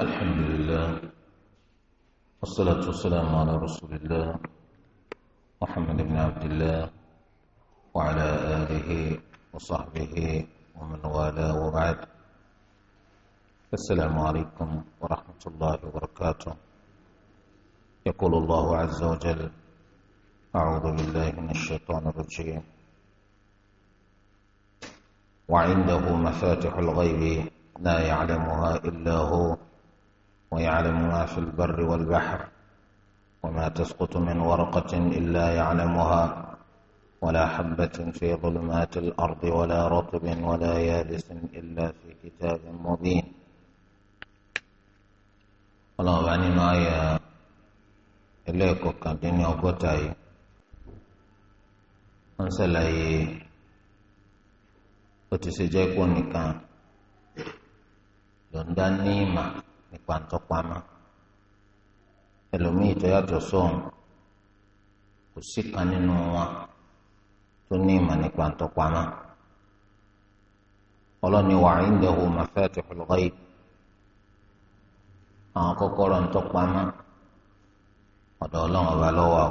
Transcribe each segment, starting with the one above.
الحمد لله والصلاة والسلام على رسول الله محمد بن عبد الله وعلى آله وصحبه ومن والاه وبعد السلام عليكم ورحمة الله وبركاته يقول الله عز وجل أعوذ بالله من الشيطان الرجيم وعنده مفاتح الغيب لا يعلمها إلا هو ويعلم ما في البر والبحر وما تسقط من ورقة إلا يعلمها ولا حبة في ظلمات الأرض ولا رطب ولا يابس إلا في كتاب مبين ولا bá nínú ayé ẹlẹ́ẹ̀kọ́ kàdínní ọgọ́ta yìí wọ́n ṣàlàyé ó ti ṣe jẹ́ nípa ntọ́pamọ́ ẹlòmíì tó yàtọ̀ sóun kò sí kan nínú wọn tó ní ìmọ̀ nípa ntọ́pamọ́ ọlọ́ni wà indahu mafatihul ghaib àwọn kọ́kọ́rọ́ ntọ́pamọ́ ọ̀dọ̀ ọlọ́run ọba lọ́wọ́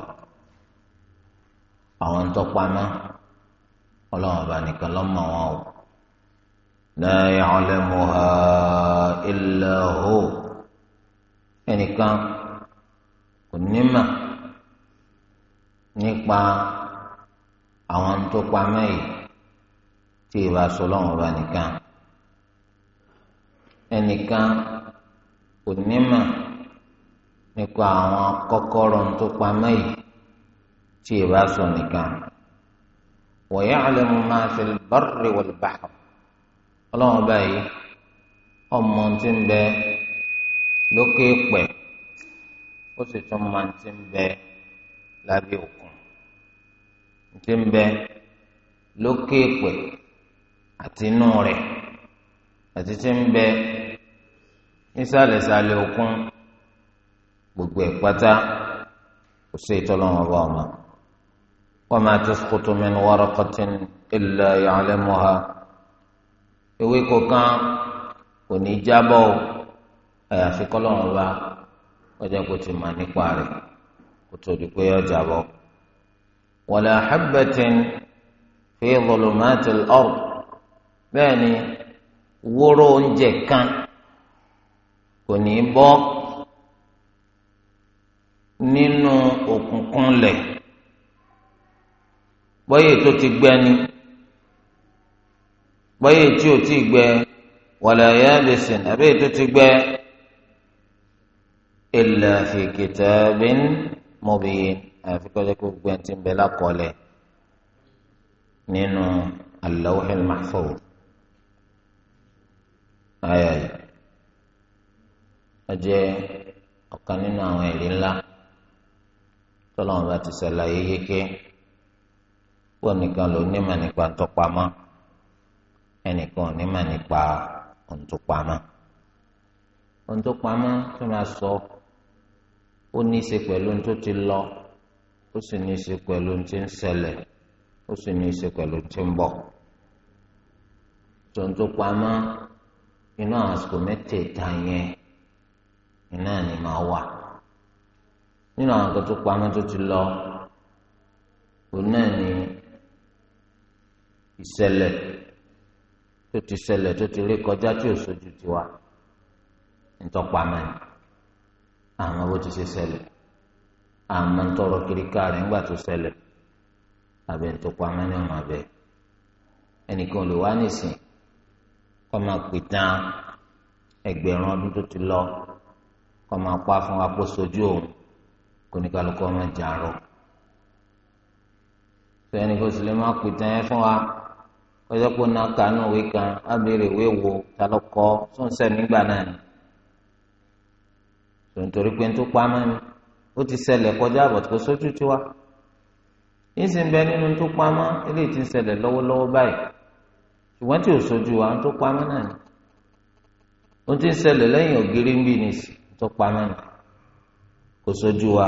àwọn ntọ́pamọ́ ọlọ́run ọba nìkan لا يعلمها إلا هو ẹnìkan kò ní mà nípa àwọn tó pamọ́ yìí tí ìbá sọ lọ́wọ́ bá nìkan ẹnìkan kò ní mà nípa àwọn kọ́kọ́rọ́ tó pamọ́ yìí tí ìbá sọ nìkan wa ya'lamu ma fil barri wal bahri. ọlọ́run báyìí ọmọ tí ń bẹ lókè pẹ̀ ó sì tún máa ń tí ń bẹ lábẹ́ òkun tí ń bẹ lókè pẹ̀ àti inú rẹ̀ àti ń bẹ nísàlẹ̀sàlẹ̀ òkun gbogbo ẹ̀ pátá kò sí ọba ọmọ ewéko kan kò ní jábọ́ o àyàfi kọ́lọ́run bá ọjà kò ti mà nípa rẹ̀ kò tó di pé ó jábọ́. wala habbatin fi dhulumatil ard bẹ́ẹ̀ ni wóró oúnjẹ kan kò ní bọ́ nínú òkùnkùn lẹ̀ bọ́yì tó ti gbẹ́ni bọ́yé tí ò tí ì gbẹ wàlẹ̀ ayé àbẹ̀sìn àbẹ̀yẹ tó ti gbẹ illa fi kitabin mubin àfi kọ́jọ́ kó gbẹ ti ń bẹ lákọọ́lẹ̀ nínú al-lawhil ayé ayé ọjẹ́ ọ̀kan nínú àwọn ẹ̀rí ńlá tọ́lọ́mọba ti sẹ̀láyé yéké pọ̀ nìkan ló ní mà nípa tọ́pamọ́. ẹnìkan ò ní mà nípa ohun tó sọ ó ní í ṣe pẹ̀lú lọ ó sì ní í ṣe pẹ̀lú ohun tí ń ṣẹlẹ̀ ó sì ní í ṣe pẹ̀lú ohun tí ń bọ̀ ni máa wà lọ òun náà ni tó ti ṣẹlẹ̀ tó ti rí kọjá tí ò sojú tiwa ntọ́pamẹ́ àmọ́ bó ti ṣe ṣẹlẹ̀ àmọ́ ntọ́rọ kiri káàrin ńgbà tó ṣẹlẹ̀ àbẹ̀ ntọ́pamẹ́ ní ọmọ abẹ́ ẹnìkan lè wá nìsín kọ́ máa pè tán ẹgbẹ̀rún ọdún tó ti lọ kọ́ máa pa fún apó sojú òun kò ní kálukọ́ máa jà rọ. sọ ẹnìkan sì lè máa pè tán ẹ fún wa. ọjọ́ náà kànú òwe kan wo ta ló kọ́ sọ́nsẹ̀ nígbà náà ni tòǹtòrí pé tó pa mọ́ ni ó ti ṣẹlẹ̀ kọjá àbọ̀ tó sójú tí wá yìí ń bẹ nínú tó pa mọ́ eléyìí ti ń ṣẹlẹ̀ lọ́wọ́lọ́wọ́ báyìí ṣùgbọ́n tí ò sójú wa tó pa mọ́ náà ni ti ń ṣẹlẹ̀ lẹ́yìn ògiri ń bì ní pa mọ́ ni kò sójú wa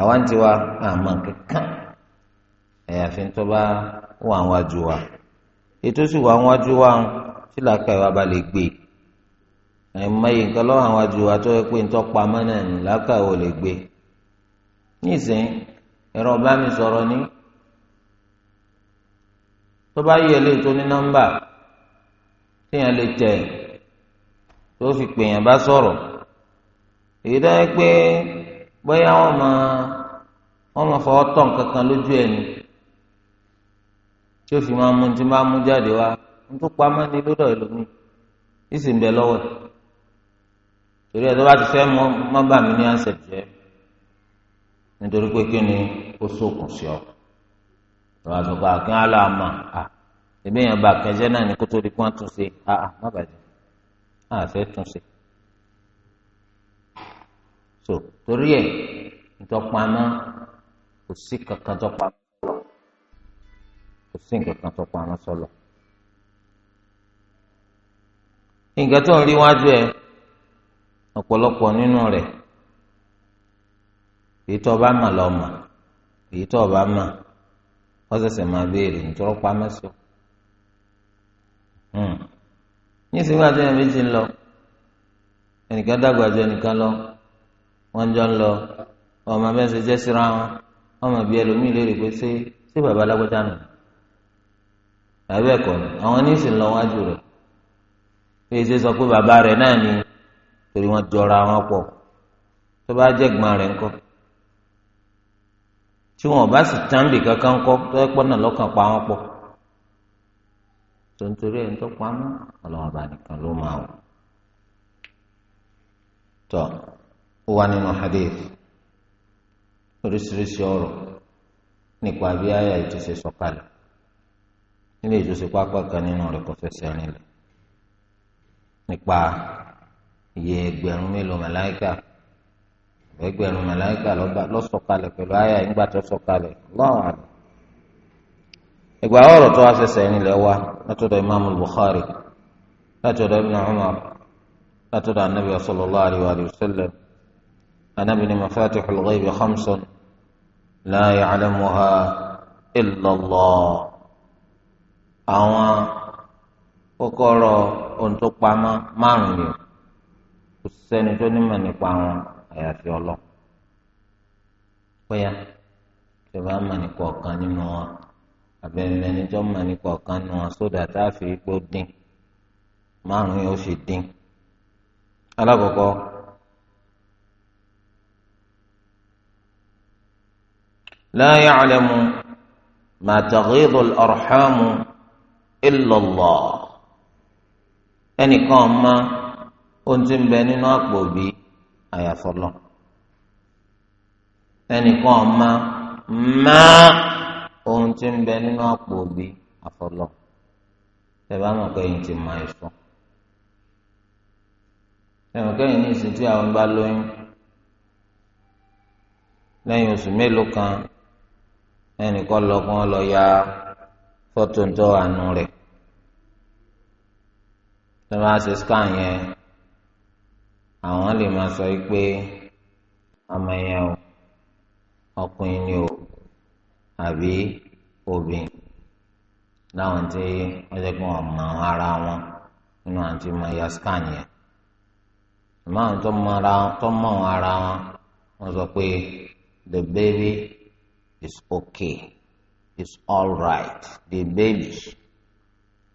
àwa ń tiwa àmọ́ kankan àyàfi ń tọ́ba wà wájú wa ètò sì wà wájú wa tí làákà ìwà bá lè gbé ẹ̀mọ́yì nǹkan lọ́wọ́ àwọn wájú wa tó yẹ pé ń tọ́pa mọ́nà ní làákà ìwà lè gbé nísìnyí ẹ̀rọ bá mi sọ̀rọ̀ ní tó bá yẹ lè tó ní nọ́mbà téèyàn lè tẹ̀ tó fi pèèyàn bá sọ̀rọ̀ èyí tó pé bóyá wọn máa wọn máa fọwọ́ tọ̀ nǹkan kan lójú ẹ̀ ni tí ó fi máa mú tí máa mú jáde wá ń tó pamọ́ ní lọ́dọ̀ ẹlòmíì ìsì ń bẹ lọ́wọ́ ẹ̀ torí ẹ̀ tó bá ti fẹ́ mọ́ má bà mí ní ànsẹ̀ jẹ́ nítorí pé kí ni ó sókun sí ọ ìwà tó bá kí wọn lọ àmà à èmi yẹn bá kẹjẹ náà ní kótó di kí tún ṣe àà má bàjẹ́ àà fẹ́ tún ṣe. so torí ẹ̀ ìtọpamọ kò sí kankan tọpamọ sọlọ kò sí nǹkankan tọpamọ sọlọ nǹkan tó ń rí wájú ẹ ọ̀pọ̀lọpọ̀ nínú rẹ èyí tó bá mà lọ́mọ èyí tó bá mà ọ̀sẹ̀sẹ̀ máa béèrè hmm. nítorí wọ́n jọ ń lọ ọmọ mẹ́sẹ̀ jẹ́ síra wọn ọmọ bíi ẹlòmíì lè rè pé ṣé ṣé bàbá alágbèjà nù àbẹ́ ẹ̀kọ́ ni àwọn oníṣìí ń lọ wájú rẹ̀ pé ṣe sọ pé bàbá rẹ̀ náà ni torí wọ́n jọra wọn pọ̀ tó bá jẹ́ gbọ́n rẹ̀ ńkọ́ tí wọn bá sì tánbì kankan kọ́ tó ẹ pọ́nà lọ́kàn pa wọn pọ̀ tó ń torí ẹ̀ ń tó pamọ́ ọlọ́wọ́n bá nìkan ló máa wọ̀ tọ́. ó wà nínú hadith oríṣiríṣi ọ̀rọ̀ nípa bí àyà ìtúsẹ sọ̀kalẹ̀ nílé ìtúsẹ pápá kan nínú rẹ̀ kò fẹsẹ̀ rinlẹ̀ nípa iye ẹgbẹ̀rún mélòó màláìkà ẹgbẹ̀rún màláìkà ló sọ̀kalẹ̀ àyà ìgbà tó sọ̀kalẹ̀ lọ́wọ́ àná ìgbà ọ̀rọ̀ tó wá fẹsẹ̀ rinlẹ̀ wá imaamu Ibn Umar látọ̀dọ̀ anabi sallallahu alaihi wa sallam. أنبني مفاتح الغيب خمس لا يعلمها إلا الله àwọn kọ́kọ́rọ́ ohun tó pamọ́ márùn ni kò sẹ́ni tó nímọ̀ nípa wọn àyàfi ọlọ péyà tó bá mọ̀ nípa ọ̀kan nínú wọn abẹnulẹni tó mọ̀ nípa ọ̀kan nínú wọn sódà tá a fi gbó dín márùn yóò fi dín alákọ̀ọ́kọ́. لا يعلم ما تغيض الأرحام إلا الله ẹnìkan ọmọ ohun tí ń bẹ nínú àpò òbí àyàfọlọ ẹnìkan ọmọ máa ohun tí ń bẹ nínú àpò òbí àfọlọ tẹbá mọ kẹyìn ti máa ẹfọ ẹnìkan kẹyìn ní ìsìn tí àwọn bá lóyún lẹ́yìn oṣù mélòó kan ẹnìkan lọ́gbọ́n lọ ya fọ́tò ń tọ́ àánú rẹ̀ tó bá ṣe scan yẹn àwọn lè máa sọ pé ọmọ yẹn o ọkùnrin ni o àbí obìnrin láwọn tí wọ́n jẹ́ pé wọ́n mọ ara wọn nínú àti mọ ya scan yẹn ìmọ̀ àwọn tó mọ ara wọn wọ́n sọ pé the baby it's okay it's all right the baby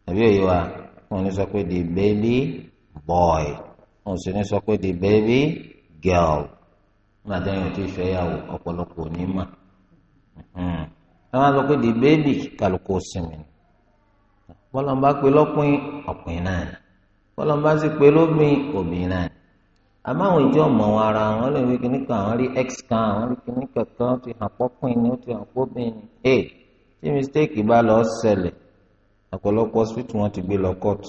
àbí òye wa wọn ní sọ pé the baby boy wọn sì ní sọ pé the baby girl wọn àti ẹ̀yìn tí ìfẹ́yàwó ọ̀pọ̀lọpọ̀ ní mà ẹ máa sọ pé the baby kálukú sinmi ni bọ́lá ń bá pè lọ́pin ọ̀pin náà ni bọ́lá ń bá sì pè lóbin òbí náà àmọ́ àwọn ìjọ mọ̀ wọn ara wọn lè wí kíní kan àwọn rí x kan àwọn rí kíní kankan ó ti hàn pọ́pìn ni ó ti hàn pọ́pìn ni ẹ tí mistake bá lọ ṣẹlẹ̀ ọ̀pọ̀lọpọ̀ hospital wọn ti gbé lọ court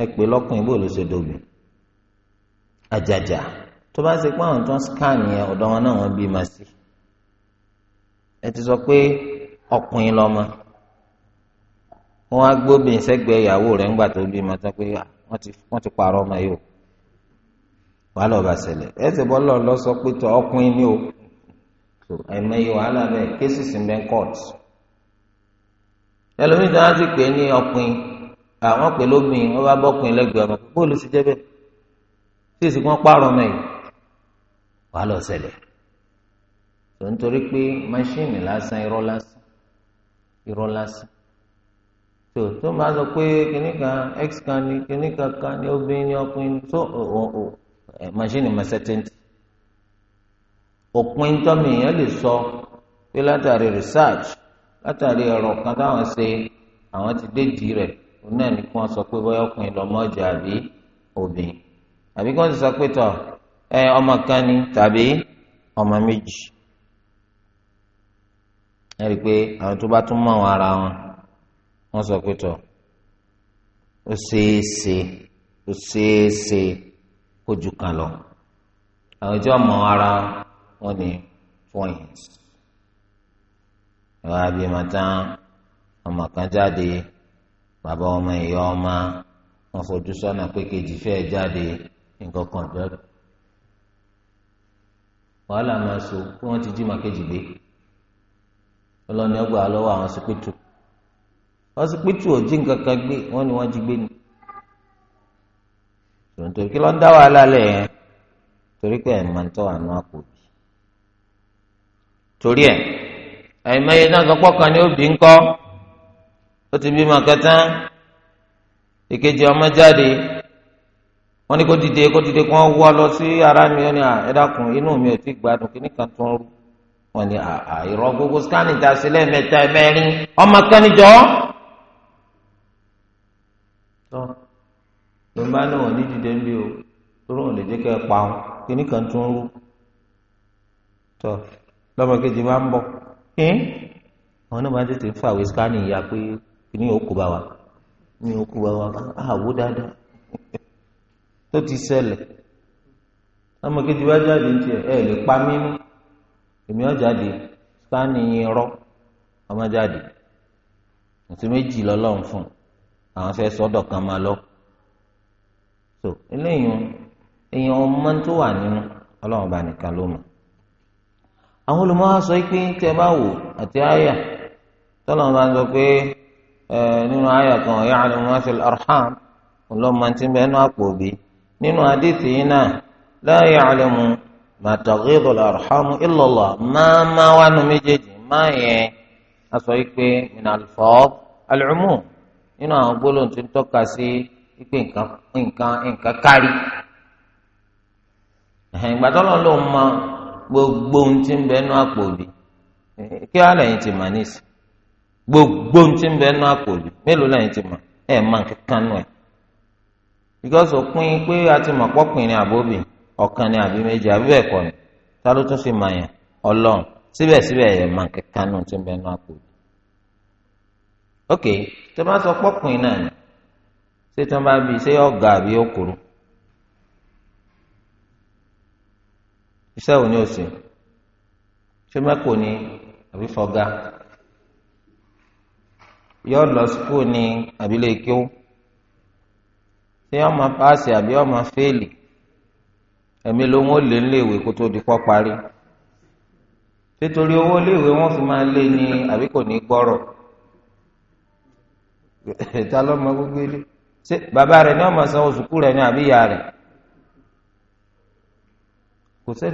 ẹ pé lọ́kùnrin bó ló ṣe dòbí àjàjà tó bá ṣe pé àwọn tó ń scan yẹn ọ̀dọ̀ wọn náà wọ́n bí ma sí ẹ ti sọ pé ọkùnrin lọ́mọ wọn á gbóbìn sẹ́gbẹ̀ẹ́ ìyàwó rẹ̀ ńgbà tó bí ma sọ pé wọ́n ti pààrọ̀ ọmọ yìí wàhálà ọba ṣẹlẹ̀ ẹsẹ bọlọ lọ sọ pé tọ ọkùnrin ni o àìmọye wàhálà bẹ́ẹ̀ kéésì sí bẹ court ẹlòmíì tí wọn ti pè ní ọkùnrin àwọn pè lómìn wọn bá bọkùnrin lẹ́gbẹ̀ẹ́ ọmọ bóòlù sí jẹbẹ tí èsì wọn pààrọ̀ mẹyìn wàhálà ọṣẹlẹ̀ tó ń torí pé máṣíìnì lásán irọ́ lásán irọ́ lásán tó tó máa sọ pé kìnnìkan x kan ni kìnnìkan kan ni obìnrin ni ọkùnrin tó Eh, mashini masẹ́tẹ́ntì òpin tọ́mi èèyàn lè sọ pé látàrí research látàrí ẹ̀rọ kan táwọn ṣe àwọn ti déjì rẹ̀ òun náà ní kí wọ́n sọ pé bóyá ọkùnrin lọ́mọ́jà àbí obìnrin àbí kí wọ́n ti sọ pé tọ̀ ẹ ọmọ kan ni tàbí ọmọ méjì ẹ rí i pé àwọn tó bá tún mọ̀ wọn ara wọn wọ́n sọ pé tọ̀ ó ṣeé ṣe ó ṣeé ṣe. ojú kan lọ àwọn ìjọ mọ ara wọn ìwà bíi ọmọ kan jáde bàbá ọmọ ìyá ọmọ wọn fojú sọ́nà pé kejì fẹ́ẹ́ jáde nǹkan kan jọ wàhálà máa so kí wọ́n ti jí màkejì gbé ọlọ́ni ọgbà lọ́wọ́ àwọn sípítù wọ́n sípítù ò jí nǹkan kan gbé tòǹtò kí ló ń dá ala lẹ̀ yẹn torí pé ẹ̀ máa ń tọ́ àánú àpò bì torí ẹ̀ àìmọye náà sọ pọ́kàn ni ó bì ń kọ́ ó ti bímọ kẹta ìkejì ọmọ jáde wọ́n ní kó dìde kó dìde kó wọ́ lọ sí ara mi wọ́n ní inú mi ò ti gbádùn kí nìkan tó ń rú wọ́n ní àìrọ gbogbo scanning ta sílẹ̀ mẹ́ta mẹ́rin ọmọ ló ń bá náà ní o lóró ò lè jẹ́ kẹ́ ẹ pa ọ́n kíní kan tún rú tọ́ lọ́mọ kejì bá ń bọ̀ náà máa tètè fàwé skáni ìyá pé kíní bá wa ẹ lè pa mímú èmi ọ̀ jáde skáni yín rọ́ ọmọ jáde méjì lọ́lọ́run fún àwọn fẹ́ sọ́dọ̀ kan so eléyìí èèyàn ọmọ tó wà nínú ọlọ́run bá nìkan ló mọ̀ àwọn olùmọ̀ á sọ pé tẹ bá wò àti àyà tọ́lọ́run bá ń sọ pé nínú àyà kan ya'lamu ma fil arham ọlọ́mọ tí ń bẹ nínú àpò òbí nínú àdìsí yìí náà la ya'lamu ma arham illa máa máa wà nù méjèèjì máa yẹn á sọ pé min al nínú àwọn gbólóhùn tó ń tọ́ka sí. pípé nǹkan nǹkan nǹkan kárí ìgbà tọ́lọ́ ló mọ gbogbo ohun tí ń bẹ nú àpò òbí kí ti mà gbogbo ohun tí ń bẹ nú ti mà má nù òpin pé a ti mọ̀ pọ́kùnrin àbóbì ọ̀kan ni àbí méjì àbí bẹ́ẹ̀ ta ló tún fi ọlọ́run síbẹ̀síbẹ̀ má nù tí ń bẹ nú àpò òbí ṣé tí wọ́n bá bí ṣé ọ̀gá àbí òkúrú iṣẹ́ òní òsì ṣé mẹ́kò ni àbí fọ́gá yọ lọ sukùl ní àbílẹ̀ kíó ṣé wọ́n máa paasi àbí wọ́n máa fẹ́ẹ̀lì ló ń wọ́n lé níléèwé kó tó di kọ́ parí nítorí owó léèwé wọ́n fi máa lé ní àbí kò ní gbọ́rọ̀ ta ló gbogbo ilé ṣé bàbá ni wọ́n sanwó sùkúù rẹ̀ ni àbí ìyá kò tó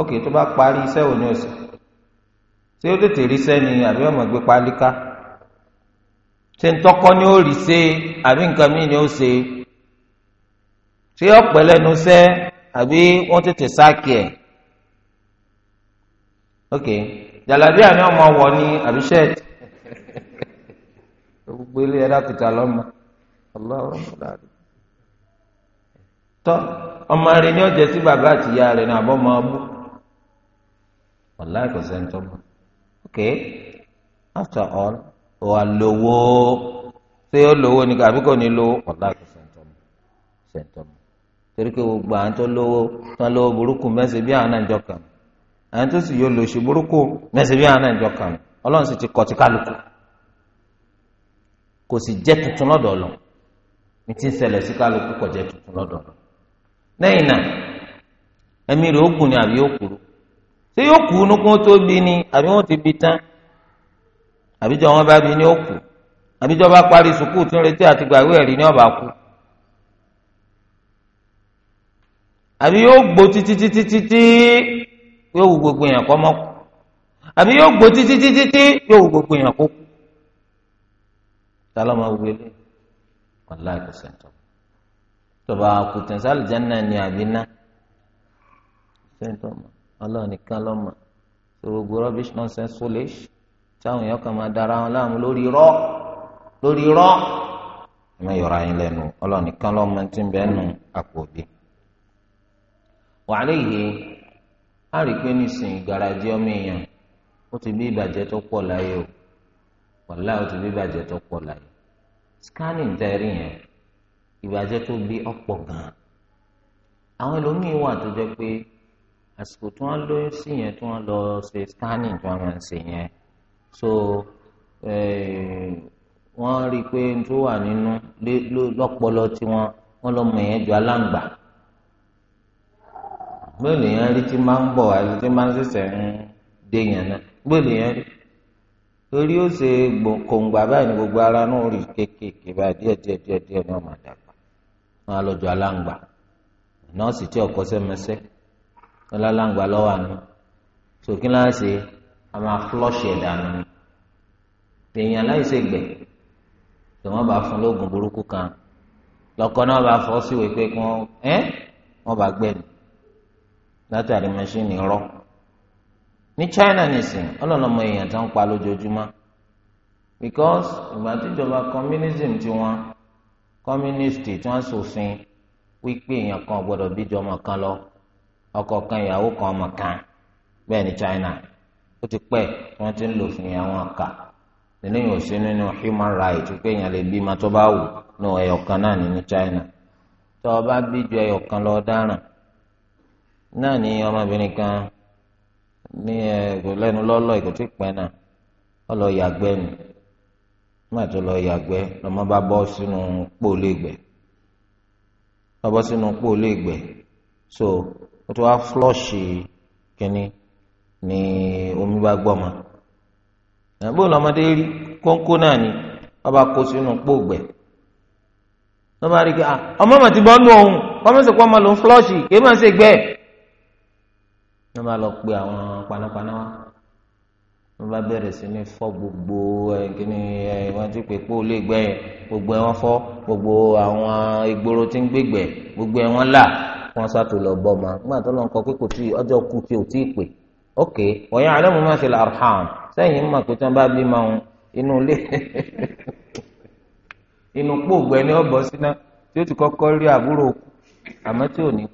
ok tó bá parí iṣẹ́ wo ni o ṣé ó tètè rí ni àbí wọ́n gbé pálíká ṣé ń tọ́kọ́ ni ó rí ṣe àbí nǹkan míì ni ó ṣe ṣé àbí tètè sáàkì jàlábíà ni àbí gbogbo ilé ẹ̀dá kùtà lọ́mọ ọlọ́run láàrin. tọ́ ọmọ rẹ ní ọjọ́ tí bàbá àti ìyá rẹ̀ náà bọ́ máa bú ọ̀la ẹ̀kọ́ sẹ́ńtọ́ bú ok after all wà lówó ṣé ó lówó ni àbí kò ní lówó ọ̀la ẹ̀kọ́ sẹ́ńtọ́ sẹ́ńtọ́ torí pé gbogbo àwọn tó lówó tó lówó burúkú mẹ́sẹ̀ bí àwọn náà àwọn tó sì burúkú kò sì jẹ́ tuntun lọ́dọ̀ ọ̀lọ́ ní ti ń ṣẹlẹ̀ sí kálukú kò jẹ́ tuntun lọ́dọ̀ ọ̀lọ́ lẹ́yìn náà ẹ̀mí rẹ̀ ó gùn ni àbí ó kúrú ṣé yóò kú nukú tó bí ni àbí wọ́n ti bí tán àbíjọ wọn bá bí ni ó kú àbíjọ bá parí sùkúù tún retí àti gbàgbé ẹ̀rí ni ọba kú àbí yóò gbó títí títí títí yóò wù gbogbo èèyàn kọ́ mọ́ àbí yóò gbó títí títí yóò wù gbogbo èèyàn kó kú tálọ́ máa wọlé wàláì kò sẹ́ńtọ́ tọba àkùtàn sálìjánà ni àbínà sẹ́ńtọ́ mọ́ ọlọ́run nìkan lọ́mọ gbogbo rubbish nonsense foolish táwọn èèyàn kan máa dara wọn láàmú lórí rọ́ lórí rọ́ ẹ̀mọ yọ̀rọ̀ ayé lẹ́nu ọlọ́run nìkan lọ́mọ tí ń bẹ́ẹ̀ nù àpò òbí. wàhálà yìí a rí i pé nísìnyí garaji ọmọ èèyàn ó ti bí ìbàjẹ́ tó pọ̀ láyé o wàlá ó ti bí ìbàjẹ́ tó pọ̀ láyé scanning tẹ́rí yẹn ìbàjẹ́ tó bí ọ̀pọ̀ gan-an àwọn ẹlòmíín wà tó jẹ́ pé àsìkò tí wọ́n lóyún sí yẹn tí wọ́n lọ ṣe scanning tí wọ́n máa ń ṣe yẹn so eh, wọ́n rí i pé tó wà nínú lọ́pọlọ tiwọn wọ́n lọ mọ ìyẹn ju aláǹgbà gbọ́dọ̀ yẹn rí tí máa ń bọ̀ àti tí máa ń ṣẹ̀ṣẹ̀ ń dé yẹn náà gbọ́dọ̀ yẹn rí torí ó ṣe kòǹgbà báyìí ní gbogbo ara náà rí kéékèèké báyìí díẹ̀ díẹ̀ díẹ̀ díẹ̀ ní ọmọ àdàgbà wọn alọjọ aláǹgbà nọ́ọ̀sì tí ọkọ sẹmẹsẹ wọn aláǹgbà lọ́wọ́ àná sòkí náà ṣe a máa flọṣì ẹ̀dá nù ní èèyàn aláìsè gbẹ tí wọn bá fún lóògùn burúkú kan lọkọ náà bá fọ síwèé pé kí wọn ẹ wọn bá gbẹ ní látàrí mẹṣíìnì rọ. ní China nìsín ọlọ́nà ọmọ èèyàn tó ń pa lójoojúmọ́ because ìgbà tíjọba communism ti wọn communist tí wọ́n ṣòfin wípé èèyàn kan gbọdọ̀ bíjọ ọmọ kan lọ ọkọ kan ìyàwó kan ọmọ kan bẹ́ẹ̀ ní China ó ti pẹ́ wọ́n ti ń lò fún àwọn àkà eléyìí ò sí nínú human rights pé èèyàn lè bímọ tó bá wù ní ẹyọkan náà ní ní China tó o bá bíjọ ẹyọkan lọ dáràn náà ní ọmọbìnrin kan. ní ẹgbẹ lẹ́nu lọlọ ìkòtí pẹ náà ọlọ yàgbẹ́ nù nígbà lọ yàgbẹ́ lọmọ bá bọ́ sínú pòlì ìgbẹ bá sínú ìgbẹ so wá kínní omi bá ma ọ lọmọdé rí kónkó náà ni wọ́n bá kó sínú ọmọ màtí nù ọmọ wọ́n bá lọ pe àwọn panápaná wa wọ́n bá bẹ̀rẹ̀ sí ní gbogbo ẹ̀ kíní ẹ̀ wọ́n ti pè pé lè gbẹ́ ẹ̀ gbogbo onye wọ́n fọ́ gbogbo àwọn ìgboro tí ń gbogbo ẹ̀ là sàtò lọ ma nígbà tó lọ pé kò tí kú tí ò tí ì pè ok máa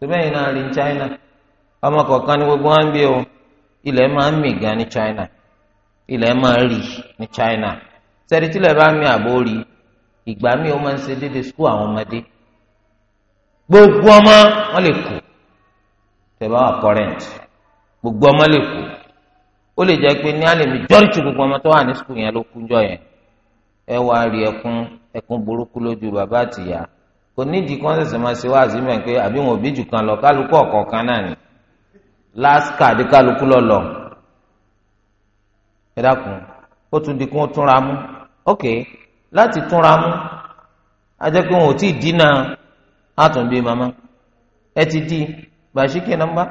síbẹ̀yìn náà rí China ọmọ kọ̀ọ̀kan ní gbogbo wọn bí o ilẹ̀ máa ń mì gan ní China ilẹ̀ máa ń rì ní China sẹ́ni tílẹ̀ bá mi àbó rí ìgbà mi ó máa ń ṣe déédéé sukú àwọn ọmọdé gbogbo ọmọ wọn lè kú tẹ̀bá wà current gbogbo ọmọ lè kú ó lè jẹ́ pé ní alẹ́ mi jọ́rìtì gbogbo ọmọ tó wà ní sukù yẹn ló kú jọ yẹn ẹ wá rí ẹkún ẹkún burúkú lójú bàbá àtìyá kò nídìí kí wọ́n ṣẹ̀ṣẹ̀ máa ṣe wá àzìmẹ̀ pé àbí wọn ò bí jù kan lọ kálukú ọkọọkan náà ni last card kálukú lọ lọ ẹ dákun ó tún di kí mú ok láti mú a pé wọn ò tí ì dínà àtúnbí màmá ẹ ti di bàṣíkì nàmbá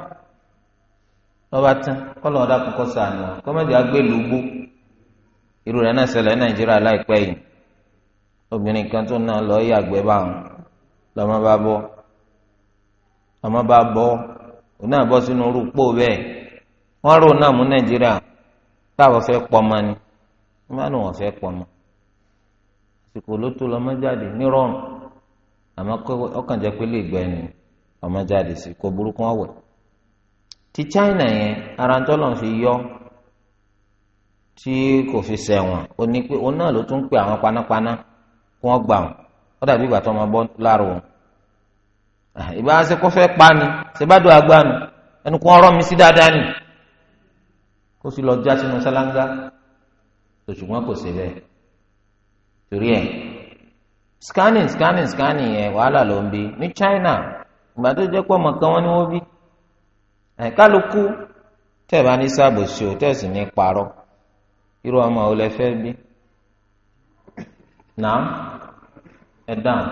lọ́ba tán kọ́lọ́ irú náà ní nàìjíríà lọ́mọ bá bọ́ ọmọ bá bọ́ òun náà bọ́ sínú rúpò bẹ́ẹ̀ wọ́n rò náà mú nàìjíríà táwọn fẹ́ pọ̀ mọ́ ni wọ́n máa nù wọ́n fẹ́ pọ̀ mọ́ àsìkò ló tó lọ́mọ jáde nírọ̀rùn àmọ́ ọkàn jẹ́ pé lè gbẹ ni ọmọ jáde sí kó burúkú wọn wẹ̀ ti China yẹn ara ń tọ́lọ̀ fi yọ tí kò fi sẹ̀wọ̀n ó ní pé òun náà ló tún pè àwọn panápaná kí wọ́n gbà wọn ó dàbí ìgbà tó ọmọ bọ́ láàrú wọn ìbá ṣe kó fẹ́ pa ni ṣe bá dùn àgbà nu ẹnu kó ọ̀rọ̀ mi sí dáadáa ni kó sì lọ já sínú sálángá ṣùgbọ́n kò ṣe bẹ́ẹ̀ torí ẹ̀ scanning scanning scanning ẹ̀ wàhálà ló ń bi ní China ìgbà tó jẹ́ pé ọmọ kan wọ́n ní wọ́n bí kálukú tẹ̀ bá ní sábòsí o tẹ̀ sì ní parọ́ irú ọmọ ò fẹ́ bí náà ẹ̀ dáhùn.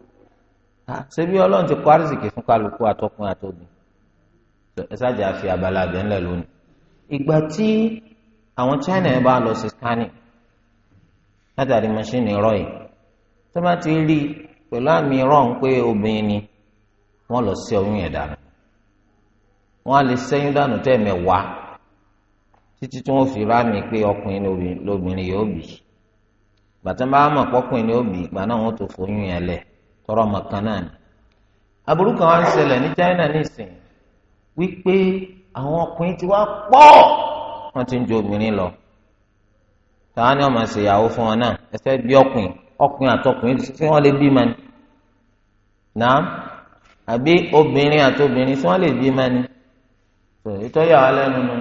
ṣebí ọlọ́run ti kọ́ àrísìkì fún kálukú àtọkùn àtọbí ẹ ṣáàjà fi abala abẹ ńlẹ̀ lónìí. ìgbà tí àwọn China yẹn bá lọ sí scanning látàrí mọ́ṣíìnì rọ yìí tó bá ti rí pẹ̀lú àmì rọ̀n pé obìnrin ni wọ́n lọ sí ọyún yẹn dànù wọ́n á lè sẹ́yìn dànù tó ẹ̀mẹ̀wàá títí tí wọ́n fi rámi pé ọkùnrin lóbìnrin yóò bì gbàtà bá mọ̀ pọ́kùnrin yóò bì gbà náà wọ́n tó fọyún yẹn lẹ̀ ọ̀rọ̀ mọ̀kan náà ni aburú kan wá ń ṣẹlẹ̀ ní China nísìnyí wípé àwọn ọkùnrin ti wá pọ̀ wọ́n ti ń ju obìnrin lọ tàwọn ni wọ́n máa ṣèyàwó fún wọn náà ẹsẹ̀ bí ọkùnrin ọkùnrin àtọkùnrin tí wọ́n lè bí ma ni náà àbí obìnrin àtobìnrin tí wọ́n lè bí ma ni ìtọ́jú àwọn lẹ́nu nu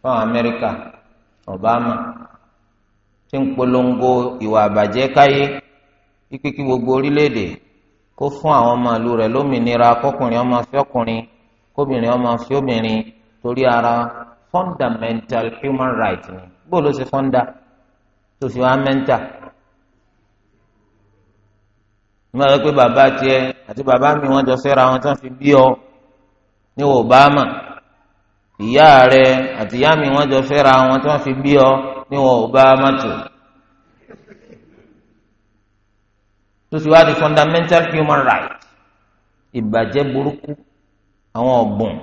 fáwọn Amẹ́ríkà Obama ti ń polongo ìwà àbàjẹ́ káyé kíkí gbogbo orílẹ̀-èdè kó fún àwọn ọmọ ìlú rẹ̀ lómìnira kọkùnrin ọmọ fi ọkùnrin kóbìnrin ọmọ fi obìnrin torí ara fundamental human right ni bó ló ṣe fọ́ndà tó fi wá mẹ́ńtà ní wọ́n sọ pé bàbá tiẹ̀ àti bàbá mi wọ́n jọ fẹ́ra wọn tán fi bí ọ ní obama ìyá rẹ̀ àti ìyá mi wọ́n jọ fẹ́ra wọn tán fi bí ọ ní obama tó. tó sì wá di fundamental human right ìbàjẹ́ burúkú àwọn ọ̀gbùn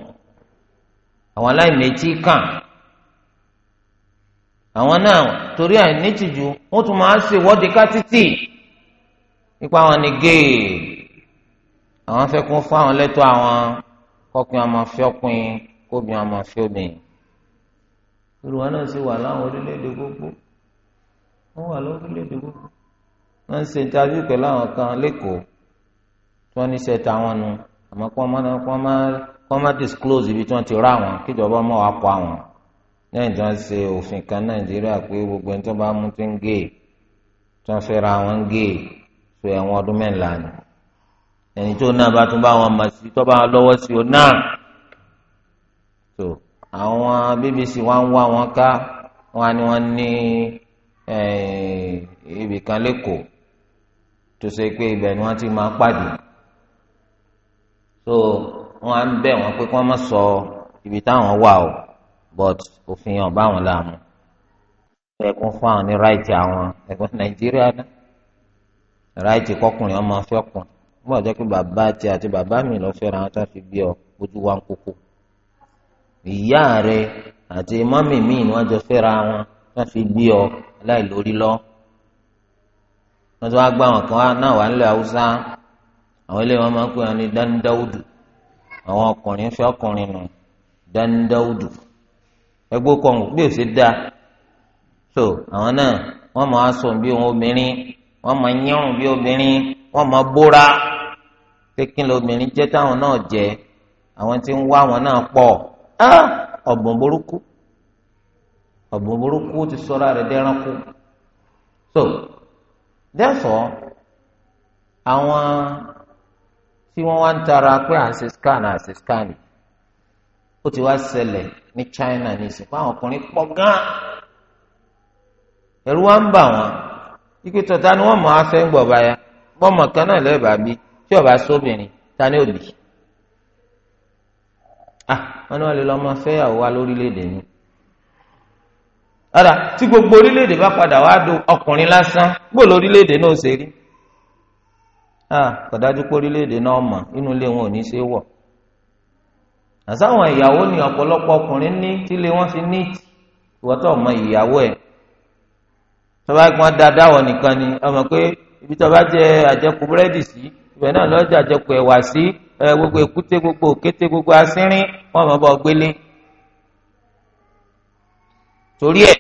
àwọn aláìmẹ̀tì kàn àwọn náà torí àìnítìjú wọ́n tún máa ń ṣèwọ́de ká títì nípa àwọn ni géè àwọn fẹ́ kún fún àwọn lẹ́tọ́ àwọn kọkùn àmọ́ fi ọkùn kóbìn àmọ́ fi obìnrin olùwà náà sì wà láwọn orílẹ̀-èdè gbogbo wọ́n wà lórílẹ̀-èdè gbogbo wọ́n ń ṣe interview pẹ̀lú àwọn kan lẹ́kọ̀ọ́ tí wọ́n ní ṣe táwọn nu àmọ́ kí wọ́n má kí wọ́n má kí wọ́n má disclose ibi tí wọ́n ti rà wọ́n kíjọba mọ̀ wá kọ́ àwọn lẹ́yìn tí wọ́n ṣe òfin kan nàìjíríà pé gbogbo ẹni tó bá mú ti ń gé tí wọ́n fẹ́ ra wọn gé so ẹ̀wọ̀n ọdún mẹ́ńlá ni ẹni tó náà bá tún bá wọn mọ̀ sí tó bá wọn lọ́wọ́ sí o náà so àwọn BBC wa ń wá wọn ká wọn ni wọ́n ní ibì kan lẹ́kọ̀ọ́ tó ṣe pé ibẹ̀ ni wọ́n ti máa pàdé so wọ́n á ń bẹ̀ wọ́n pé kí wọ́n má sọ ibi táwọn wà o but òfin ọba àwọn làmú ẹkún fún àwọn ní ráìtì àwọn ẹkún nàìjíríà náà ráìtì kọkùnrin ọmọ fẹ́kùn nígbà tó pé bàbá àti àti bàbá mi lọ fẹ́ra wọn tó fi bí ọ ojú wa ń kókó ìyá rẹ àti mọ́mì mi ni wọ́n jọ fẹ́ra wọn tó fi bí ọ aláìlórí lọ́ọ́. wọ́n ti wá gbá àwọn kan náà wà nílẹ̀ haúsá àwọn ilé wọn máa ń pè wọn ní dandaudu àwọn ọkùnrin fẹ́ ọkùnrin nù dandaudu ẹgbẹ́ kan bí so àwọn náà wọ́n máa sọ bí wọn obìnrin wọ́n máa yẹ́rùn bí obìnrin wọ́n máa bóra kékin lobìnrin jẹ́ táwọn náà jẹ́ àwọn tí ń wá àwọn náà pọ̀ ọ̀bùn burúkú ọ̀bùn burúkú therefore àwọn tí wọ́n wá ń tara pé à ń ṣe scan à ń ṣe scan ó ti wá ṣẹlẹ̀ ní China ní ìsìnkú àwọn ọkùnrin pọ̀ gan ẹ̀rù wa ń bà wọ́n ikú tọ̀tà ni wọ́n mọ̀ á fẹ́ ń gbọ̀ báyà bọ́mọ kan náà lẹ́ẹ̀bà bí tí ọba sóbìnrin ta ni òbí ah wọn ni wọn lè lọ ọmọ fẹ́yàwó wa lórílẹ̀‐èdè ni ara tí gbogbo orílẹ̀-èdè bá padà wá do ọkùnrin lásán gbò lórílẹ̀-èdè náà ṣe rí kọ̀dájú pé orílẹ̀-èdè náà mọ̀ inú ilé wọn ò ní ṣe wọ̀ àsáwọn ìyàwó ni ọ̀pọ̀lọpọ̀ ọkùnrin ní tílé wọn fi ní ìwọ́tọ̀ ọmọ ìyàwó ẹ̀ tọ́ba gbọ́n dáadáa wọ̀ nìkan ni ọmọ pé ibi tọ́ba jẹ àjẹkù búrẹ́dì sí ibẹ̀ náà lọ́jà àjẹkù ẹ̀wà sí gbogbo èkúté gbogbo òkété gbogbo asínrín wọn mọ̀ bọ́ gbélé torí ẹ̀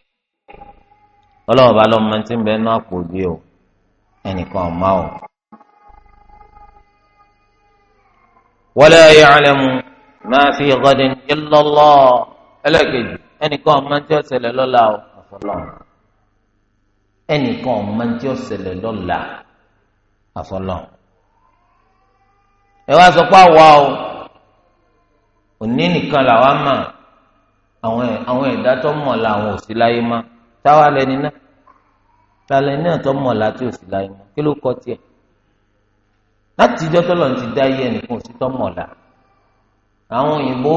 ọlọ́wọ́ bá lọ́mọ tí ń bẹ nú àpò bí o ẹnìkan ọ̀ma o. wala ya'lamu ma fi ghadin illa Allah ẹlẹ́kejì ẹnìkan ọ̀ma tí ó ṣẹlẹ̀ lọ́la o àfọlọ́ ẹnìkan ọ̀ma tí ó ṣẹlẹ̀ lọ́la àfọlọ́ ẹ wá sọ pé àwa o òní nìkan làwa mà àwọn ẹ̀dá tó mọ̀ làwọn ò sí láyé máa táwa lẹni náà tàlẹ́ náà tó mọ̀ láti òsì láyé mọ́ kí ló kọ́ tiẹ̀ láti ìjọ́ tọ́lọ̀ ti dá iye ẹnìkan òsì tó mọ̀ là àwọn òyìnbó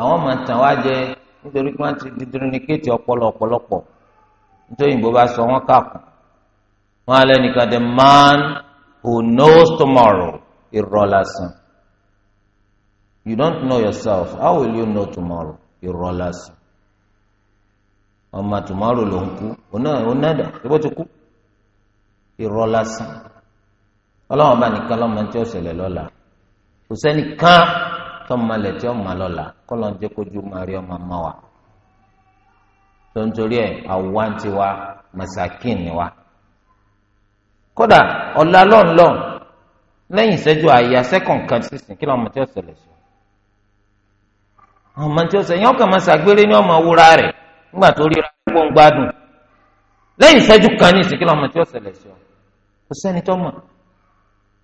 àwọn máa wá jẹ nítorí pé wọ́n ti di dúrónikéètì ọpọlọ ọ̀pọ̀lọpọ̀ nítorí òyìnbó bá sọ wọ́n kàkùn wọ́n á lẹ́nìkan the man who knows tomorrow irọ́ lásán you don't know yourself how will you know tomorrow irọ́ ọmọ tòmárò ló ń kú ọ̀nà ọ̀nàdà ìbò ti kú irọ́ lásán ọlọ́wọ́n bá nìkan lọ́mọ tí ó ṣẹlẹ̀ lọ́la kò sẹ́nìkan tọ́mọlẹ̀ tí ó mọ lọ́la kọ́lọ́ ń jẹ́ kójú máa ọmọ ọmọ wa tó ń torí ẹ̀ àwa ń tiwa masakin ni wa kódà ọ̀la lọ́nlọ́n lẹ́yìn ìṣẹ́jú àyà sẹ́kọ̀n kan sísìn kí lọ́mọ tí ó ṣẹlẹ̀ sọ ọmọ tí ó ṣẹlẹ̀ yẹn ọkàn máa ṣàgbére ní ọmọ wúrà rẹ̀ nígbà tó rí ọkọ ń gbádùn lẹ́yìn ìṣẹ́jú kan ní ìsìnkú ọmọ tí ó ṣẹlẹ̀ sí ọ kò sẹ́ni tó mọ̀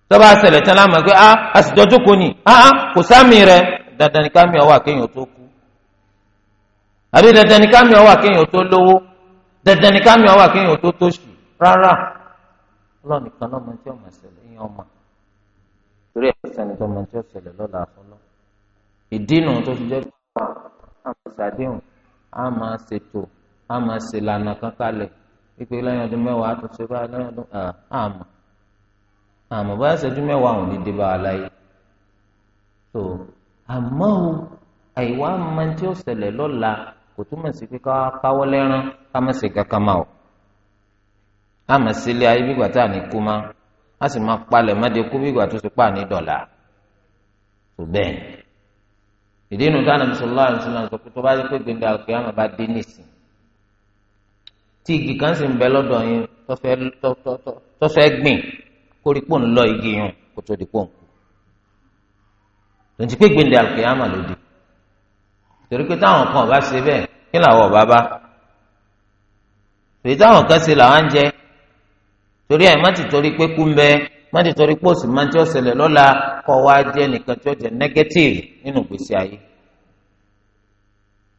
tọ́ba ṣẹlẹ̀ tán láàmú pé ah àsìjọ́ jókòó ni ah, ah kò sáàmì rẹ dandan ni kámi ọwọ́ àkéèyàn tó kú àbí dandan ni kámi ọwọ́ àkéèyàn tó lówó dandan ni kámi ọwọ́ àkéèyàn tó tóṣì rárá ọlọ́ọ̀nì kan lọ́mọ tí ọmọ ṣẹlẹ̀ ìyẹn ọmọ torí ẹ̀ sẹ́ni tó mọ tí ó ṣẹlẹ̀ lọ́la á máa ṣètò á máa ṣe lànà kan kalẹ̀ wípé lẹ́yìn ọdún mẹ́wàá tó ṣe báyìí lẹ́yìn ọdún àmọ́ àmọ́ bá ṣẹ́jú mẹ́wàá òun ní débà aláyé tó o àìwá máa tí ó kò túmọ̀ sí pé ká káwọ́ lẹ́rán ká má ṣe kankan máa o á máa ṣe ilé ayé bígbà tá à ní kú má sì máa palẹ̀ de kú bígbà tó ṣe pà ní dọ̀là tó ìdí inú táwọn mùsùlùmí àwọn mùsùlùmí sọ pé tó bá yẹ pé gbẹngàn àgbẹ̀ àmọ́ bá dé nìsín tí igi kan sì ń bẹ lọ́dọ̀ yín tó fẹ́ gbìn kórìpò ń lọ igi yẹn kó tó di pòǹkù lọ́n ti pé gbẹngàn àgbẹ̀ àmọ́ ló di torí pé táwọn kan ọba ṣe bẹ́ẹ̀ kí làwọn ọba bá torí táwọn kan ṣe làwọn ń jẹ torí ẹ̀ má ti torí pé kú ń bẹ́ẹ̀ má ti torí pé òsì máa ń tí ó ṣẹlẹ̀ lọ́la kọ́ wa jẹ́ nìkan tí ó jẹ́ negative nínú ìgbésí ayé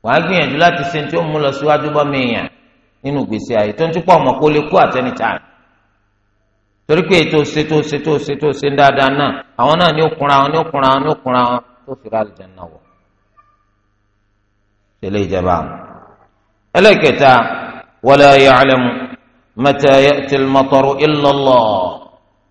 wàá gbìyànjú láti ṣe tí ó mú lọ síwájú bọ́ mi yàn nínú ìgbésí ayé tó ń túpọ̀ ọmọ kó lè kú àtẹnìtà torí pé ètò ṣe tó ṣe tó ṣe tó ṣe dáadáa náà àwọn náà ní òkunra wọn ní òkunra wọn ní òkunra wọn tó fi ra àlùjánnà wọ̀ tẹ́lẹ̀ ìjẹba ẹlẹ́kẹta wala ya'lamu mata ya'til mataru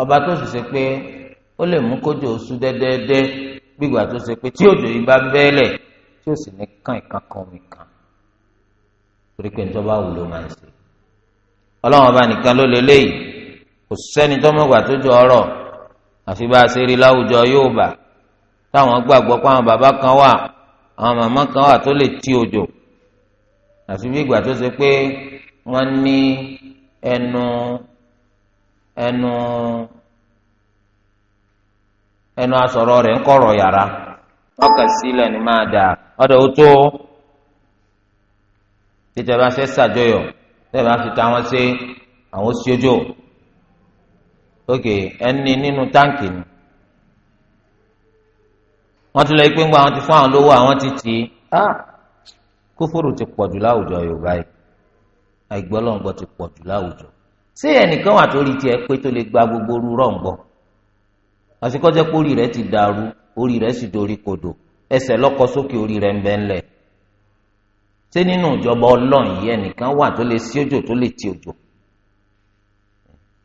ọba tó sì ṣe pé ó lè mú kójò oṣù dẹ́dẹ́dẹ́ gbígbà tó ṣe pé tí òjò yìí bá bẹ́ẹ̀lẹ̀ tí ó sì ní kàn ìkan kan omi kan torí pé nítorí bá wù ló máa ń ṣe ọlọ́run ọba nìkan ló lè léyìí kò sẹ́ni tó mọ̀gbà tó jọ ọ̀rọ̀ àfi bá a ṣe rí láwùjọ yóò bà táwọn gbàgbọ́ pé àwọn bàbá kan wà àwọn màmá kan wà tó lè ti òjò àfi bí ìgbà tó ṣe pé wọ́n ní ẹnu ẹnu ẹnu asọrọ rẹ ń yara yàrá ọkàn sílẹ̀ ni máa dà ọ̀dọ̀ ó tó tètè fi ta wọn ṣe àwọn ṣíojú òkè ẹni nínú táǹkì ni lọ pé gba àwọn ti fún àwọn lówó àwọn ti tì í kófòrò ti pọ̀jù láwùjọ Yorùbá yìí àìgbọ́lọ́ngbọ́ ti láwùjọ ṣé ẹnìkan wà tó rí tiẹ̀ pé tó gba gbogbo orú rọ̀ ń ti dàrú orí rẹ̀ sì dorí kodò ẹsẹ̀ lọ́kọ́ sókè orí rẹ̀ ń ụjọba ńlẹ̀ ṣé nínú ìjọba ọlọ́run yìí ẹnìkan wà tó lè sí òjò tó lè ti òjò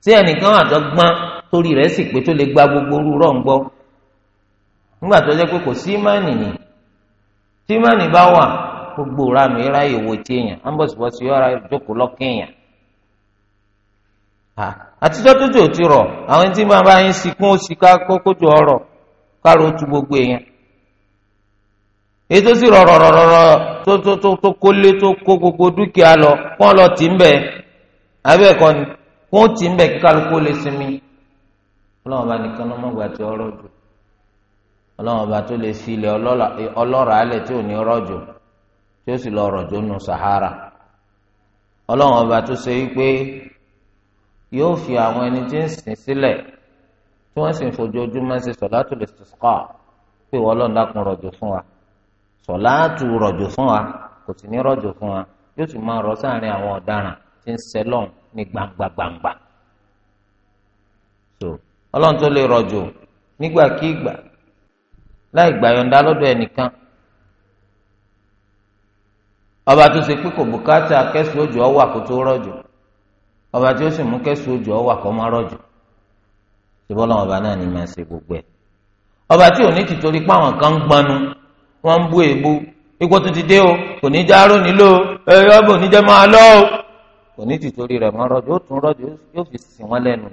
ṣé ẹnìkan wà tó gbọ́n torí rẹ̀ sì pé tó gba gbogbo orú rọ̀ nígbà tó jẹ́ pé kò sí ni tí bá wà gbogbo ráyè wo èèyàn àtijọ́ tó jò ti rọ̀ àwọn tí máa bá yín sikún ó sì kókójú ọrọ̀ kárò tu gbogbo èèyàn èyí tó sì tó tó tó tó kólé tó kó gbogbo dúkìá lọ kó lọ tì ń bẹ abẹ́ ni kó tì ń bẹ kí kálukú lè sinmi ọlọ́run bá nìkan ló mọ̀gbà tí ọrọ̀ jù ọlọ́run bá tó lè ọlọ́ràá alẹ̀ tí ò ní rọ̀jò tí ó sì lọ rọ̀jò Sahara yóò fi àwọn ẹni tí ń sìn sílẹ̀ tí wọ́n sì ń fojoojúmọ́ ṣe sọ̀látù listisqa pé wọ́n lọ́n dákun rọ̀jò fún wa sọ̀látù rọ̀jò fún wa kò sì ní rọ̀jò fún wa yóò sì máa rọ̀ sáàrin àwọn ọ̀daràn tí ń sẹ́lọ̀n ní gbangba gbangba. so ọlọ́run tó lè rọ̀jò nígbàkigbà láì gbàyọ̀ǹda lọ́dọ̀ ẹnìkan ọba tó ṣe pé kò bùkátà kẹ́sì òjò ọwọ́ àkótó rọ̀jò ọba tí ó sì mú kẹsùn òjò ọwà kọ má rọ̀jò ṣùgbọ́n ọba náà ni máa ṣe gbogbo ẹ̀ ọba tí ò ní ti torí pé àwọn kan ń gbanu wọ́n ń bú èébú ikú tó ti dé o kò ní já ró nílò ẹyọ bò ní jẹ máa lọ o kò ní ti torí rẹ̀ má rọ̀jò ó tún rọ̀jò yóò fi sìn wọ́n lẹ́nu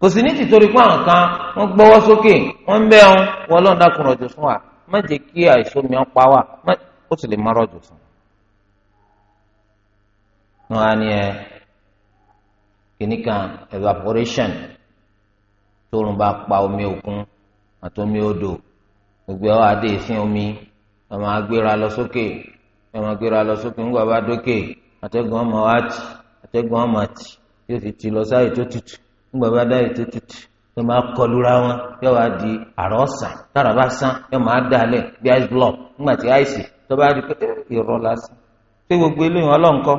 kò sì ní ti torí pé àwọn kan wọ́n gbọ́wọ́ sókè wọ́n ń bẹ́ wọn wọ́n lọ́ọ̀dà kùn rọ̀jò fún wa má jẹ́ kí àìsómi ọ̀pá wa ó sì lè má rọ̀jò fún wa wọn á ní ẹ kìíní kan evaporation tóorùn bá pa omi òkun àti omi odò gbogbo ẹwà adé ìsín omi ọmọ agbéra lọ sókè ọmọ agbéra lọ sókè ńgbà bá dókè atẹ́gùn ọmọ wa tì atẹ́gùn ọmọ tì yóò fi ti lọ sáyè tó tutù ńgbà bá dáyè tó tutù yóò máa kọlura wọn yóò wá di àrọ sàn tára bá sàn yóò máa dalẹ̀ bí ice block ńgbà tí ice tó bá di pé ìrọ̀ eh, lásán ṣé gbogbo eléyìí ọlọ́nkọ́.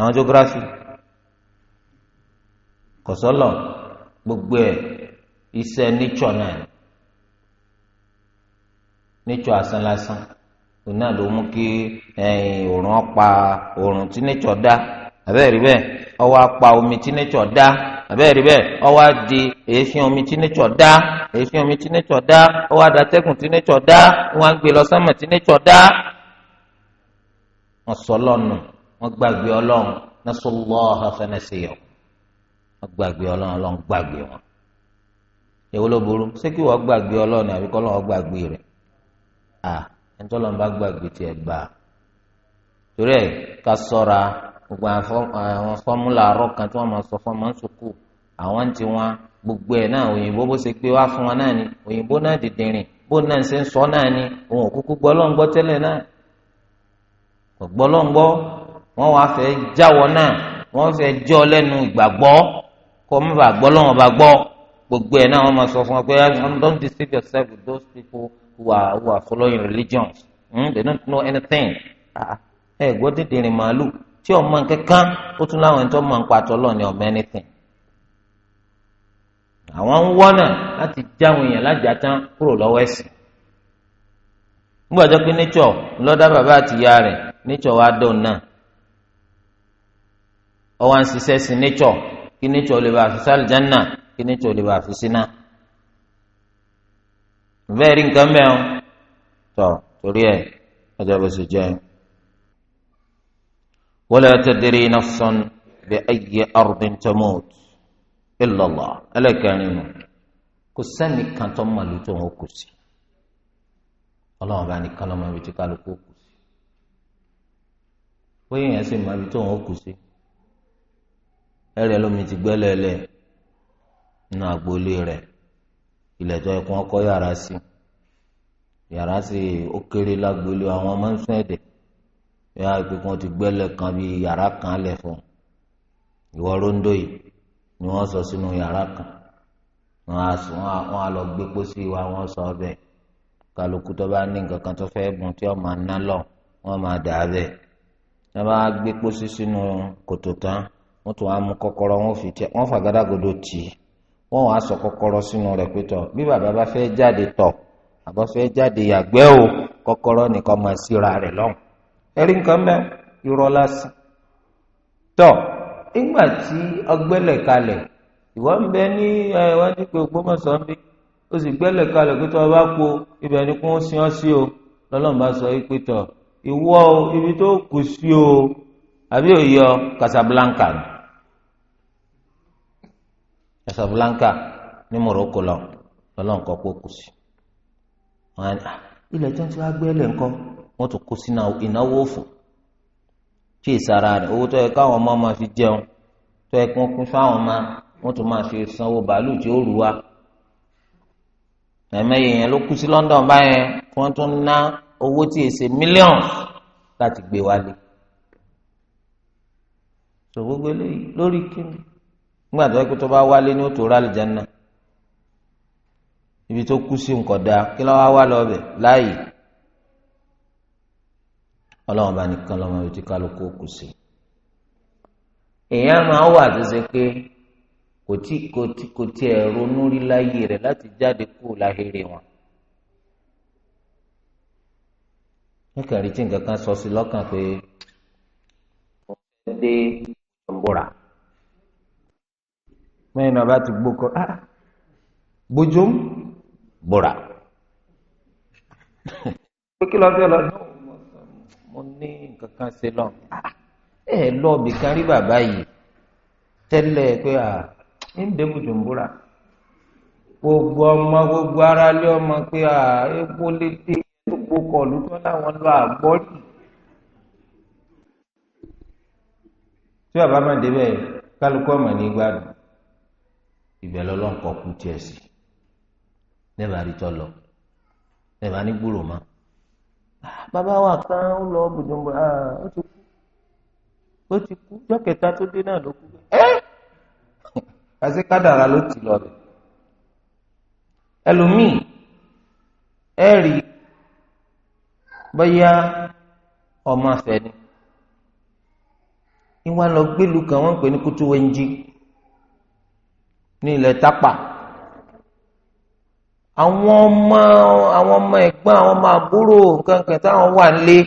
àwọn geography kọsọlọ gbogbo ẹ iṣẹ́ nature náà nature asan lásán òun náà ló mú kí òòrùn ọpa òòrùn tí nature dá abẹ́rẹ́ rí bẹ́ẹ̀ omi tí nature dá abẹ́rẹ́ rí bẹ́ẹ̀ ọwọ́ di èéfín omi tí nature dá èéfín omi tí nature dá ọwọ́ adatẹ́kùn tí nature dá wọ́n á gbé lọ sánmà tí nature dá wọ́n gbàgbé ọlọ́run nasallaha fanasiyahu wọ́n gbàgbé ọlọ́run ọlọ́run gbàgbé wọn èwo ló burú ṣé kí wọ́n gbàgbé ọlọ́run àbí kọ́ lọ́wọ́ gbàgbé rẹ̀ à ẹni tó lọ́n bá gbàgbé tiẹ̀ gbà á torí ẹ̀ ká sọ́ra gbogbo àwọn fọ́múlà àárọ̀ kan tí wọ́n máa sọ fọ́ọ̀mù máa ń sùkú àwọn tí wọ́n gbogbo ẹ̀ náà òyìnbó bó ṣe pé wá fún wọn náà ni òyìnbó náà dìdìrìn bó náà ṣe ń sọ náà ni òun òkúkú gbọ́ lọ́ngbọ́ tẹ́lẹ̀ náà gbọ́ lọ́ngbọ́ wọ́n wá fẹ́ jáwọ́ náà wọ́n fẹ́ jọ́ lẹ́nu ìgbàgbọ́ kó má bàa gbọ́ lọ́wọ́ bá gbọ́ gbogbo ẹ̀ náà wọ́n máa sọ fún wa pé don't deceive yourself with those people who are who are following religions mm? they don't know anything ah, ah. ẹ gbọ́ dídì rìn màálù tí ọmọ kankan ó tún láwọn ẹni tó mọ̀ ń patọ́ lọ ní ọmọ anything àwọn ń wọ́nà láti jáwọn èèyàn lájàtán kúrò lọ́wọ́ ẹ̀sìn nígbàjọ́ pé nature lọ́dá bàbá àtìyá rẹ̀ nature wa dùn náà ọwọ́ ń ṣiṣẹ́ sí nature kí nature lè bá fi sálì jánà kí nature lè bá fi síná. bẹ́ẹ̀ rí nǹkan mẹ́ọ̀ tọ̀ torí ẹ̀ ọjọ́ bó ṣe jẹ́. wala tadri nafsun bi ayyi ardin tamut illa Allah ẹlẹ́kẹrin nù kò sẹ́ni kan tó mọ̀ lójú òun kù sí ọlọ́run bá nìkan lọ́mọ ibi tí kálukú kù sí bóyá èèyàn sì mọ ibi kù sí. ẹrẹ lómi ti gbẹ́lẹ̀ lẹ̀ nínú agboolé rẹ̀ ilẹ̀ tó yẹ kó wọ́n kọ́ yàrá sí yàrá sí ó kéré lágboolé àwọn ọmọ ń kan ti gbẹ́lẹ̀ kan bí yàrá kan lẹ̀ fún ìwọ ni sọ sínú yàrá kan wọ́n á sùn wọ́n á lọ gbé pósí wa wọ́n sọ ọbẹ̀ kálukú tó bá ní nǹkan kan tó fẹ́ bùn tí wọ́n máa lọ máa dà á tí wọ́n tún wá mú kọ́kọ́rọ́ wọ́n fi tẹ wọ́n fàgádágodo tì í wọ́n wàá sọ kọ́kọ́rọ́ sínú rẹ̀ pé tọ̀ bí bàbá bá fẹ́ jáde tọ̀ àbọ̀ fẹ́ jáde yàgbẹ́ o kọ́kọ́rọ́ nìkan máa síra rẹ̀ lọ́hùn ẹ̀rí nǹkan mẹ́ irọ́ lásán tọ̀ nígbà tí ọgbẹ́lẹ̀ kalẹ̀ ìwọ́n ń bẹ ní ẹ̀wájú pé Ògbómọ̀ṣọ́ ń bí ó sì gbẹ́lẹ̀ kalẹ̀ pé tọ́ ọ bá po ni kó ń sin ọ́ sí o lọ́lọ́run bá sọ pé tọ̀ ìwọ ibi tó kù sí o àbí òye ọ Casablanca ni. Casablanca ní Morocco lọ lọ́lọ́nkọ́ pé kù sí wọn á ní ah, ilẹ̀ tí wọ́n ti wá gbé ẹlẹ́ ńkọ́ wọ́n tún kó sínú ìnáwó òfò tí ìsara rẹ̀ owó tó yẹ káwọn ọmọ máa fi jẹun tó yẹ kó kún fáwọn ọmọ wọ́n tún máa fi sanwó bàálù tí ó rù wá ẹ̀mẹ́yẹ yẹn ló kú sí London báyẹn kí wọ́n tún ná owó tí èsè millions láti gbé wálé. sọ gbogbo eléyìí lórí kíni nígbà tó yẹ kó tó bá wálé ní òtò rálì jẹ́nà ibi tó kú sí nǹkan dáa kí lọ́wọ́ wá lọ bẹ̀ láàyè ọlọ́run bá nìkan lọ́mọ ibi tí kálukú kù sí. èèyàn máa wà tó ṣe pé kò tí kò tí kò tí ẹ̀ ronú rí láyè rẹ̀ láti jáde kúrò láhìrì wọn. níkàrí tí nǹkan kan sọ sí lọ́kàn pé ó fẹ́ dé ìjọba mẹ́rin náà bá ti gbókọ ah, ah, bójú bòrà pé kí lọ́ọ́ fẹ́ lọ ní mo ní nǹkan kan ṣe lọ ah, ẹ lọ́ọ̀bì kan rí bàbá yìí tẹ́lẹ̀ pé à ń dé bójú bòrà gbogbo ọmọ gbogbo ara lé ọmọ pé à epo lè dé gbogbo kọ̀ọ̀lù tó láwọn lọ àgbọ́rì. tí bàbá máa débẹ̀ kálukú ọmọ ní gbádùn ibẹ̀ lọ́lọ́nkọ́ kú tiẹ̀ sí nẹ́ẹ̀bà rí tọ́ lọ nẹ́ẹ̀bà ní gbúrò mọ́ ah, bàbá wa kan ń lọ bùdùnbọ̀ ah, ó ti kú ó ti kú jọ́ kẹta tó dé náà ló kú ẹ́ àti kádàrá ló ti lọ rẹ̀ ẹlòmíì ẹ rí bóyá ọmọ afẹ ni ìwà lọ gbẹlú kan wọn pè ní kútúwẹ́ńjì ní ilẹ̀ tápà àwọn ọmọ àwọn ọmọ ẹ̀gbọ́n àwọn ọmọ àbúrò kankan táwọn wà nílé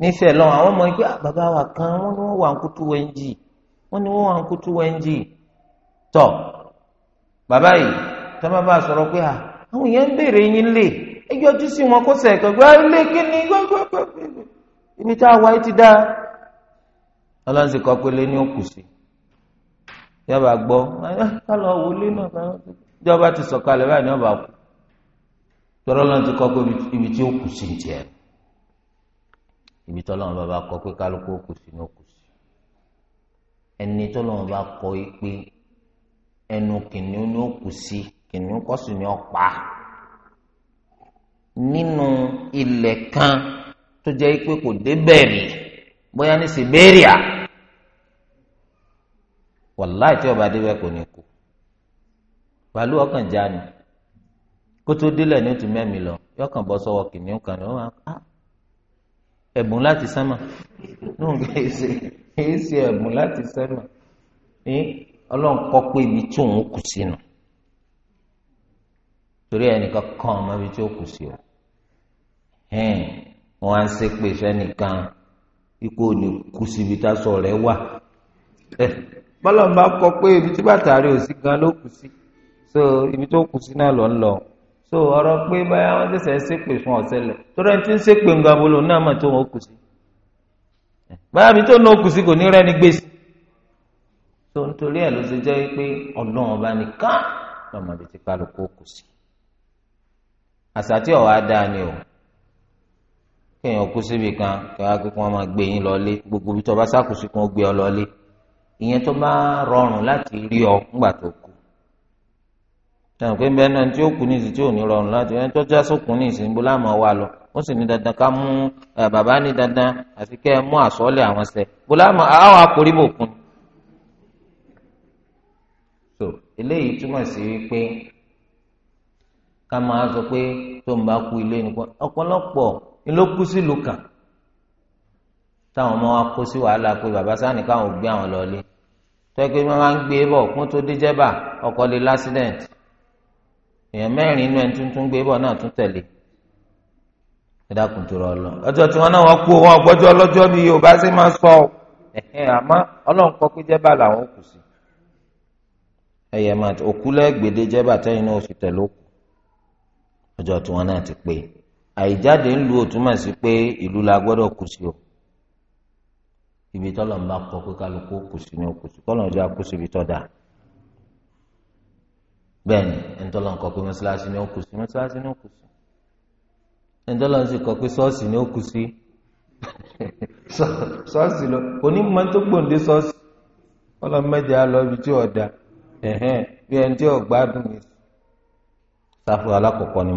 nífẹ̀ẹ́ lọ àwọn ọmọ ẹgbẹ́ bàbá wa kan wọ́n ní wọ́n wà ń kútu wẹ́ńjì wọ́n ní wọ́n wà ń kútu wẹ́ńjì tọ̀ bàbá yìí tọ́ba bá sọ̀rọ̀ pé à àwọn èèyàn ń béèrè yín lè ẹjọ́ ojú sí wọn kó sẹ̀kẹ́ gbé ilé kíni gbẹ́gbẹ́gbẹ́ ibi tá a wáyé ti dá ọlọ́run sì kọ́ pé lé ní òkùsì yọba gbọ́ kálọ̀ wọlé náà jọba ti sọ̀kalẹ̀ báyìí ni ọba kú tọ́lọ́ lọ́n ti kọ́ pé ibi tí ó kù sí tiẹ̀ ibi tọ́lọ́n bá bá kọ́ pé kálukú ó kù sí ni ó kù sí ẹni tọ́lọ́n bá kọ́ pé ẹnu kìnìún ni ó sí kìnìún kọ́ sí ni ó nínú ilẹ̀ kan tó jẹ́ pé kò débẹ̀ bóyá ní Siberia wàláì tí ọba débẹ̀ kò ní kú bàálù ọkàn já ni kó tó délẹ̀ ní otu mẹ́mi lọ yọkàn bọ́ sọ́wọ́ kìnìún kan ní wọ́n á ah, ẹ̀bùn láti sánmà náà kìí ṣe kìí ṣe ẹ̀bùn láti sánmà ní ọlọ́run kọ́ pé ibi tí òun kù sínú torí ẹnìkan kan ọmọ ibi tí ó kù sí o hẹ́n á ń ṣépè fẹ́nìkan ikú ò ní síbi tá a sọ rẹ̀ wà bọ́lọ̀n bá kọ pé ibi tí bàtà rẹ̀ ò gan ló kù sí so ibi tó kù sí náà lọ ń lọ so ọ̀rọ̀ pé báyà wọ́n ṣẹ̀ṣẹ̀ ń ṣépè fún ọ̀sẹ̀lẹ̀ tó rẹ̀ ń ti ń ṣépè ń gabolo náà mà tó wọn kù sí báyà mi tó náà kù sí kò ní rẹ́ni gbé sí so nítorí ẹ̀ ló ṣe jẹ́ pé ọ̀nà ọba nìkan lọ́mọdé ti kálukú kù sí àṣà tí ọ̀wá dáa ni o kéèyàn kú síbi kan kí wọ́n á kí wọ́n máa gbé yín lọ́lé gbogbo ibi tó bá sákùsí kan gbé ọ lọ́lé ìyẹn tó bá rọrùn láti rí ọ ńgbà tó kú tẹnu pé bẹ́ẹ̀ náà tí ó kú nísìsiyìí tí ò ní rọrùn láti ẹni tó já sókun nísìsiyìí bó láàmú wa lọ ó sì ní dandan ká mú bàbá ní dandan àti kẹ́ ẹ mú àsọ́ọ́lẹ̀ àwọn sẹ bó láàmú àwọn akóríbò kún. so eléyìí túmọ̀ sí wípé ká máa sọ pé tó ń bá kú ilé nìkan ọ̀pọ̀lọpọ̀ ni ló kú sílùú kan táwọn ọmọ wa kó sí wàhálà pé bàbá sani káwọn gbé àwọn lọ lé tọ́gbẹ́ wọn máa ń gbé bọ̀ kún tó dé jẹ́bà ọkọ̀ lé lásìdẹ̀ǹtì èèyàn mẹ́rin inú ẹni tuntun gbé bọ̀ náà tún tẹ̀lé ẹ̀dákùn tó rọ lọ ọjọ́ tí wọn náà wọ́n kú wọn gbọ́jọ́ lọ́jọ́ bí yorùbá sì máa sọ ọ́ àmọ́ ọlọ́run kọ́ pé jẹ́bà làwọn kù sí ẹ̀yẹ̀ máa òkú lẹ́gbẹ̀dẹ́ jẹ́bà tẹ́yìn náà oṣù tẹ̀lé òkú ọjọ́ tí wọn náà ti pé àìjáde ńlu òtúmọ̀ sí pé ìlú la gbọ́dọ̀ kù sí o ibi tọ́lọ̀ ń bá kọ pé kálukú kù sí ní okùsù tọ́lọ̀ ń jẹ́ akúsù ibi tọ́ da bẹ́ẹ̀ni ẹ̀ńtọ́lọ̀ ń kọ pé mọ́ṣáláṣí ní okùsù mọ́ṣáláṣí ní okùsù ẹ̀ńtọ́lọ̀ ń sì kọ pé ṣọ́ọ̀ṣì ní okùsù ṣọ́ọ̀ṣì lọ onímọ̀ tó gbòǹde ṣọ́ọ̀ṣì ọlọ́ mẹ́jẹ alọ́ ibi tí ọ̀dà ẹ̀hẹ́n bí ẹni tí ọ̀gbá dùn mí. sáfù alákọ̀ọ́kọ́ ni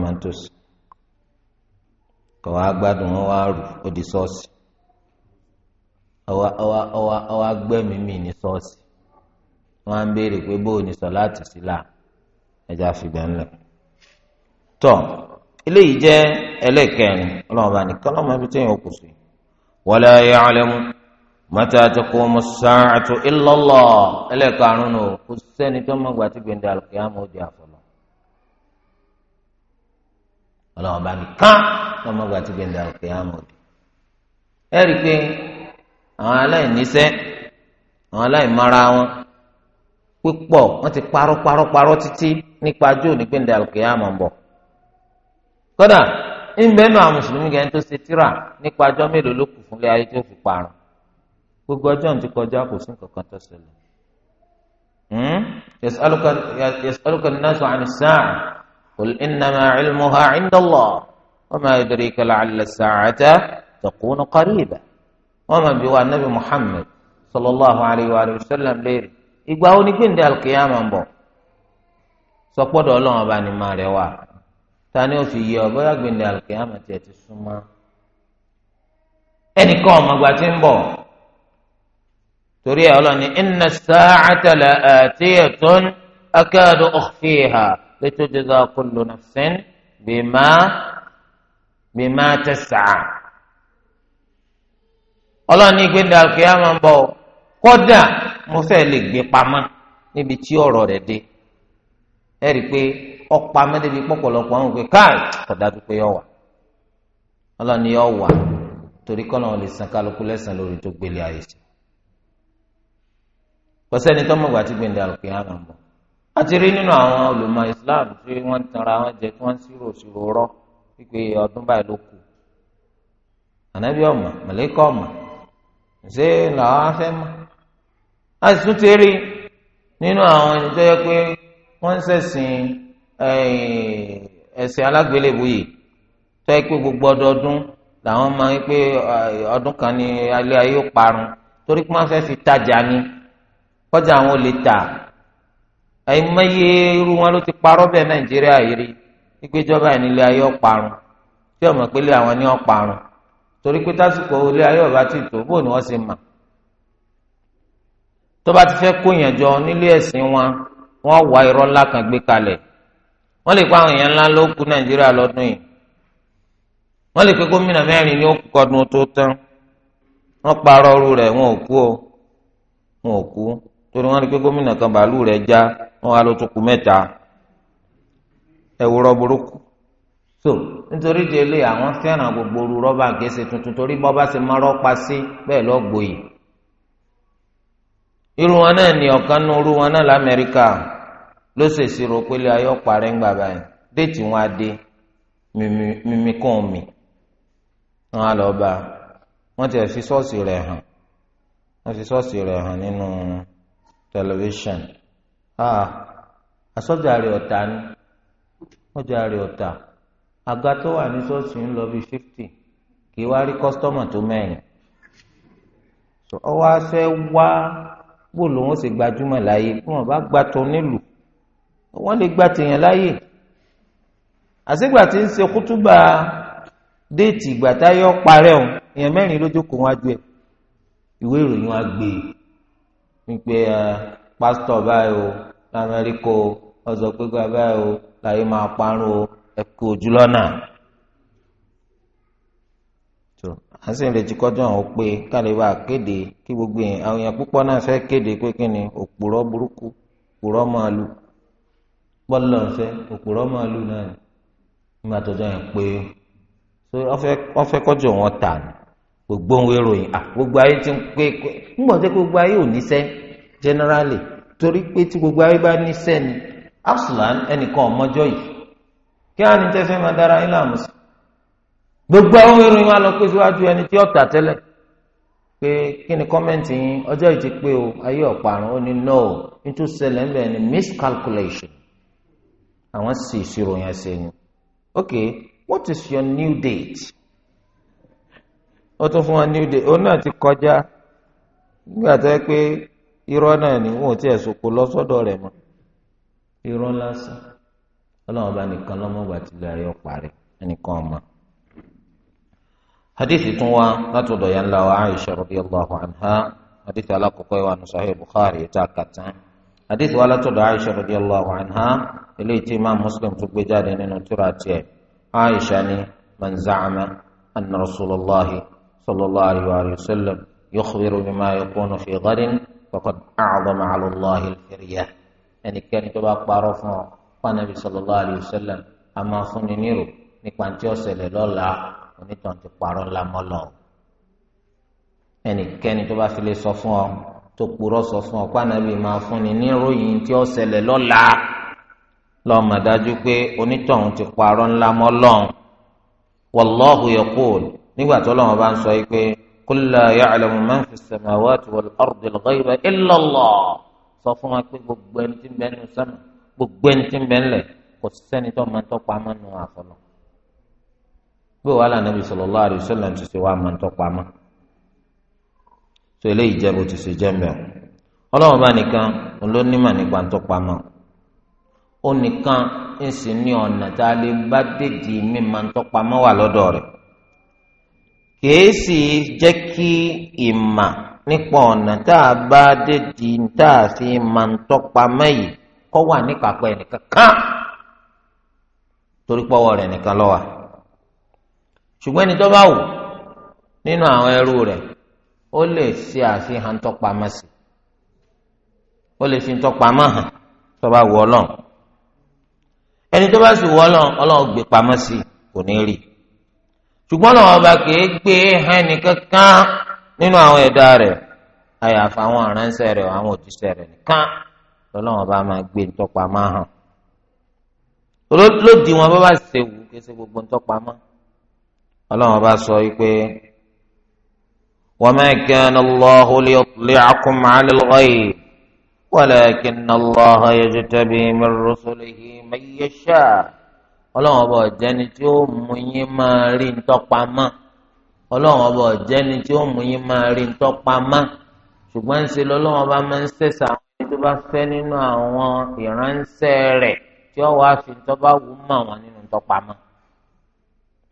ọwa ọwa ọwa ọwọ agbẹmímì ní ṣọ́ọ̀ṣì wọn á ń béèrè pé bó o ní sọ láti sílà ẹjọ àfìgbà ńlẹ. tọ eléyìí jẹ́ ẹlẹ́kẹrin ọlọ́run bá nìkan sí. wala mata taqumu as-sa'atu illa Allah ẹlẹ́karùn-ún o kò sẹ́ni tó mọ̀gbà al di bá nìkan ẹ àwọn aláìníṣẹ́ àwọn aláìmara wọn pípọ̀ wọ́n ti parọ́ parọ́ parọ́ títí nípa jóò ní gbẹ̀ndẹ̀ àlùkìyàmọ̀ ń bọ̀ kódà ńbẹ́nu àwọn mùsùlùmí gẹ̀ ń tó ṣe tíra nípa ọjọ́ mélòó ló kù fúnlé ayé tó fi parun gbogbo ọjọ́ ní ti kọjá kò sí nǹkan tó ṣẹlẹ̀ hmm? yasaluka nasu ani saa kul innama ilmuha indallah wa ma yadirika la'alla saacata takunu qariba wọ́n máa bi wa nabi muhammed sallallahu alayhi wa sallam léèrè ìgbà wo ni gbẹ̀ndẹ̀ alkiyama ń bọ̀ sọpọ́dọ̀ ọlọ́run ọba ni máa rẹ̀ wá ta ni ó fi yẹ ọ bóyá gbẹ̀ndẹ̀ alkiyama tiẹ̀ ti súnmọ́ ẹnìkan ọmọgbà ti ń bọ̀ torí ẹ ọlọ́ni inna sa'ata la atiyatun akadu ukhfiha litujza kullu nafsin bima bima tas'a. ọlọ́ni ní gbé dàlùkì á máa ń bọ̀ kódà mo fẹ́ lè gbé pamọ́ níbi tí ọ̀rọ̀ rẹ̀ dé ẹ rí i pé ọ̀pá mẹ́tẹ́bí pọ̀pọ̀lọpọ̀ àwọn òkè káì kódà pé yọ wà ọlọ́run wà torí kọ́nà ò lè san kálukú lẹ́sàn lórí tó gbélé ayé sí tí máa ń bọ̀ rí nínú àwọn olùmọ̀ Islam tí wọ́n wọn jẹ wọ́n sírò sírò rọ́ pípé ọdún báyìí ló ṣé làwọn afẹ́ mọ́ a sì tún ti rí nínú àwọn ẹni tó yẹ pé wọ́n ń ṣẹ̀sìn eh, ẹ̀sìn alágbélébùú yìí tó gbogbo ọdọọdún làwọn máa ń pé eh, ọdún kan ní alẹ́ ayé ó parun torí pé wọ́n fẹ́ fi tajà ni kọjá àwọn olè tà àìmọye irú wọn ló ti parọ́ bẹ́ẹ̀ nàìjíríà yìí rí ìgbéjọba ìnílẹ̀ ayé ó parun tí ọmọ pélé àwọn ní torí pé tásìkò ilé ayé ọba ti tó bó ni wọ́n ṣe mà tó bá ti fẹ́ kóyàn jọ nílé ẹ̀sìn wọn wọ́n wá irọ́ ńlá kan gbé kalẹ̀ wọ́n lè pa àwọn èèyàn ńlá ló kú nàìjíríà lọ́dún yìí wọ́n lè pé gómìnà mẹ́rin ni ó kọ́dún tó tán wọ́n parọ́ ọrú rẹ̀ wọn ò kú o wọn ò kú torí wọ́n lè pé gómìnà kan bàálù rẹ̀ já wọ́n wá ló kú mẹ́ta ẹ̀wúrọ̀ burúkú so nítorí di eléyìí àwọn fẹ́ràn gbogbo oru rọ́bà gẹ̀ẹ́sì tuntun torí bọba si máa rọ́pa sí bẹ́ẹ̀ lọ́gbòye irú wọn náà ní ọ̀kan nú irú wọn náà lamẹ́ríkà ló ṣèṣì rò pé ayé ọ̀parẹ́ ń gbà báyìí déètì wọn adé mímí kàn mí wọn á lọ bá wọn ti fi hàn wọn fi ah ọta ni àga tó wà ní ṣọ́ọ̀ṣì ń lọ bíi fifty kì í wá rí kọ́sítọ́mà tó mẹ́rin ọwọ́ afẹ́ wá bó lòun ṣe gbajúmọ̀ láyé bí wọ́n bá gba tó nílùú wọ́n lè gba tèèyàn láyè àṣìgbà tí ń ṣe kútúbà déètì ìgbà táyọ̀ parẹ́ o èèyàn mẹ́rin ló jókòó wájú ẹ̀ ìwé ìròyìn wa gbé wípé e. pásítọ̀ báyìí o lamẹ́ríkà ọ̀sọ̀ pé báyìí o láyé máa parun o ẹ kú ojú lọ́nà tó a sì ń àwọn kéde kí gbogbo yẹn àwọn èèyàn púpọ̀ náà fẹ́ kéde pé kí ni òpùrọ̀ burúkú òpùrọ̀ máa lù pọ́lọ̀ fẹ́ òpùrọ̀ máa lù náà ni tọjọ́ yẹn gbogbo gbogbo ayé ti ń pé nígbà gbogbo ayé ò níṣẹ́ torí pé tí gbogbo ayé bá níṣẹ́ ni ẹnìkan ọmọjọ́ yìí kí á ní tẹ́fẹ́ máa dára yín láàmú sí gbogbo àwọn ìròyìn wa lọ pé síwájú ẹni tí ó tẹ́lẹ̀ pé kí ni kọ́mẹ́ǹtì yín ọjọ́ yìí pé o ayé ọ̀parun ó ní no nítorí ṣẹlẹ̀ ńbẹ̀ ni miscalculation àwọn sì ìṣirò yẹn ṣe ni ok what is your new date ó tún fún wa new date òun náà ti kọjá nígbà tó yẹ pé irọ́ náà ni wọn ò tiẹ̀ sòkò lọ sọ́dọ̀ rẹ̀ mọ́ irọ́ lásán. ọlọ́run bá nìkan lọ́mọgbà tí ilé ayé parí ẹnìkan ọmọ. hadith tún wá látọ̀dọ̀ ya ńlá wa aisha radiyallahu anha hadith alákọ̀ọ́kọ́ ìwà nù sahih bukhari ètò àkàtà hadith wá látọ̀dọ̀ aisha radiyallahu anha eléyìí tí imaam muslim tó gbé jáde nínú tírà tiẹ̀ aisha ni man za'ama anna rasulallahi sallallahu alayhi wa sallam yukhbiru bima yakunu fi ghadin faqad a'zama ala allahi ẹnikẹ́ni tó bá parọ́ fún ọ pànàbí sallallahu alayhi wa sallam a máa fúnni nírò nípa tí ó ṣẹlẹ̀ lọ́la onítàn ti parọ́ ńlá mọ́lọ́ ẹnikẹ́ni tó bá fi lè sọ fún ọ tó purọ́ sọ fún ọ pànàbí máa fúnni níròyìn tí ó ṣẹlẹ̀ lọ́la lọ́mọ dájú pé onítàn ti parọ́ ńlá mọ́lọ́ wallahu yaqul nígbà tó lọ́wọ́ bá ń sọ yìí pé qul la ya'lamu man fi as-samawati wal ardi al sọ fún wa pé gbogbo ẹni tí ń bẹ́ẹ̀ nù sánmà gbogbo ẹni tí ń bẹ ńlẹ̀ kò sẹ́ni tó máa ń tọ́pọ̀ amọ́ nù àfọlọ́ bí wàhálà nàbì sallallahu alaihi wasallam ti ṣe wá máa ń tọ́pọ̀ amọ́ tó eléyìí jẹ́ bó ti ṣe jẹ́ mbẹ́ ọlọ́run bá nìkan olónímọ̀ nípa ń tọ́pọ̀ amọ́ ó nìkan ń sì ní ọ̀nà tá a lè bá dèjì mímọ́ ń tọ́pọ̀ amọ́ wà lọ́dọ̀ rẹ̀ kìí sì jẹ́ kí ìmà nípa ọ̀nà tá a bá dèjì tá a fi máa ń tọ́pọ̀ amọ́ yìí kọ́ wà ní pàpẹ́ ẹnìkan kán torí pọ́wọ́ rẹ̀ nìkan lọ́wọ́ ṣùgbọ́n ẹni tó bá wù nínú àwọn ẹrú rẹ̀ ó lè ṣe àfihàn tọpamọ́ sí ó lè fi tọpamọ́ hàn tó bá wù ọlọ́run ẹni tó bá sì wù ọlọ́run ọlọ́run gbé pamọ́ sí kò ní rí ṣùgbọ́n lọ́wọ́ ọba kìí gbé hàn nìkan kán nínú àwọn ẹ̀dá rẹ̀ àyàfà àwọn aránṣẹ́ rẹ̀ àwọn òjíṣẹ́ rẹ̀ nìkan. lọ́lọ́wọ́n bá máa gbé ntọ́pamọ́ hàn lódì wọn bá bá ṣe wù kése gbogbo ntọ́pamọ́ ọlọ́wọ́n bá sọ wípé wa ma kana Allahu liyutli'akum 'ala al-ghayb walakin Allaha yajtabi min rusulihi man yasha ọlọ́wọ́n bá jẹ́ni tí ó mú yín máa rí ntọ́pamọ́ ọlọ́wọ́n bá jẹ́ni tí ó mú yín máa rí ntọ́pamọ́ ṣùgbọ́n ń tó bá fẹ́ nínú àwọn ìránṣẹ́ rẹ̀ tí ó wàá fi tó bá wù mọ́ àwọn nínú tó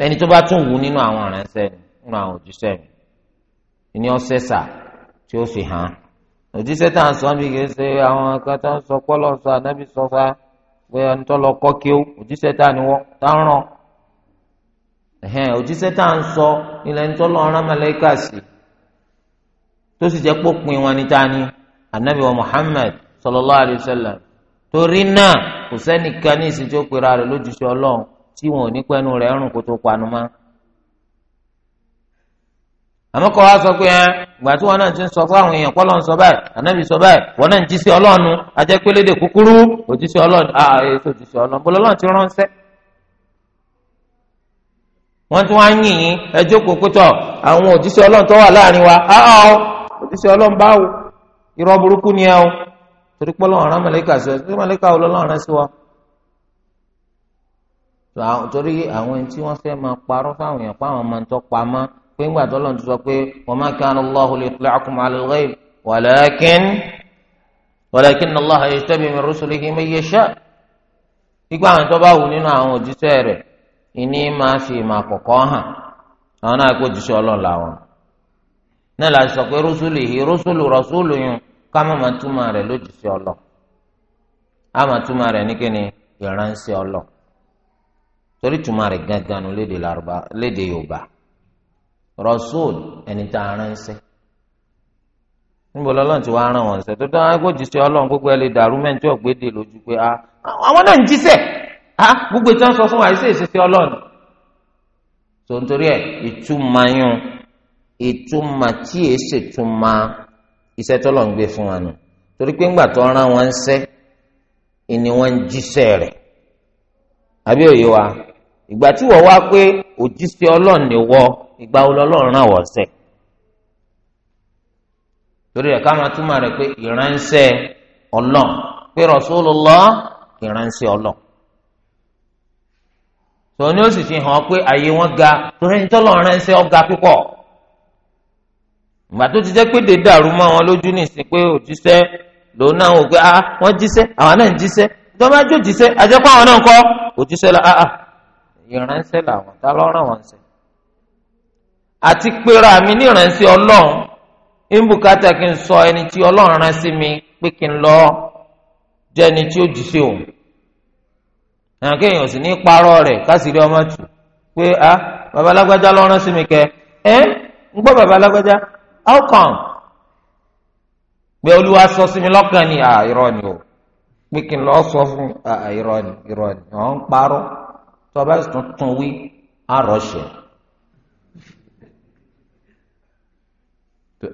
ẹni tó bá tún wù nínú àwọn ìránṣẹ́ nínú àwọn òjíṣẹ́ mi ni ó ṣẹ̀ṣà tí ó fi hàn òjíṣẹ́ tá à ń sọ bí kì í ṣe àwọn kan tó ń sọ pọ́lọ́ sọ ànábì sọ fa pé ẹni tó lọ kọ́ kí ó òjíṣẹ́ tá à ní wọ́n tá ń ràn ẹ̀hẹ́n òjíṣẹ́ tá à ń sọ ilẹ̀ ń tọ́lọ́ ọ̀rán mẹ́lẹ́kà sí tó sì jẹ́ pópin wọn ní ta ni. anabi wa muhammad sallallahu alayhi wa sallam torí náà kò sẹ́nìkan ní ìsìn tí ó pera rẹ̀ lójúṣe ọlọ́run tí wọn ò ní pẹ́nu rẹ̀ rùn kó tó panu mọ́. wa sọ pé ẹ ìgbà tí wọn náà ti ń sọ fún àwọn èèyàn kọ́ lọ́n sọ báyìí sọ báyìí wọn náà ń jí sí ọlọ́run kúkúrú òjíṣẹ́ ọlọ́run àà èso òjíṣẹ́ wọ́n wá ń yìn yín ẹjọ́ irọ́ burúkú ni ẹ o torí pé ọlọ́run rán màlẹ́kà sí ọ torí màlẹ́kà ọlọ́run rán sí wa torí àwọn ẹni tí wọ́n fẹ́ máa parọ́ fáwọn èèyàn fáwọn máa ń tọ́ pamọ́ pé ńgbà tó lọ́n ti sọ pé wa ma kana Allahu liyutla'akum 'ala al-ghayb walakin walakin Allaha yajtabi min rusulihi man yasha gbígbà àwọn tó bá wù nínú àwọn òjíṣẹ́ rẹ̀ ìní máa fi ìmọ̀ àkọ́kọ́ hàn àwọn náà kó òjíṣẹ́ ọlọ́run làwọn náà láti sọ pé rúṣùlù yìí rúṣùlù rọ̀ṣùlù yìí ká má máa túmọ̀ rẹ̀ ọlọ a máa túmọ̀ rẹ̀ ní kíni ìránṣẹ́ ọlọ torí túmọ̀ rẹ̀ gángan lédè Lárúbá lédè Yorùbá rasul ẹni tá a ránṣẹ́ níbo lọ́lọ́run ti wá rán wọn ṣe tó dá agbójì Ọlọ́run gbogbo ẹ lè dàrú mẹ́ntì ah, gbogbo ìtàn sọ fún wa Ọlọ́run tó ń torí ìtumọ̀ yún ìtumọ̀ iṣẹ́ tọ́lọ̀ ń gbé fún wa nù torí pé ńgbà tó rán wọn ṣẹ́ ni wọ́n ń jíṣẹ́ rẹ̀ àbí òye wa ìgbà tí wọ́n wá pé òjíṣẹ́ ọlọ́run ni wọ́ ìgbà wo lọ́lọ́run rán wọ́n ṣẹ́ torí rẹ̀ ká máa túmọ̀ rẹ̀ pé ìránṣẹ́ ọlọ́run pé Rasulullah ìránṣẹ́ ọlọ́run tòun ni ó sì fi hàn pé àyè wọn ga torí ẹni tọ́lọ́run ránṣẹ́ ọ̀gá púpọ̀. ìgbà tó ti jẹ́ pé dè dàrú mọ́ wọn lójú nìsín pé òjíṣẹ́ lòun náà wò pé ah wọ́n jíṣẹ́ àwọn náà ń jíṣẹ́ ìjọba jó jíṣẹ́ àjẹpọ̀ àwọn náà ń kọ́ la ah, ah ìránṣẹ́ làwọn tá lọ́ràn wọ́n àti pera mi ní ìránṣẹ́ ọlọ́run ń bùkátà kí n sọ ẹni tí ọlọ́run rán sí mi pé kí n lọ jẹ́ ẹni tí ó jíṣẹ́ òun. how come pé olúwa sọ sí mi lọ́kàn ni àìrọ́ ni o pé kí n lọ sọ fún mi àìrọ́ ni irọ́ ni ọ̀ ń parọ́ tó o bá sì tún tún wí àròṣe.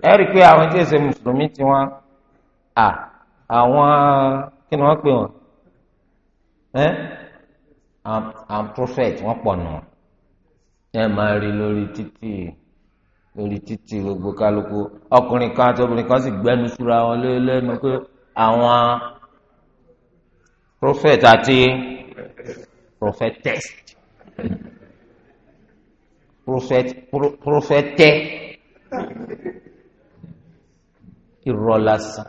ẹ rí i pé àwọn tí èsè mùsùlùmí ti wọn à àwọn kí ni wọ́n pè wọ́n ẹ́ àwọn prophet wọ́n pọ̀ nù ẹ máa rí lórí títì lórí títì gbogbo kálukú ọkùnrin kan àti obìnrin kan sì gbẹnu súra wọn lẹ́nu pé àwọn prophet àti prophetess prophet pro, prophetẹ irọ́ lásán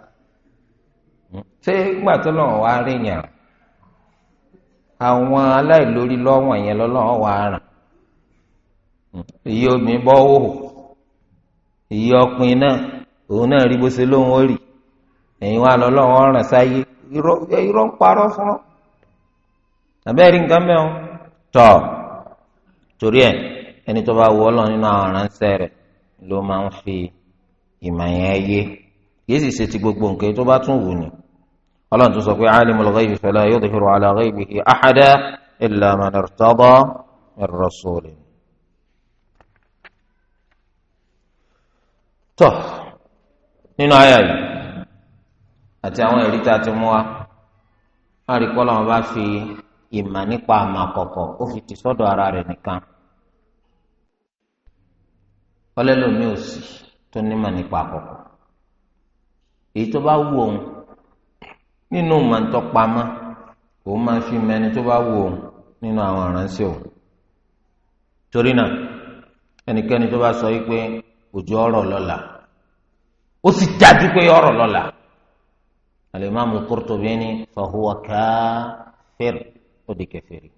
ṣé gbà tó lọ́wọ́ wá rí yàn àwọn aláìlórí lọ́wọ́ yẹn lọ́wọ́ wá ràn èyí omi bọ́ wò ìyí ọpin náà òun náà rí bó ṣe lóun ó rì ẹ̀yin wa lọ lọ́wọ́ ọ̀ràn sáyé irọ́ ń parọ́ fún ọ. àbẹ́rẹ́ nǹkan mẹ́wọ́n tọ̀ torí ẹ̀ ẹni tó bá wọ ọlọ́run nínú àwọn aránṣẹ́ rẹ̀ ló máa ń fi ìmọ̀ yẹn yé yìí sì ṣe ti gbogbo nǹkan tó bá tún wù ní. ọlọ́run tó sọ pé alimul ghaybi fala yudhiru ala ghaybihi ahada illa man irtada min rasulin. tọ nínú àyà yìí àti àwọn ẹ̀rí tá a ti mú fi ìmà nípa àmà kọ̀kọ̀ ó fi ti ara rẹ̀ nìkan ọlẹ́lòmí ò sí tó nímà nípa àkọ́kọ́ èyí tó bá wù òun nínú màtọ́ pamọ́ òun fi mẹni tó bá wù òun nínú àwọn aránṣẹ́ òun torí náà ẹnikẹ́ni tó bá sọ yìí ojú ọ̀rọ̀ lọ́la ó sì dájú pé ọ̀rọ̀ lọ́la alimami Qurtubi ni fahuwa káfíìr ó di kèfèrí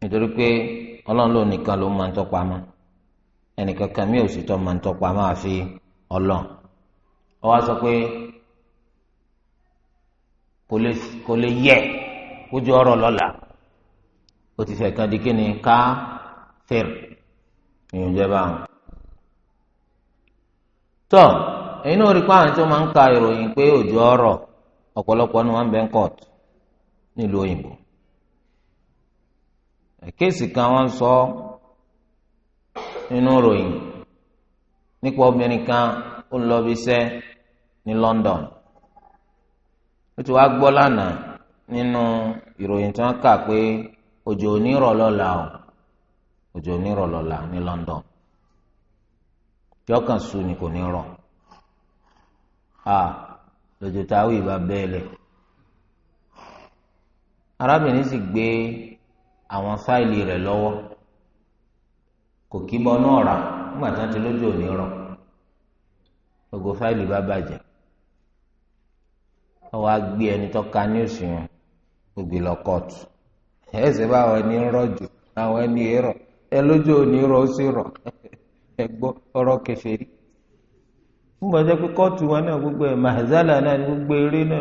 nítorí pé ọlọ́run ló nìkan ló máa ń tọ́pa mọ́ ẹnìkan kan mi ò sì tọ́ máa ń tọ́pa mọ́ àfi ọlọ́run ó wá sọ pé kò lè yẹ kójú ọ̀rọ̀ lọ́la ó ti fẹ́ kan di kí ni káfíìr. èèyàn jẹ́ báwọn. tọ́ ẹ̀yin náà rí àwọn tí máa ń ka ìròyìn pé òjò ọ̀rọ̀ ọ̀pọ̀lọpọ̀ ni wọ́n bẹ òyìnbó. kéèsì kan wọ́n sọ nínú ìròyìn nípa obìnrin kan ó lọ London ó ti wá gbọ́ lánàá nínú ìròyìn tí wọ́n kà pé o. òjò onírọ̀lọ́la ní London yọkàn sùn ni kò ní rọ̀ a lójú táwí bá bẹ́ẹ̀lẹ̀ arábìnrin sì gbé àwọn fáìlì rẹ̀ lọ́wọ́ kò kí bọnú ọ̀rá nígbà tí wọ́n ti lójú òní rọ̀ gbogbo fáìlì bá bàjẹ́ wọ́n á ẹni tó ka níwùsì yẹn gbogbo lọ kóòtù ẹ̀ẹ́sẹ̀ báwọn ẹni rọ̀ jù àwọn ẹni èrò ẹ lójú òní rọ ó sì rọ ẹ gbọ́ ọ̀rọ̀ kèfèrí nígbà pé kóòtù náà gbogbo ẹ màzálà náà ni gbogbo eré náà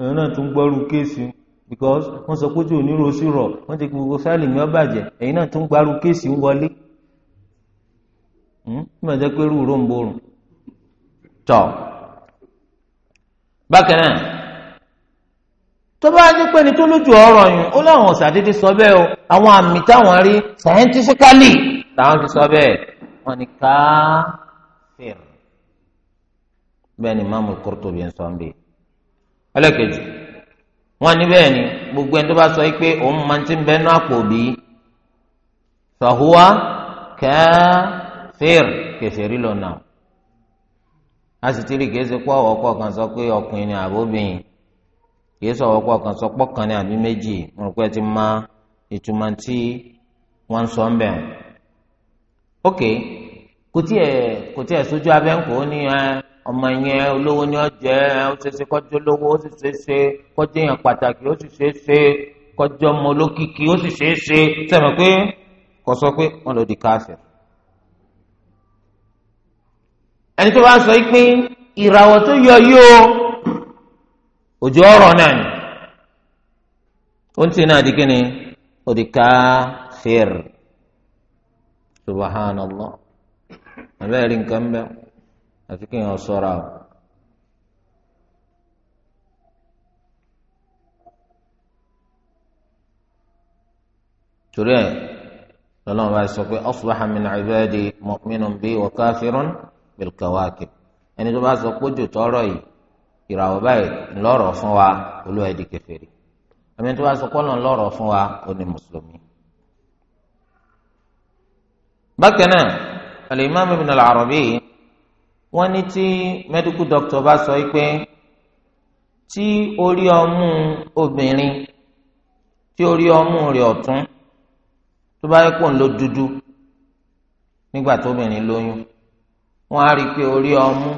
ẹ̀rọ náà tún gbọ́rú kéèsì because wọ́n sọ pé ojú òní rọ ó sì rọ wọ́n ti gbogbo fáìlì mi hmm? tó bá jẹ́ pé ni tó lójú ọ̀rọ̀ yìí ó láwọn ọ̀sàdédé sọ bẹ́ẹ̀ o àwọn àmì táwọn rí scientifically làwọn fi sọ bẹ́ẹ̀ wọ́n ní káfíìn bẹ́ẹ̀ ni Imam Qurtubi ń sọ ń bẹ́ẹ̀ ẹlẹ́kẹ̀jì wọ́n ní bẹ́ẹ̀ ni gbogbo ẹni tó bá sọ pé òun máa ti ń bẹ́ẹ̀ náà pò bí fahuwa káfíìn kèfèrí lọ́nà a sì ti rí kèése pọ̀ ọ̀kọ̀ kan sọ pé ọkùnrin ni àbóbìnrin kìí sọ wọ́pọ̀ kan sọ pọ́kàn ní àbí méjì mo rò pé ti ma ìtumọ̀ tí wọ́n ń sọ ń bẹ̀ wọ́n. ok kò tí ẹ kò tí ẹ sójú abẹ́ ń kó ní ẹ ọmọ yẹn olówó ni ọ jẹ ẹ ó ṣeéṣe kọjú olówó ó sì ṣeéṣe kọjú èèyàn pàtàkì ó sì ṣeéṣe kọjú ọmọ olókìkí ó sì ṣeéṣe sẹ́mi pé kò sọ pé wọ́n lò di káfíà. ẹni tó bá sọ pé ìràwọ̀ tó yọ yìí o òjò ọ̀rọ̀ náà ni ó ń tì náà di kíni ó di káfíìr subahánàlá abẹ́rẹ́ rí nǹkan bẹ́ẹ̀ àti kí n sọ̀rọ̀ àwọn. torí ẹ lọ́lọ́run bá sọ pé asbaha min ibadi mu'minun bi wa kafirun bil kawakib ẹni tó bá sọ pé ojú tọrọ yìí ìràwọ̀ báyìí ńlọ́rọ̀ fún wa olúwa ẹ̀dì kèfèrí ẹ̀mí tó wá sọ kọ́nà ńlọ́rọ̀ fún wa ó ní mùsùlùmí. bákan náà al-Imam Ibn al-Arabi wọ́n ní tí mẹ́díkù dọ́kítọ̀ bá sọ pé tí orí ọmú obìnrin tí orí ọmú rẹ̀ ọ̀tún tó bá yẹ kó ń lo dúdú nígbà tóbìnrin lóyún wọ́n á rí i pé orí ọmú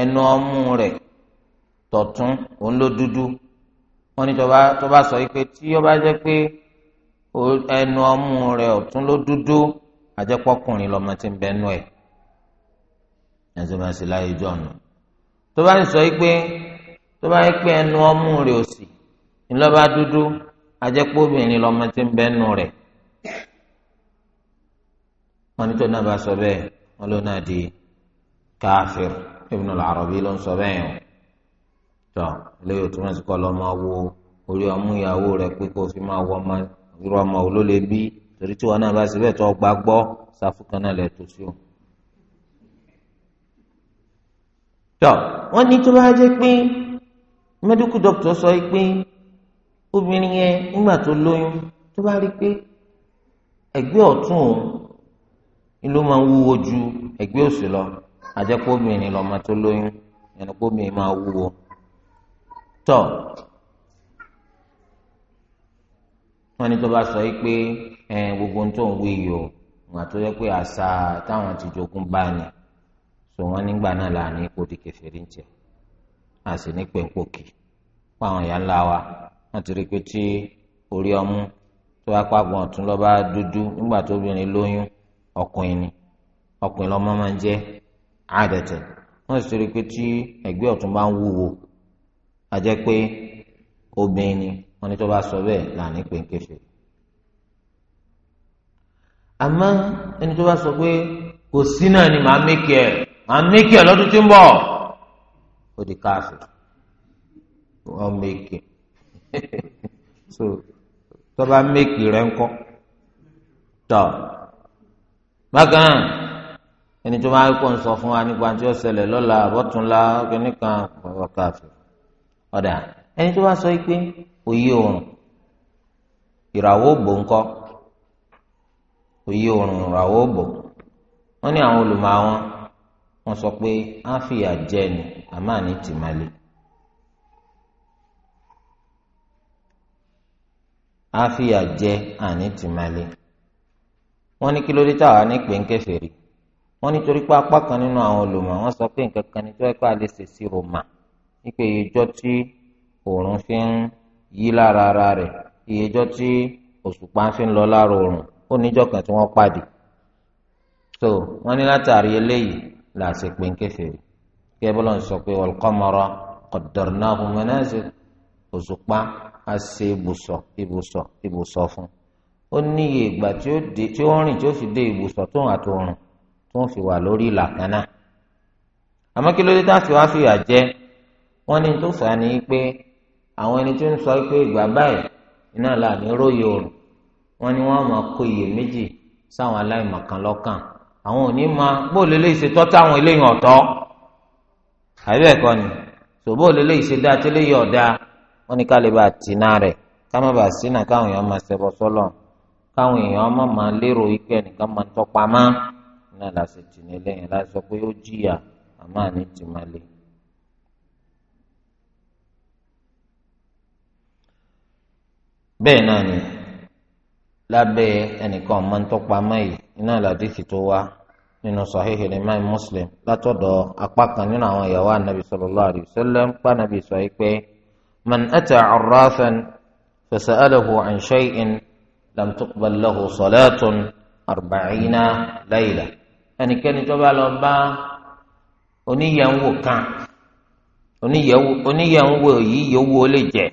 ẹnu ọmú rẹ̀ tọ̀tún òun ló dúdú wọ́n ní tọba tọba sọ yìí pé tí ó bá jẹ́ pé ẹnu ọmú rẹ̀ ọ̀tún ló dúdú àjẹpọkùnrin lọmọ tí ń bẹ nú ẹ ẹsẹmẹsì láyé jọ ọnà tọba sọ yìí pé tọba yìí pé ẹnu ọmú rẹ̀ òsì ńlọba dúdú àjẹpọbìnrin lọmọ tí ń bẹ nú rẹ̀ wọ́n ní tó náà bá sọ bẹ́ẹ̀ wọ́n ló náà di káfíìr Ibn al-Arabi ló ń sọ bẹ́ẹ̀ o tọ eléyìí tó máa ń sọkọ lọ máa wo orí ọmú ìyàwó rẹ pé kó fi máa wọ ọmọ irú ọmọ wo ló lè bí torí tí wọn náà bá síbẹ̀ tó gbà gbọ́ sáfùkàn náà lè tó sí o. tọ wọn ní tó bá jẹ́ pé mẹdíkù dókítà sọ pé obìnrin yẹn nígbà tó lóyún tó bá rí pé ẹ̀gbẹ́ ọ̀tún òun ni ló máa ń wúwo ju ẹ̀gbẹ́ òsì lọ àjẹpọ̀ obìnrin lọ́mọ tó lóyún ẹnìpọ̀ obìnrin máa wúwo tọ wọn ní tó bá sọ yìí pé ẹ gbogbo ohun tó ń wí yìí o ìgbà tó yẹ pé àṣà táwọn ti jogún bá ní sọ wọn nígbà náà là ní ipò di kẹfẹrí ń tẹ a sì ní pẹ̀npọ̀kì fún àwọn ìyá ńlá wa wọn ti rí i pé tí orí ọmú tó bá pàgbọ́n ọ̀tún lọ́ba dúdú nígbà tó obìnrin lóyún ọkùnrin ni ọkùnrin lọ́mọ máa ń jẹ́ àdẹ̀tẹ̀ wọ́n sì rí i pé tí ẹ̀gbẹ́ ọ̀tún bá ń wúwo àjẹ́ pé obìnrin ni wọ́n ní tó bá sọ bẹ́ẹ̀ lànà pé ń ẹni tó bá sọ pé kò sí náà ni màá mékì ẹ̀ màá mékì ẹ̀ lọ́dún tí ń bọ̀ ó di káàfì wọ́n mékì so tó bá mékì rẹ̀ ń kọ́ tọ́ bákan náà ẹni tó máa ń kó ń sọ fún wa nípa tí ó ṣẹlẹ̀ lọ́la àbọ̀túnla kìnnìkan ọ̀kàfẹ́ ọ̀dà ẹni tó wá sọ pé òye oòrùn ìràwọ̀ òbò ńkọ́ òye oòrùn ìràwọ̀ òbò wọ́n ní àwọn olùmọ̀ àwọn wọ́n sọ pé á fìyà jẹ ni àmọ́ àní tìmálé á fìyà jẹ àní tìmálé wọ́n ní kí ló táwa ní pé ń kẹfẹ rí wọ́n nítorí pé apá kan nínú àwọn olùmọ̀ wọ́n sọ pé nǹkan kan ní tó ẹ pé a lè ṣèṣirò mà wípé ìjọ tí òòrùn fi ń yí lára ara rẹ̀ ìyẹjọ́ tí òṣùpá fi ń lọ lára òòrùn ó níjọ́ kan tí wọ́n pàdé so wọ́n ní látàrí eléyìí là á ṣe pé ń kèfèrí kí ẹ bọ́lá ń sọ pé wal-qamara qaddarnahu manazil òṣùpá á ṣe ibùsọ̀ ibùsọ̀ ibùsọ̀ fún ó níye ìgbà tí ó dé tí ó rìn tí ó fi dé ibùsọ̀ tó àti òòrùn tó ń fi wà lórí ìlà kan náà àmọ́ kí ló dé tá a fi wá fìyà jẹ wọ́n ní tó fà pé àwọn ẹni tó ń sọ pé ìgbà báyìí iná làní róye òrùn wọ́n ní wọ́n máa kó méjì sáwọn aláìmọ̀kan lọ́kàn àwọn òní máa bóòlù eléyìí ṣe tọ́ táwọn eléyìí ọ̀tọ́ àbí ẹ̀kọ́ ni tó bóòlù eléyìí ṣe ọ̀dà ní bá tìǹà má sínà káwọn èèyàn máa èèyàn má iná bẹ́ẹ̀ náà ni lábẹ́ ẹnìkan ọmọ ń tọpa mẹyì iná làdìsí tó wá nínú sọhíhì ní Imam Muslim látọ̀dọ̀ apá kan nínú àwọn ìyàwó anabi sallallahu alaihi wasallam ń pa anabi sọ yìí pé man ata arrafan fasa'alahu an shay'in lam tuqbal lahu salatun arba'ina ẹnikẹ́ni tó bá lọ bá oníyàwó kan oníyàwó yìí yòówó lè jẹ́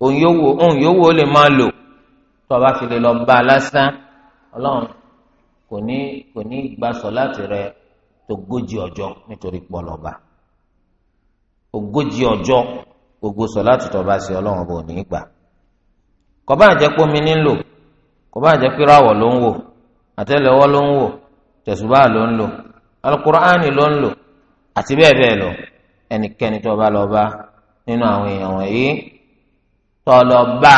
òun yòówó le yòówó ó lè máa lò tó o bá fi lè lọ bá a lásán ọlọ́run kò ní kò ní gba sọ̀láàtì rẹ ogójì ọjọ́ nítorí pọlọba ogójì ọjọ́ gbogbo sọ̀láàtì tó o bá ṣe ọlọ́run ọba ò ní gbà kò bá jẹ́ pé omi nílò kò bá pé ráwọ̀ ló ń wò àtẹ́lẹwọ́ ló ń wò tẹ̀sùbá ló ń lò alukuraani ló ń lò àti bẹ́ẹ̀ bẹ́ẹ̀ lọ ẹnikẹ́ni tó o nínú àwọn èèyàn wọ̀nyí tọlọba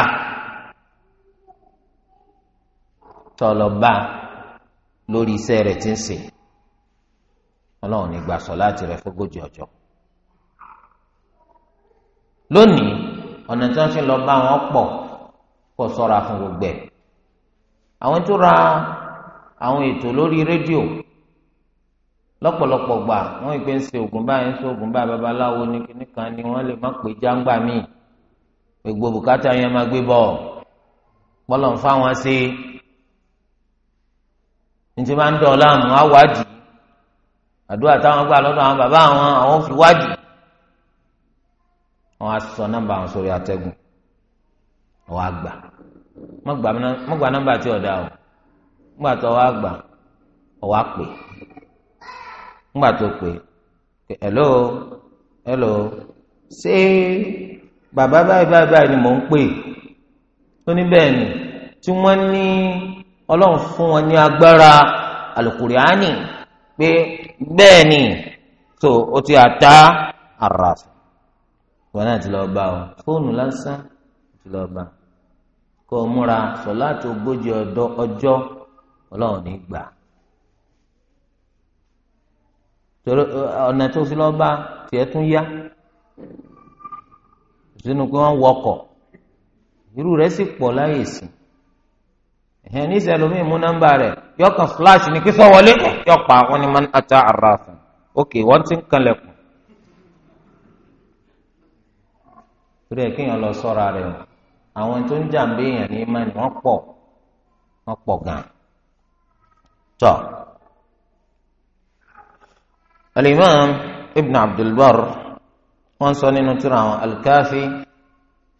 tọlọba lórí iṣẹ́ rẹ̀ tí ń ṣe Ọlọ́run ní gbà sọ̀láàtì rẹ̀ fógójì ọjọ́ lónìí ọ̀nà tí wọ́n fi lọ bá wọn pọ̀ kó ṣọ́ra fún gbogbo ẹ̀ àwọn tó ra àwọn ètò lórí rédíò lọ́pọ̀lọpọ̀ gbà wọ́n ìpè ń ṣe ògùn báyìí ń ṣe ògùn babaláwo ní kíní ni wọ́n lè má pè jáǹgbà míì gbogbo bùkátà yẹn máa gbé bọ̀ gbọ́dọ̀ ń fáwọn ṣe ntí máa ń dọ̀ láàmú àwádìí àdúrà táwọn gbà lọ́dọ̀ àwọn bàbá àwọn àwọn fi wádìí wọn á sọ nọ́mbà àwọn sórí atẹ́gùn wọn á gbà má gba nọ́mbà tí ọ̀dà o ńgbà tó wàá gbà ọ̀ wá pè tó pè hello hello ṣé bàbá báyìí báyìí báyìí ni mò ń pè ó ní bẹ́ẹ̀ ni tí wọ́n ní ọlọ́run fún wọn ní agbára alukuriani pé bẹ́ẹ̀ ni tó o ti àtá àràfẹ́ wọn náà ti lọ bá ọ fóònù lásán ti lọ bá kó o múra sọ láti ogójì ọjọ́ ọlọ́run ní gbà ọ̀nà tó fi lọ bá tiẹ̀ tún yá. sínú pé wọ́n wọkọ̀ irú rẹ̀ sì pọ̀ láyè sí ẹ̀hìn ní mú yọ kan flash kí ni ata ok wọ́n ti ń kanlẹ̀kùn torí kéèyàn lọ sọ́ra rẹ̀ o àwọn tó ń jàǹbé èèyàn ní imá ni wọ́n sọ nínú tura àwọn alkaafi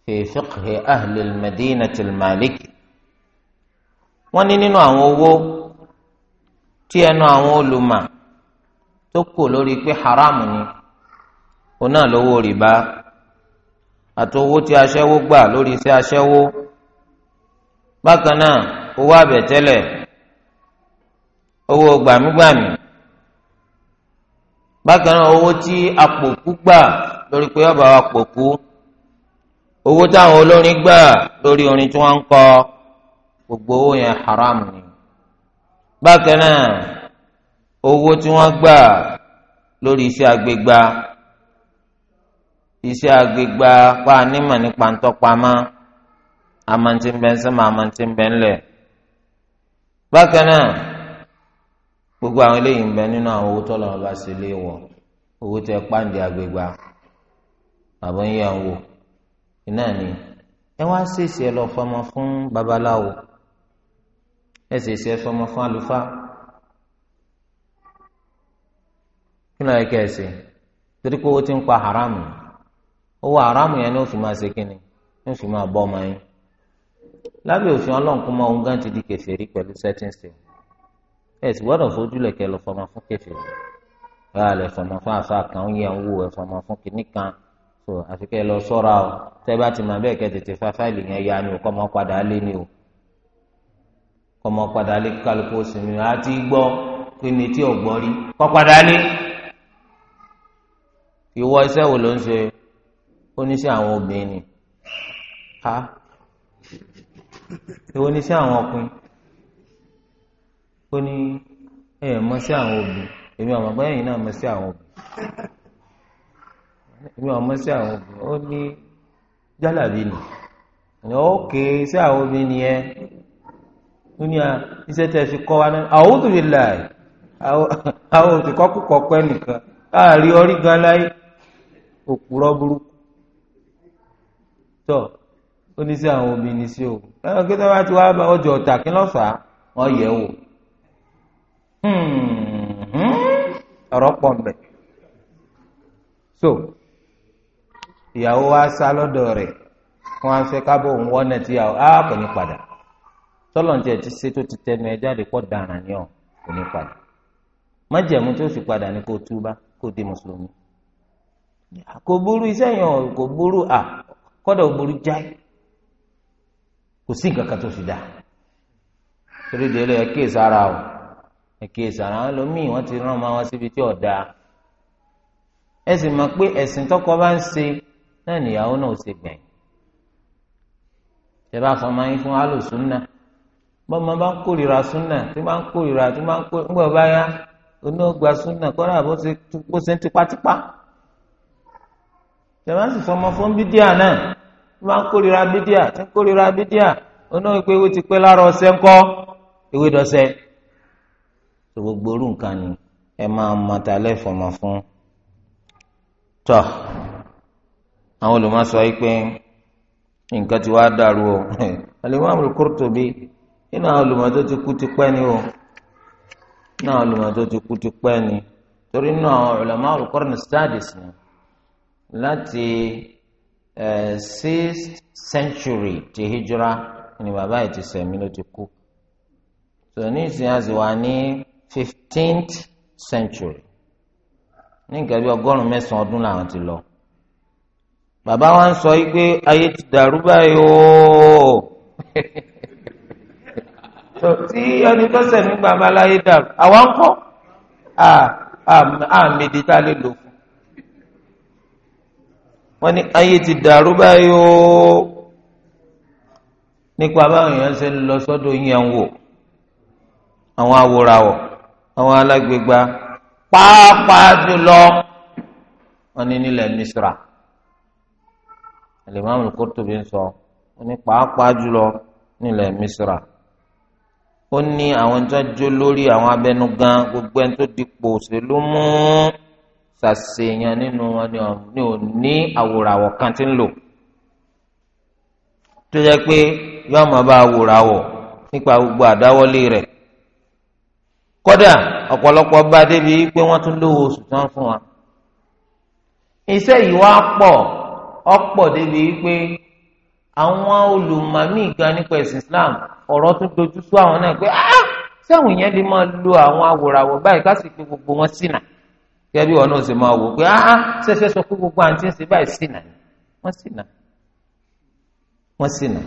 fi fiqhi ahli madinati maliki wọ́n ní nínú àwọn owó tí ẹnu àwọn olùmọ̀ tó kù lórí pé haramu ni òun náà lówó rìbá àti owó tí aṣẹ́wó gbà lórí iṣẹ́ aṣẹ́wó bákan náà owó àbẹ̀tẹ́lẹ̀ owó gbàmígbàmí bákan náà owó tí apòkú gbà lórí pé ọba wa pò kú owó táwọn olórin gbà lórí orin tí wọ́n ń kọ gbogbo owó yẹn haram ni bákan náà owó tí wọ́n gbà lórí iṣẹ́ agbègbà iṣẹ́ agbègbà pa nímọ̀ nípa ntọ́pamọ́ amantinbẹ́nsẹ́mọ́ amantinbẹ́nlẹ̀ bákan náà gbogbo àwọn eléyìí ń bẹ nínú àwọn owó tọ́lọ́mọba sí ilé wọ̀ owó tẹ páǹdì agbègbà àbọ̀ ń yà wò iná ni ẹ wá ṣèṣì ẹ lọ fọmọ fún babaláwo ẹ ṣèṣì ẹ fọmọ fún àlùfáà kí ló yẹ kí ẹ ṣe torí pé owó ti ń pa haramu owó haramu yẹn ni ó fi máa ṣe kí ni ó fi máa bọ́ ọmọ yín lábẹ́ òfin ọlọ́run kó máa ń gán ti di kẹfẹ́rí pẹ̀lú certain step ẹ sì gbọ́dọ̀ fojú lẹ̀kẹ́ lọ fọmọ fún kẹfẹ́rí ẹ lè fọmọ fún àfa kan ó yẹ ń wò ẹ fọmọ fún kinní so àfi kẹ́ ẹ lọ sọ́ra o tẹ́ bá ti máa bẹ́ẹ̀ kẹ́ tètè fa fáìlì yẹn ya ni o kọ́ mọ́ padà lé ni o kọ́ mọ́ padà lé kálukú oṣù mi àti gbọ́ pé ní tí ò gbọ́ rí kọ́ padà lé ìwọ iṣẹ́ wo ló ń ṣe ó àwọn obìnrin ni ha ìwọ ní sí àwọn ọkùnrin ó ní ẹ̀ mọ́ sí àwọn obìnrin èmi àmọ́ bẹ́ẹ̀ yìí náà mọ́ sí àwọn obìnrin èmi ọmọ sí àwọn obìnrin ó ní jálàbí nì ní ókè sí àwọn obìnrin nìyẹn ó ní iṣẹ́ tẹ̀ fi kọ́ wa náà àwùjọ lè là àwọn òkìkọ́ kúkọ́ pẹ́ nìkan káàrí orí gan láyé òpùrọ́ burúkú tọ́ ó ní sí àwọn obìnrin sí o ẹ̀rọ kí wọ́n bá ti wá ọjọ́ ọ̀tà kí lọ́fàá wọ́n yẹ̀ wò hmm, hmm. ọ̀rọ̀ pọ̀ mbẹ̀ so ìyàwó wa sá lọ́dọ̀ rẹ̀ wọn á kábọ̀ òun wọ́n náà tíyàwó á kò ní padà tọ́lọ̀ntì ti ṣe tó ti tẹnu ẹ jáde pọ̀ dàrán ni ọ̀ kò ní padà padà à kọ́dọ̀ burú kò sí nǹkan kan dà torí o ẹ kéè sára lómìn wọn ti rán ọmọ wọn síbi tí ẹ sì náà nìyàwó náà ṣe gbẹ̀yìn tẹ bá fọmọ yín fún alùsùnà bọ́mọ bá ń kórìíra súnà tí bá ń kórìíra tí bá ń kó ńgbà bá yá oní ọgbà súnà kọ́ra bó ṣe ń tipátipá tẹ bá sì fọmọ fún bídíà náà tí bá ń kórìíra bídíà tí ń kórìíra bídíà oní ìpè ewé ti pé lára ọ̀sẹ̀ ńkọ́ ewé dọ̀sẹ̀ gbogbo orú nǹkan ni ẹ máa mọ̀ta lẹ́fọ̀mọ̀ fún tọ́ àwọn olùmọ̀sọ yìí pé nǹkan ti wá dàrú o Al-Imam Al-Qurtubi nínú àwọn olùmọ̀tò ti kú ti pẹ́ ni o nínú àwọn olùmọ̀tò ti kú ti pẹ́ ni torí nínú àwọn ulama al-qarn ni láti sixth century ti hijra ni bàbá yìí ti sẹ̀mí ló ti kú so ní ìsìn àti ní fifteenth century ní nǹkan bí ọgọ́rùn-ún mẹ́sàn-án ọdún làwọn ti lọ bàbá wa ń sọ yìí pé ayé ti dàrú báyìí o tí ẹni tó sẹ̀mí bàbá láyé dàrú àwa ń kọ́ àmì ìdíta lè lò fún wọ́n ní ayé ti dàrú báyìí o nípa báwọn èèyàn ṣe ń lọ sọ́dọ̀ yẹn wò àwọn awòràwọ̀ àwọn alágbègbà pàápàá jùlọ wọ́n ní nílẹ̀ Misra. Al-Imam Al-Qurtubi ń sọ ó ní pàápàá Misra ó ní àwọn tó jó lórí àwọn abẹnugan gbogbo ẹni tó dipò òṣèlú mú sàṣeyàn nínú wọn ni ò ní àwòràwọ̀ kan tí ń lò tó jẹ́ pé yóò máa bá àwòràwọ̀ nípa gbogbo àdáwọ́lé rẹ̀ kódà ọ̀pọ̀lọpọ̀ bá débi pé wọ́n tún lówó oṣù tán fún wa iṣẹ́ yìí wá pọ̀ ọ̀pọ̀ débi wípé àwọn olùmọ̀mí gan nípa ẹ̀sìn Islam ọ̀rọ̀ tún dojú sú àwọn náà pé ah tí àwọn èèyàn lè máa lo àwọn awòràwọ̀ báyìí ká sì pé gbogbo wọn ṣìnà gẹ́gẹ́ bí wọn náà ṣe máa wò pé ah, ah ṣẹ̀ṣẹ̀ sọ pé gbogbo àǹtí ń ṣe báyìí ṣìnà wọ́n ṣìnà wọ́n ṣìnà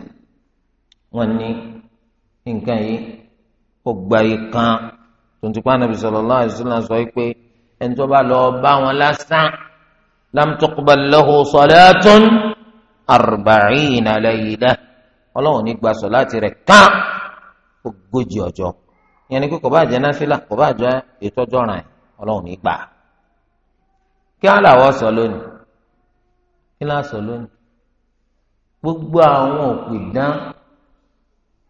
wọ́n ní nǹkan yìí kò gba yìí kan tuntun pa Ànábì sallallahu alaihi wasallam sọ pé ẹni tó bá lọ bá wọn lásán lam tuqbal lahu salatun arba'ina layla ọlọ́run ní gba sọ̀láàtì rẹ̀ kán ogójì ọjọ́ yẹn ni kò bá jẹ́ náfìlà kò bá jẹ́ ètò ọjọ́ ràn ọlọ́run ní gbà. kí á làwọ̀ sọ lónìí kí lá sọ lónìí gbogbo àwọn òkú ìdán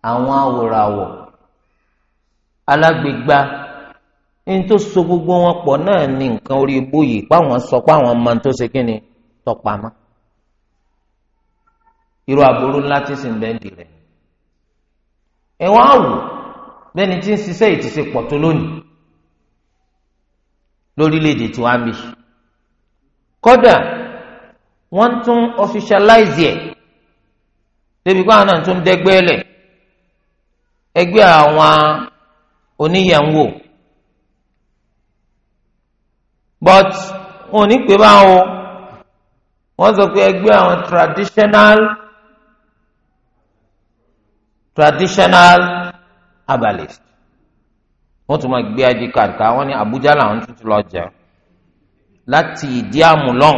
àwọn awòràwọ̀ alágbègbà ní tó so gbogbo wọn pọ̀ náà ní nǹkan orí ibú yìí páwọn sọ páwọn máa ń tó ṣe kí ni tọpamọ́ irú aburú ńlá tí sì ń bẹ́ẹ̀dì rẹ̀ ẹ̀wọ̀n àwò lẹ́ni tí ń ṣiṣẹ́ ìtìsí pọ̀ tó lónìí lórílẹ̀‐èdè tí wọ́n á mi kódà wọ́n tún officialize ẹ̀ débi pé àwọn náà tún dẹ́gbẹ́ lẹ̀ ẹgbẹ́ àwọn oníyẹ̀wò but wọn ò ní pè báwọn wọn sọ pé ẹgbẹ́ àwọn traditional traditional herbalist wọn tún máa gbé adi kàkà wọn ní Abuja làwọn tún ti lọ jẹ láti ìdí àmúlọ́n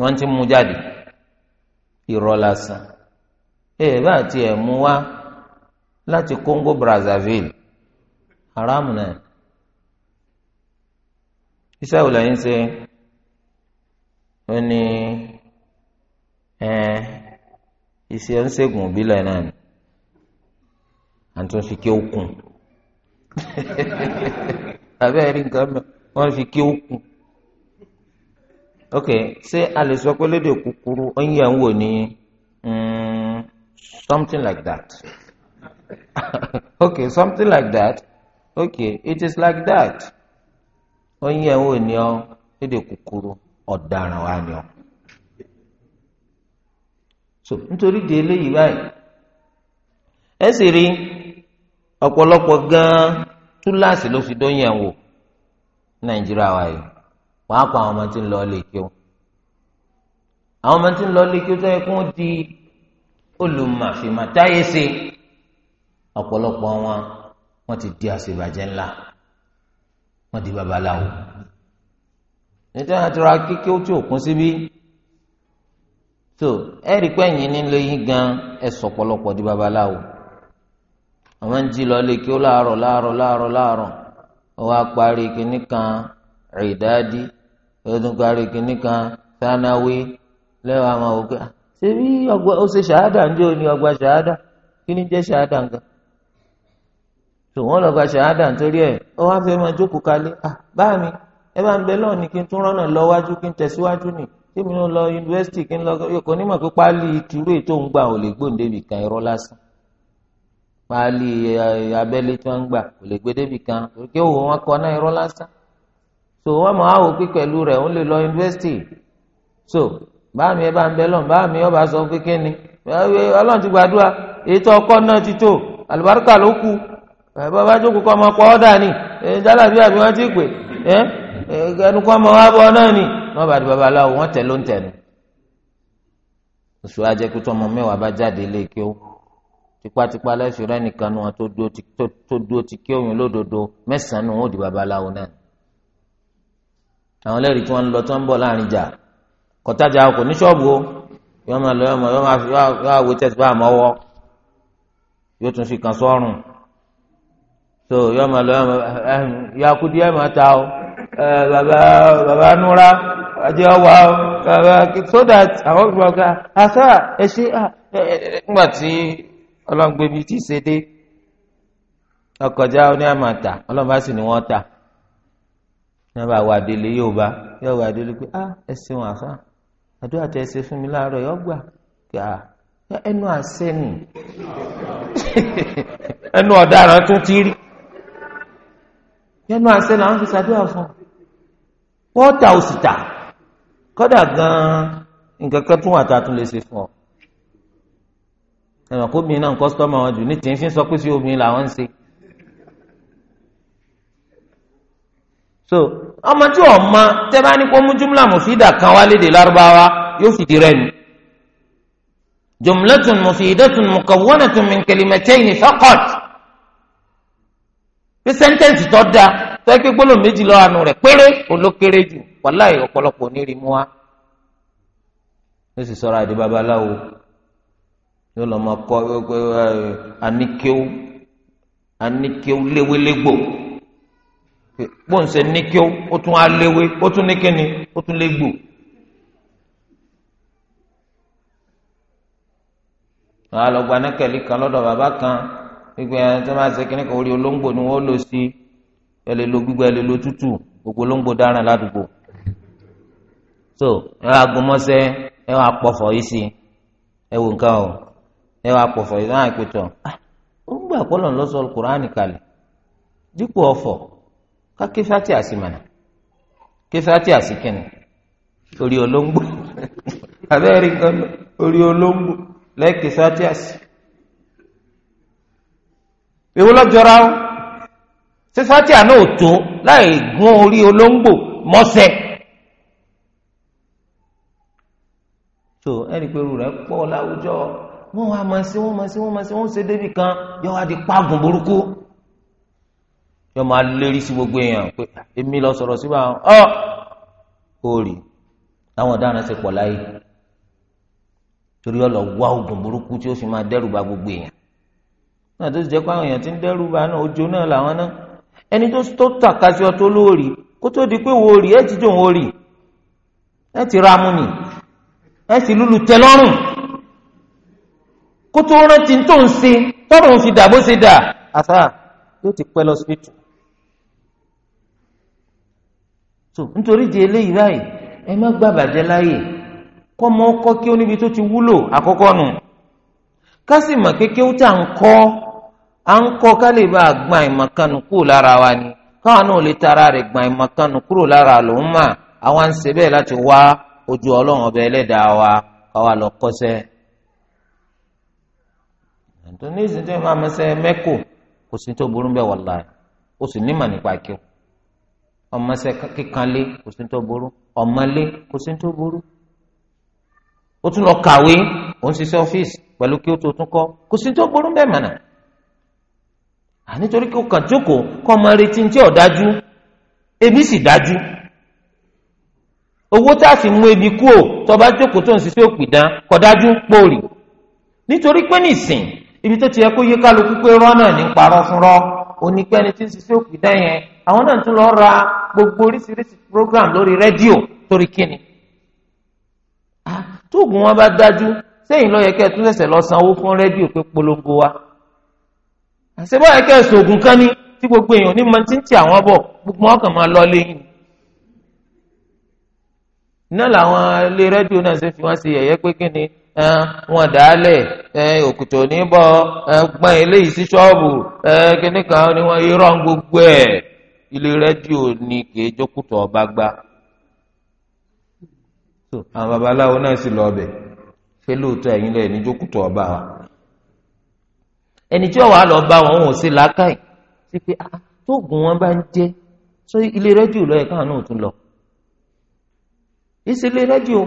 wọn ti mú jáde irọ́ ẹ bá tiẹ̀ mú wá láti Congo Brazzaville haramu náà iṣẹ́ wo lẹ́yìn ṣe ó ní iṣẹ́ ń ṣègùn òbílẹ̀ náà ni àti wọ́n fi ké okùn àbẹ́ ẹ̀rí nǹkan mẹ́ wọ́n fi ké okùn ok ṣé a lè sọ pé lédè kúkúrú ó ń yẹ̀ mm, something like that ok something like that ok it is like that. onye yẹ wò ní ọ lédè kukuru ọdaràn wa ni ọ. so nítorí di eléyìí báyìí ẹ sì rí ọ̀pọ̀lọpọ̀ gan-an túláàsì ló fi dóyìn wò nàìjíríà wa yìí wàá kọ àwọn ọmọ tí ń lọ ilé kí o àwọn ọmọ tí ń lọ ilé kí tó di olùmọ̀fìmọ̀táyé sí ọ̀pọ̀lọpọ̀ wọn ti di àṣebàjẹ́ ńlá. wọ́n di babaláwo nítorí àti ra kéke ó tí ò kún síbí tó ẹ rí nílé yín gan ẹ pọ̀lọpọ̀ di babaláwo àwọn ń jí lọ kí ó láàárọ̀ tòun lọ gba ṣàhádà nítorí ẹ̀ ó wá fẹ́ máa jókòó kalẹ̀ bá mi ẹ bá ń bẹ lọ́ọ̀ ni kí n tún rọ́nà lọ́wájú kí n tẹ̀síwájú nì kí mi lọ yunifásitì kí n lọ kò ní mọ̀ pé páálí ìtúrú ètò ń gbà ò lè gbóǹde bìkan irọ́ lásán paali eh, abẹ́lé tí wọ́n ń gbà kò lè gbé débi kan kí òun wọn kọ náà irọ́ lásán so wọ́n mọ̀ áwò pé pẹ̀lú rẹ̀ òun lè lọ yunifásitì so bá mi ẹ bá ń bẹ lọ́n bá mi ọba sọ pé kí ni ọlọ́run ti gbàdúrà ètò ọkọ náà ti tó àlùbáríkà ló kù bàbá bá jókòó kọ́ ọmọ pọ̀ ọ́dà ni jálàbí àbí wọ́n ti pè ẹnu kọ́ ọmọ wa bọ́ náà ni wọ́n bá di babaláwo wọ́n tẹ̀ ló ń tẹ̀nu. oṣù ajẹ́ pé tọmọ mẹ́wàá bá jáde lé kí ó tipátipá lẹ́sùn rẹ́ nìkan nu wọn tó dúró ti kí òun lódodo mẹ́sàn-án wọn ò di babaláwo náà. àwọn ẹlẹ́rìí tí wọ́n ń lọ tó ń bọ̀ láàrin jà kọ́tájà kò ní ṣọ́ọ̀bù o yọ́n máa lọ yọ́n máa fi yọ́ àwòtẹ́sí bá so yọ ma lọ eh, yakudi ẹ ma ta o ẹ eh, baba baba nura ajẹ wa o baba so that àwọn ìgbà ọgá asa ẹ ṣe ah, ẹ ńgbà tí ọlọ́ngbẹ́bí ti ṣe dé ọkọjá ọ ní àmàtà ọlọ́nba sì ni wọ́n ta ní wọ́n bá wà délé yóò bá yóò wà délé pé ah ẹ ṣeun àfa ah, àdúrà tẹ ẹ fún mi láàárọ̀ yóò gbà kí ẹnu àṣẹ nì ẹnu ọ̀daràn tún ti rí yẹnu àṣẹ làwọn fi ṣàdúrà fún wọ́n ta òsì ta kọ́dà gan-an nǹkan kan tún wà tá a tún lè ṣe fún ọ. ẹ̀wọ̀n kó mi náà kọ́sítọ́mù àwọn jù ní tí ń fi sọ pé sí omi làwọn ń ṣe. so ọmọ tí wọn mọ tẹ bá ní kó mú jumla mufida kan wá lédè lárúbáwá yóò fìdí rẹ ni. jumlatun mufidatun mukawwanatun min kalimatayni faqat pé sẹ́ńtẹ́ǹsì tó dáa tó yẹ pé gbólóhùn méjì lọ́wọ́ àánú rẹ̀ péré òun ló kéré jù wàláì ọ̀pọ̀lọpọ̀ ní rímú wa ló sì sọ̀rọ̀ àdé babaláwo yóò lọ́ máa kọ́ aníkéwú aníkéwú léwélégbò pọ́ǹsẹ̀ níkéwú ó tún aléwé ó tún níkéni ó tún légbò. àlọ́gbà nákẹ́lì kan lọ́dọ̀ bàbá kan gbígbẹ tó máa ṣe kínní kan orí olóńgbò ni wọ́n lò sí ẹ lè lo gbígbẹ ẹ lo tútù gbogbo olóńgbò dáràn ládùúgbò so ẹ wá gbọmọsẹ ẹ wá pọfọ yìí sí ẹ wò nǹkan o ẹ wá pọfọ yìí láwọn ìpètọ ah, ó ń gbà pọlọ lọsọ kùránì kalẹ̀ dípò ọfọ ká kífàtì àsìmànà kífàtì àsìkẹnì orí olóńgbò abẹ́rẹ́ nǹkan orí olóńgbò lẹ́kì sátìàsì èwo lọ́jọ́ra ó ṣé fatia náà ò tó láì gún orí olóńgbò mọ́sẹ̀. tó ẹni pé irú rẹ̀ pọ̀ láwùjọ wọn wá máa ṣe wọn máa ṣe wọn máa ṣe wọn ṣe débi kan yọ wá di pàgùn burúkú yọ máa lérí sí gbogbo èèyàn pé èmi lọ sọ̀rọ̀ síbà ọ́ òòrì táwọn ọ̀daràn ṣe pọ̀ láyé torí ọ lọ wá oògùn burúkú tí ó sì máa dẹ́rù ba gbogbo èèyàn náà tó ti jẹ́ pé àwọn èèyàn ti ń dẹ́rù bá náà ojo náà làwọn náà ẹni tó tàka sí ọ tó lóòrì kó tó di pé wo rì ẹ ti dùn wo rì ẹ ti ra mu nì ẹ sì lùlù tẹ lọ́rùn kó tó rántí tó ń ṣe tọ́rọ̀ òun fi dà bó ṣe dà àṣà yóò ti pẹ́ lọ sí ètò. so nítorí di eléyìí báyìí ẹ má gbàbàjẹ́ láàyè kọ́mọ kọ́ kí ó níbi tó ti wúlò àkọ́kọ́ nù. kásì mọ̀ kékeré tá à ń kọ́ à ń kọ́ gbọ́n kúrò lára wa ni káwọn náà lè tara rẹ̀ gbọ́n àìmọ̀kánu kúrò lára lòún mà àwa ń ṣe bẹ́ẹ̀ láti wá ojú ọlọ́run ẹlẹ́dàá wa káwa lọ kọ́sẹ́. mẹ́kò kò sí tó burú bẹ́ẹ̀ sì nímọ̀ nípa kí ọmọ sẹ́ kíkanlé kò sí tó ó tún lọ kàwé ó ń ṣiṣẹ́ ọ́fíìsì pẹ̀lú kí ó tó tún kọ́ kò sí tó burú bẹ́ẹ̀ mọ̀nà ànítorí kí ó kàn jókòó kọ́ ọmọ retí tí ò dájú ebi sì dájú owó tá a sì mú ebi kú ò tọba jókòó tó ń ṣiṣẹ́ òpìdán kọ́ dájú pòrì nítorí pé nìsín ibi tó ti yẹ kó yé kálukú pé rọ́nà ní parọ́ fún rọ́ onípẹ́ni tí ń ṣiṣẹ́ òpìdán yẹn àwọn náà tún lọ ra gbogbo oríṣiríṣi program lórí rédíò torí kíni tóògùn wọn bá dájú sẹ́yìn lọ yẹ kẹ́ ẹ tún ṣẹ̀ṣẹ̀ lọ sanwó fún rédíò pé polongo wa àṣebọ́ yẹ kẹ́ ẹ sògùn kan ní tí gbogbo èèyàn ní mọ tí ń ti àwọn bọ̀ gbogbo wọn kàn máa lọ lẹ́yìn iná làwọn ilé rédíò náà ṣe fi wọn ṣe yẹ̀yẹ́ pé kí ni wọn dàálẹ̀ òkùtò níbọ̀ gbọ́n eléyìí sí ṣọ́ọ̀bù kíní kan ni wọ́n irọ́ gbogbo ẹ̀ ilé rédíò ni kì í jókòtò ọba gbá àwọn babaláwo náà sì lọ ọbẹ̀ pé lóòótọ́ ẹ̀yin lẹ́yìn ní jókòtò ọba wa ẹni tí ọ̀wá lọ bá wọn ò sí làákàyè sí pé ah, tóògùn wọn bá ń jẹ sọ ilé rẹ́díò lọ́yẹ káwọn náà tún lọ ìsìlẹ̀ rẹ́díò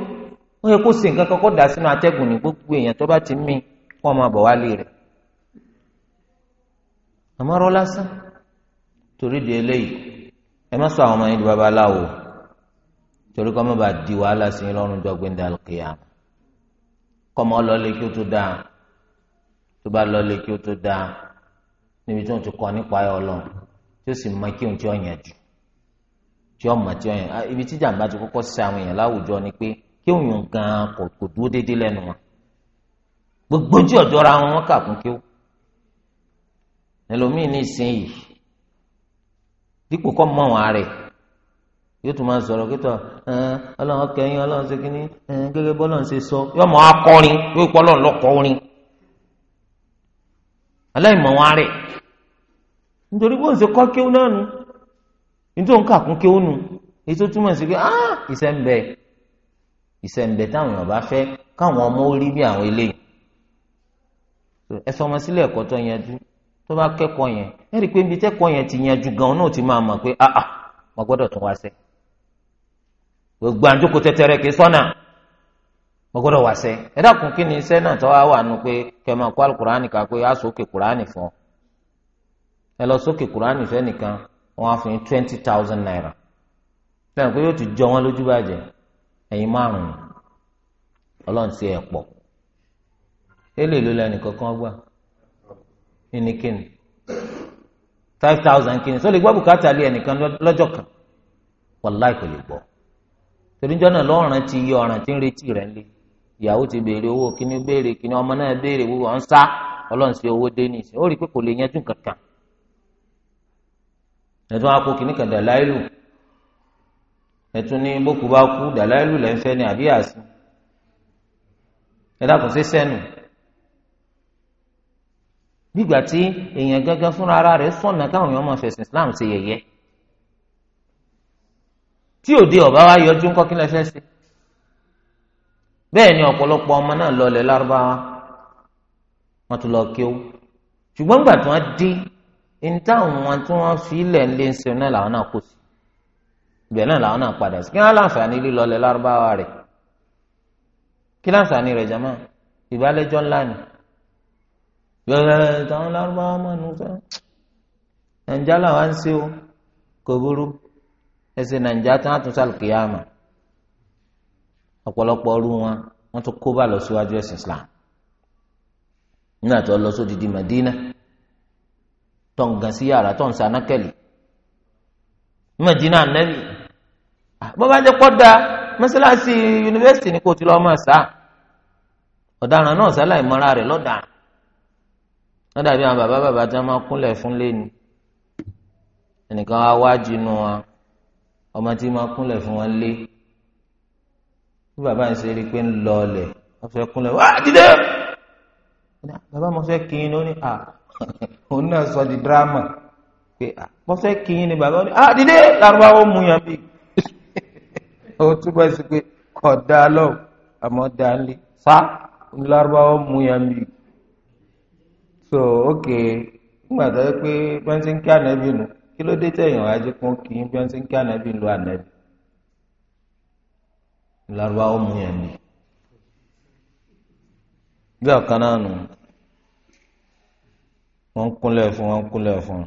ó yẹ kó sì nǹkan kọ́kọ́ dà sínú atẹ́gùn ní gbogbo èèyàn tó bá ti mí kó ọmọ àbọ̀ wálé rẹ̀ àmọ́ rọ́ lásán torí di eléyìí ẹ má sọ àwọn ọmọ yẹn di babaláwo o torí kọ́ mọ́ bá di wàhálà sí i lọ́rùn jọ gbẹ̀ndà kìyàm kọ́ mọ́ lọ́lé kí ó tó dáa tó bá lọ́lé kí ó tó dáa níbi tí wọ́n ti kọ́ nípa ẹ̀ ọlọ́run tí ó sì mọ kí òun tí ó yàn jù tí ó mọ̀ tí ó ibi tí jàǹbá ti kọ́kọ́ sí àwọn èèyàn láwùjọ ni pé kí òun gan kò kò dúró déédéé lẹ́nu wọn gbogbo tí ọ̀dọ́ ra wọn kà kún kí ó ẹlòmíì ní ìsinyìí dípò kọ́ mọ́ wọn rẹ̀ yóò tún máa sọ̀rọ̀ kíkọ́ ọlọ́run kẹyìn ọlọ́run ṣe kínní gẹ́gẹ́ bọ́lọ́run ṣe sọ yóò mọ akọrin yóò pọ́ ọlọ́run lọ́kọ́ orin aláìmọ̀ wọn rẹ̀ nítorí bóun ṣe kọ́ kéwú náà nu nítorí òun kà kún kéwú nu èyí tó túmọ̀ sí pé iṣẹ́ ń bẹ iṣẹ́ ń bẹ táwọn èèyàn bá fẹ́ káwọn ọmọ ó rí bí àwọn eléyìí ẹ sọmọ sílẹ̀ ẹ̀kọ́ tó yanjú tó bá kẹ́kọ̀ọ́ yẹn ẹ rí i pé ibi tẹ́kọ̀ọ́ yẹn ti yanjú gan-an náà ti máa mọ̀ pé ah ah mo gbọ́dọ̀ tún wá sẹ́yìn gbogbo àjòkò tẹtẹrẹ kì í sọnà mo gbọ́dọ̀ sẹ ẹ dákun kí ni iṣẹ́ náà tó wá wà nù pé kẹmọ kó alukurani kà pé a sókè kurani fún ẹ lọ sókè kurani fẹ nìkan wọn fún yín twenty thousand naira fẹ́ràn pé yóò ti jọ wọn lójú bàjẹ́ ẹ̀yin márùn-ún ọlọ́run sí ẹ̀ pọ̀ èlé ló lẹ́nu kankan gbà ní kíni five thousand kíni sọ lè gbọ́ bùkátà lé ẹnìkan lọ́jọ́ kan wàláì kò lè gbọ́ toríjọ́ náà lọ́ọ̀ràn ti yọ ọ̀ràn tí ń retí rẹ̀ lé ìyàwó ti béèrè owó kíní béèrè kíní ọmọ náà béèrè wíwọ ń sá ọlọ́run sí owó dé nìsín ó rí i pé kò lè yanjú kankan ẹ̀tún akó kíní kan dàláìlù ẹ̀tún ní bókù bá kú dàláìlù lẹ́ ń fẹ́ ni àbí ẹ̀dá kò sí sẹ́nu nígbà tí èèyàn gángan fúnra ara rẹ̀ sọ̀nà káwọn èèyàn máa fẹ̀sìn Islam ṣe yẹ̀yẹ́ tí òde ọba wa yọjú ńkọ́ kí lẹ fẹ́ ṣe bẹ́ẹ̀ ni ọ̀pọ̀lọpọ̀ ọmọ náà lọlẹ̀ lárúbáwá wọn tún lọ kéwú ṣùgbọ́n gbà tí wọ́n dé ní táwọn tí wọ́n fi ilẹ̀ ń lé ń sẹ́wọ́n náà làwọn náà kò sí ibẹ̀ náà làwọn náà padà sí kí wọ́n láǹfààní lílọlẹ̀ lárúbáwá rẹ̀ kí láǹfààní rẹ̀ jẹ́mọ́ ìbálẹ́jọ́ ńlá ni yọ̀ọ̀rẹ̀ ẹsẹ̀ nàìjíríà tí wọ́n tún sálùkì yá mà ọ̀pọ̀lọpọ̀ ọrú wọn wọ́n tún kó bá lọ síwájú ẹ̀sìn Islam nínú àti ọlọ́sọ didi Madina tó ń gan sí yàrá tó ń sa anákẹ́lì Madina anabi bó bá jẹ́ pọ́dà mọ́sálásí yunifásitì ni kò ti lọ́ọ́ máa sá ọ̀daràn náà sáláì mọ́ra rẹ̀ lọ́dà lọ́dà bí àwọn bàbá bàbá tí wọ́n máa kúnlẹ̀ fún lẹ́ni ẹnìkan wá wájú inú wọn ọmọ tí máa kúnlẹ̀ fún wọn lé bí bàbá yẹn ṣe rí i pé ń lọ ọlẹ̀ wọ́n fẹ́ kúnlẹ̀ wá dídé bàbá mo fẹ́ kí n ní à òun náà sọ di dírámà pé à mo fẹ́ kí n ní bàbá ní à dídé lárúbáwọ̀ mú yàn bí o túbọ̀ sí pé kọ̀ dá lọ àmọ́ dá lé fa lárúbáwọ̀ mú yàn bí so ok nígbà tó yẹ pé bẹ́ńsì ń kí ànábì nù kí ló dé tẹ̀yìn wá jẹ́ kún kí bí wọ́n ti ń kí ànábì lu ànábì lọ́rọ́ ó mú yẹn ni bí ọ̀kan náà nù wọ́n ń kúnlẹ̀ fún wọ́n ń kúnlẹ̀ fún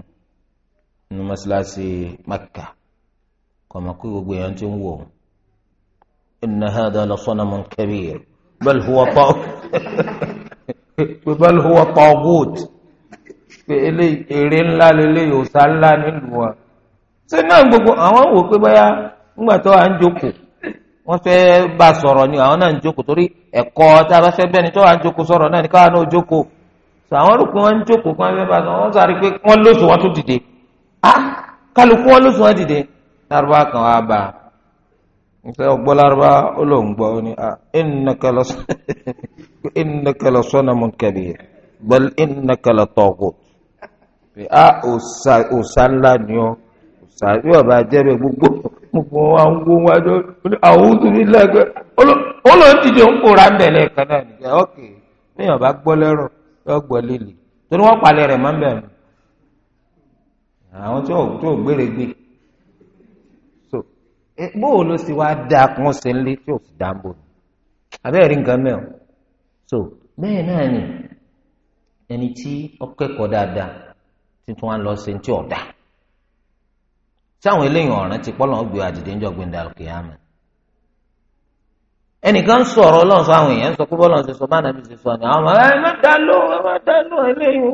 nínú mọ́ṣáláṣí Mẹ́kà kọ̀mọ́kú gbogbo yẹn ti ń wò inna hadha la sanamun kabir bal huwa taghut bal huwa taghut pé eléyìí èrè ńlá lélẹ́yìí òòṣà ńlá nílùú wa ṣé náà gbogbo àwọn wò pé báyà ńgbà tó à ń jókòó wọ́n fẹ́ bá sọ̀rọ̀ ni àwọn náà ń jókòó torí ẹ̀kọ́ tá a bá fẹ́ bẹ́ẹ̀ ni tó à ń jókòó sọ̀rọ̀ náà ni káwọn náà jókòó sọ àwọn rò pé wọ́n ń jókòó kí wọ́n fẹ́ bá sọ pé wọ́n lóṣù wọn tó dìde á kálukú wọn lóṣù wọn dìde lárúbá kan wá bá a nfẹ ọgbọ laraba olóńgbọ ni a ìnnakẹlẹ sọnà mọ kẹbi bẹẹ ìnnakẹlẹ tọọkù pé a ah, òòṣà ńlá ni ọ òòṣà bí ọba jẹrẹ gbogbo gbogbo wa ń wo wá lọ àwọn òtúnbí lẹgbẹ olóńdìdì ń pòórá ń bẹ̀lẹ̀ kan náà nìyà ọ̀kẹ́ ní ọba gbọ́ lẹ́rọ̀ yọ gbọ́ líle torí wọ́n palẹ̀ rẹ̀ máa ń bẹ̀rù àwọn tó tó gbére gbé so bóò ló sì wá dáa kún sí nílé tí ò sì dá ń abẹ́rẹ́ nǹkan mẹ́ọ̀ so bẹ́ẹ̀ náà ni ẹni tí ọkọ̀ ẹ̀kọ́ dáadáa títún wá lọ ṣe ń tí ọ̀dà sáwọn eléyìí ọ̀ràn ti pọ́ lọ́wọ́ gbé àdìdé ńjọ gbẹ̀ndà kìámà ẹnìkan ń sọ̀rọ̀ ọlọ́run sọ àwọn èèyàn ń sọ pé bọ́lá ń sọ bá nàbí ṣe sọ ni àwọn ọmọ ẹ má dá ló ẹ má dá ló eléyìí o.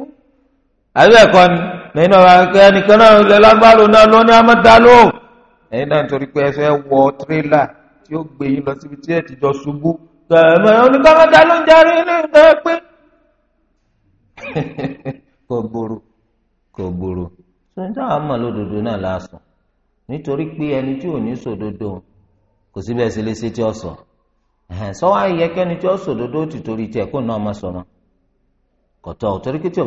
àbí ẹ̀kọ́ ni lẹ́yìn náà wàá ẹnìkan náà lè lágbára náà lọ ní àmọ́ dá ló. ẹ̀yin náà nítorí pé ẹsẹ̀ wọ tírélà tí ó gbé yín lọ síbi tí ẹ̀ ti jọ ṣubú. oníkan má dá kò burú sọyìn táwọn àmọ́ lódodo náà la sọ nítorí pé ẹni tí ò ní sòdodo kò síbẹ̀ sí tí sọ tí ti torí kó náà torí tí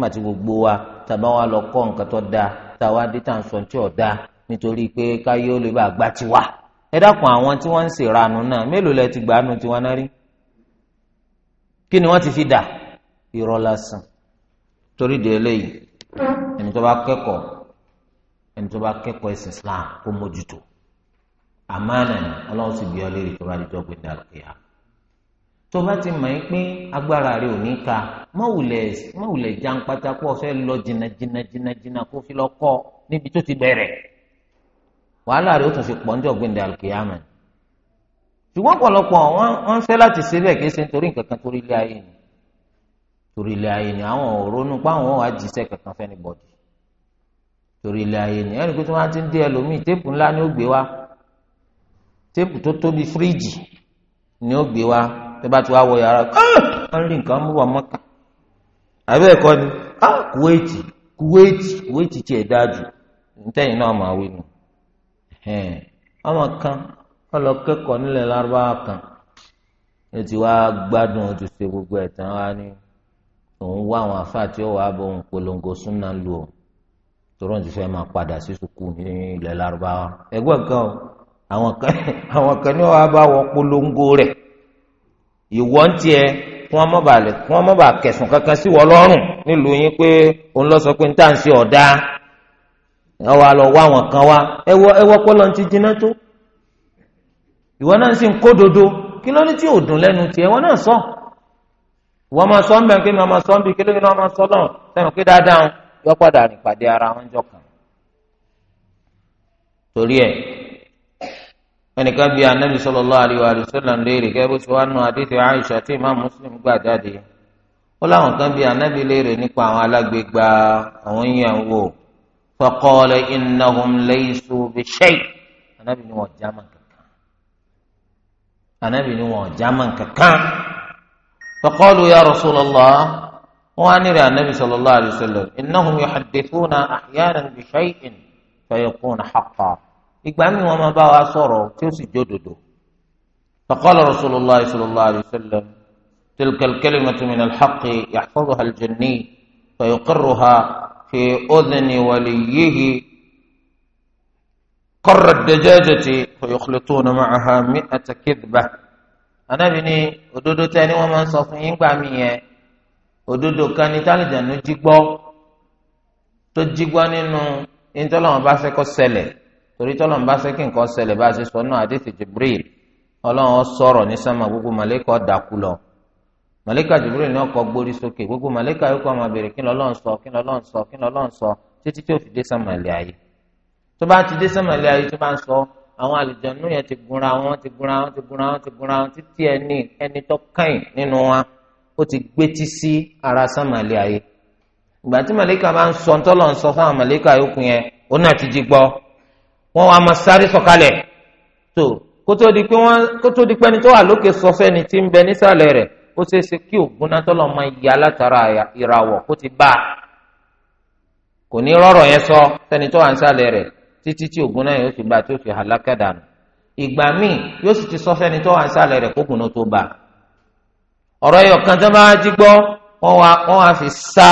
bá jẹ gbogbo wa tàbá wa lọ kọ́ nǹkan tó táwa dé ń sọ tí ò nítorí pé káyé ó lè bá gbá ẹ dákun àwọn tí wọ́n ń náà mélòó lẹ ti náà torí de eléyìí ẹni tó bá kẹ́kọ̀ọ́ ẹni tó bá kẹ́kọ̀ọ́ ẹ̀sìn Islam kó mójútó àmánà ni Ọlọ́run sì bí ọ léèrè tó bá di jọgbìn dàlùkìyà tó bá ti mọ̀ ẹ́ pé agbára rẹ ò ní ka mọ̀wùlẹ̀ jan pátákó ọ̀fẹ́ lọ jìnnà jìnnà jìnnà jìnnà kó fi lọ kọ́ níbi tó ti bẹ̀rẹ̀ wàhálà rẹ ó tún fi pọ̀ ní jọgbìn dàlùkìyà mọ̀ ṣùgbọ́n pọ̀lọpọ̀ wọ́n fẹ́ láti ṣe bẹ́ẹ̀ kí ṣe nítorí nǹkan kan torí ilé ayé ni torí ilé ayé ni àwọn òrónú páwọn wà jíṣẹ́ kankan fẹ́ni bọ̀dì torí ilé ayé ni ẹnì ti ń dé ẹlòmíì téèpù ńlá ni ó gbé wá téèpù tó tóbi fíríjì ni ó gbé wá tó bá ti wá wọ yàrá ah! wọn nǹkan mú ni ah, kuwéètì kuwéètì kuwéètì tiẹ̀ dájú ntẹ́yìn náà máa wí nu ọmọ kan ọlọ kẹ́kọ̀ọ́ nílẹ̀ lárúbáwá kan wa gbádùn gbogbo tán òun wá àwọn àfáà tí ó wàá bọ òun polongo lu o tóró ti fẹ́ máa padà sí sùkú ní ilẹ̀ Lárúbáwá ẹgbẹ́ kan o àwọn kan polongo rẹ ìwọ ń e kí wọ́n má kankan sí wọ́n lọ́rùn nílùú yín pé òun lọ sọ pé ń tà ń ṣe ọ̀dà ẹ wàá lọ wá wọ ẹ sọ. wọ́n máa sọ ń bẹ̀ kí ni wọ́n máa sọ ń bì kí lóyún náà máa sọ náà sẹ́yìn pé dáadáa ń yọ padà rìn pàdé ara wọn jọ kàn. torí ẹ̀ ẹnìkan bíi anabi sallallahu alaihi wa sallam léèrè kẹ́ bó ti wá nu àdéhùn Aisha tí Imam Muslim gbà jáde ó láwọn kan bíi anabi léèrè nípa àwọn alágbègbà àwọn yẹn wò faqala innahum laysu bi shay' anabi ni wọ́n jámà kankan anabi ni wọ́n jámà kankan. فقالوا يا رسول الله وعن النبي صلى الله عليه وسلم إنهم يحدثون أحيانا بشيء فيكون حقا إقبامي وما باوا صورو تيوسي جددو فقال رسول الله صلى الله عليه وسلم تلك الكلمة من الحق يحفظها الجني فيقرها في أذن وليه قر الدجاجة فيخلطون معها مئة كذبة anábì ní òdodo tẹ́ ni wọ́n máa ń sọ fún yín gbà mí yẹn òdodo kan ní tálíjànú jí gbọ́ tó jí gbọ́ nínú ìtọ́lọ́wọ́n bá fẹ́ kó ṣẹlẹ̀ torí tọ́lọ́wọ́n bá fẹ́ kí nǹkan ṣẹlẹ̀ bá a ṣe sọ náà àdéhùn Jibril ọlọ́run sọ̀rọ̀ ní sánmà gbogbo màlẹ́kọ̀ dàkú lọ màlẹ́kà Jibril ní ọkọ̀ gbórí sókè gbogbo màlẹ́kà yókù àwọn abèrè kí lọ́lọ́run sọ kí lọ́lọ́run sọ kí lọ́lọ́run sọ àwọn àlùjànnú yẹn ti gunra wọn ti gunra wọn ti gunra wọn ti gunra wọn títí ẹni ẹni tó kàn nínú wọn ó ti gbétí sí ara sàmàlẹ́ ayé ìgbà tí màlẹ́kà máa ń sọ ntọ́lọ̀ ń sọ fáwọn màlẹ́kà yòókù yẹn ó náà ti jí gbọ́ wọ́n wá máa sáré sọ̀kalẹ̀ tó kótó di pé wọ́n kótó di pé ẹni tó wà lókè sọ fẹ́ni tí ń bẹ nísàlẹ̀ rẹ̀ ó ṣeé ṣe kí ògbóná tọ́lọ̀ máa ya látara ìràwọ̀ kó ti bá a kò ní rọ̀rọ̀ yẹn sọ fẹ́ni tó wà nísàlẹ̀ rẹ̀ títí tí ogun náà yóò fi bá tó fi halaka dànù ìgbà míì yóò sì ti sọ fẹ́ni tó wà ń sálẹ̀ rẹ̀ kókùn náà tó bá ọ̀rọ̀ ẹyọ kan tó máa jí gbọ́ wọ́n wá fi sá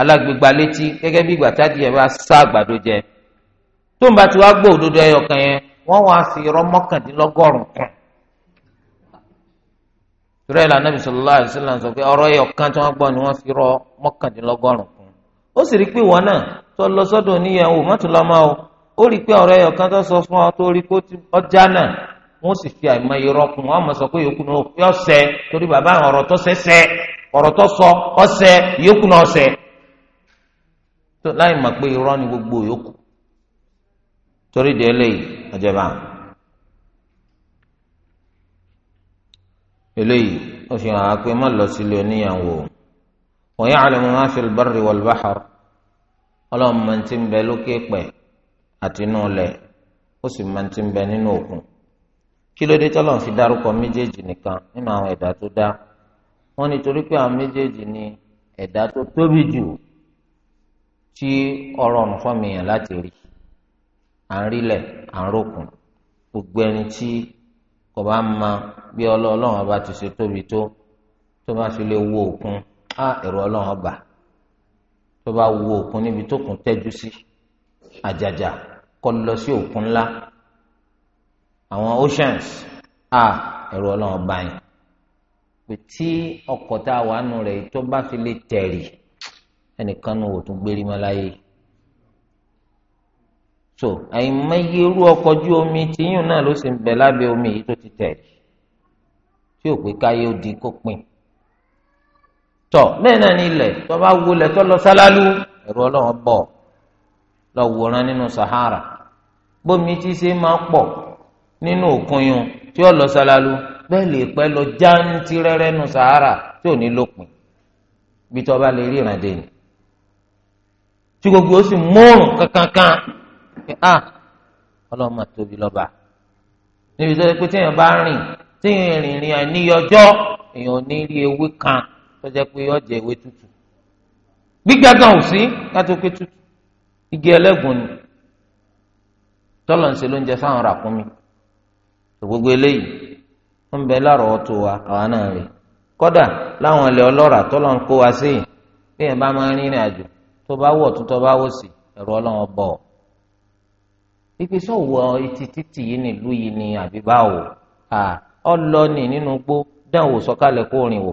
alágbègbà létí gẹ́gẹ́ bí ìgbà tádìí ẹ bá sá àgbàdo jẹ tó ń bá ti wá gbọ́ òdodo ẹyọ kan yẹn wọ́n wá fi irọ́ mọ́kàndínlọ́gọ́rùn kún torí ẹ̀ la Nabi sallallahu alaihi tó wọ́n gbọ́ ni wọ́n fi irọ́ mọ́kàndínlọ́gọ́rùn ó sì rí pé wọn náà tó lọ sọ́dọ̀ níyàwó mọ́tòlọ́mọ́ o ó rí i pé ọ̀rẹ́ ẹ̀yọ̀ kan tó sọ fún ọ tó rí kó ọjà náà wọ́n sì fi àìmọye rọkùn wọ́n mọ̀ sọ pé yòókù náà fi ọ̀sẹ̀ torí bàbá àwọn ọ̀rọ̀ tó sẹ́sẹ́ ọ̀rọ̀ tó sọ ọ̀sẹ̀ yòókù náà ọ̀sẹ̀ tó láì mọ̀ pé irọ́ ni gbogbo yòókù torí di eléyìí ọ̀jẹ̀bà eléyìí ó fi hàn á pé má lọ sílé oníyàwó wọ́n ya'lamu ma fil barri wal bahr ọlọ́run máa ń ti ń bẹ lókè pẹ̀ àti inú ilẹ̀ ó sì máa ń ti ń bẹ nínú òkun kí ló dé tọ́lọ́run fi dárúkọ méjèèjì nìkan nínú àwọn ẹ̀dá tó dá wọ́n nítorí pé àwọn méjèèjì ni ẹ̀dá tó tóbi jù tí ọ̀rọ̀ ọ̀run fọ́ mi yàn láti rí à ń rílẹ̀ à ń rókun gbogbo ẹni tí kò bá ma bí ọlọ́run ọba ti ṣe tóbi tó tó bá fi lè wo òkun á ẹ̀rọ ọlọ́run ọba tó bá wo òkun níbi tó kún tẹ́jú sí àjàjà kọ́ lọ sí òkun ńlá àwọn oceans a ẹ̀rù ọlọ́run bá yín pé tí ọkọ̀ tá a wà nù rẹ̀ tó bá fi lè tẹ̀rì ẹnìkan nù òtún gbérí mọ́ láyé so àìmọye irú ọkọ̀ ojú omi tìyún náà ló sì ń bẹ lábẹ́ omi yìí tó ti tẹ̀rì tí ò pé káyé ó di kó tọ bẹ́ẹ̀ náà ní ilẹ̀ tó bá wọlé tó lọ sálálú ẹ̀rọ ọlọ́run bọ̀ lọ wòran nínú sahara bómi tí ṣe máa pọ̀ nínú òkun yun tí ó lọ sálálú bẹ́ẹ̀ lè pẹ́ lọ jáǹtí rẹ́rẹ́ nínú sahara tí ò ní lópin bí tó bá lè rí ìrànde ni tí gbogbo ó sì mórùn kankankan a ah, ọlọ́run máa tóbi lọ́ba níbi tó yẹ pé téèyàn bá rìn téèyàn rìnrìn àìníyọjọ́ èèyàn ò ní rí ewé kan tọ́jà pé ọjà ìwé tútù gbígbá gan ò sí kátó pé tútù igi ẹlẹ́gùn ni tọ́lọ̀ ń ṣe ló ń jẹ sáwọn ràkúnmi gbogbo eléyìí ń bẹ lárọ̀ọ́tò wa àwa náà rè kọ́dà láwọn ilẹ̀ ọlọ́ràá tọ́lọ̀ ń kó wa sí bí ẹ̀ bá máa ń rìnrìn àjò tó bá wọ̀ tó tó bá wò sí ẹ̀rọ ọlọ́run bọ̀ ọ́ ìpèsè etí títì yìí nílùú yìí ni àbí báwo ọlọ́ọ̀nì nínú gbó dáhùn sọ̀kalẹ̀ kó rìn wò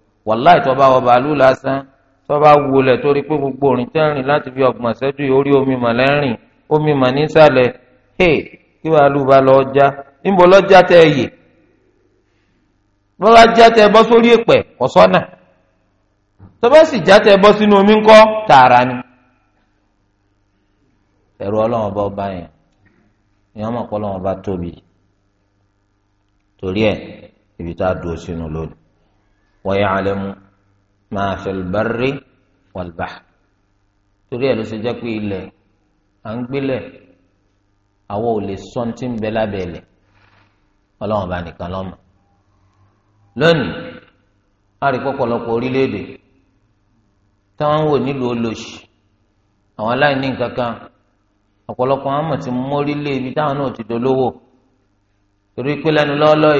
wàláì tó bá wọ bàálù lásán tó bá wulẹ̀ torí pé gbogbo òrìn tẹ́rìn láti fi ọgbọ̀n ṣẹ́jú orí omi mọ̀lẹ́rìn omi mọ̀ nísàlẹ̀ hey kí bàálù bá lọ já níbo lọ́jà tẹ ẹ̀yẹ bọ́lá já tẹ bọ́ sórí èpẹ̀ ọ̀sọ́nà tó bá sì já tẹ bọ́ sínú omi ńkọ́ tààrà ni ẹ̀rù ọlọ́run ọba ọba yẹn ni wọ́n mọ̀ pé ọlọ́run tóbi torí ẹ̀ ibi tá a dúró sínú lónìí. ويعلم ما في البر والبحر torí ẹ ló ṣe jẹ́ pé ilẹ̀ à ń gbélẹ̀ àwọn ò lè sọ tí ń bẹ lábẹ́lẹ̀ ọlọ́run bá nìkan lọ́mọ lónìí a rí pọ̀pọ̀lọpọ̀ orílẹ̀-èdè táwọn ń wò nílùú olóṣì àwọn aláìní nǹkan kan ọ̀pọ̀lọpọ̀ àwọn mọ̀ tí mórílẹ̀ ibi táwọn náà ti dolówó torí pé lẹ́nu lọ́ọ́lọ́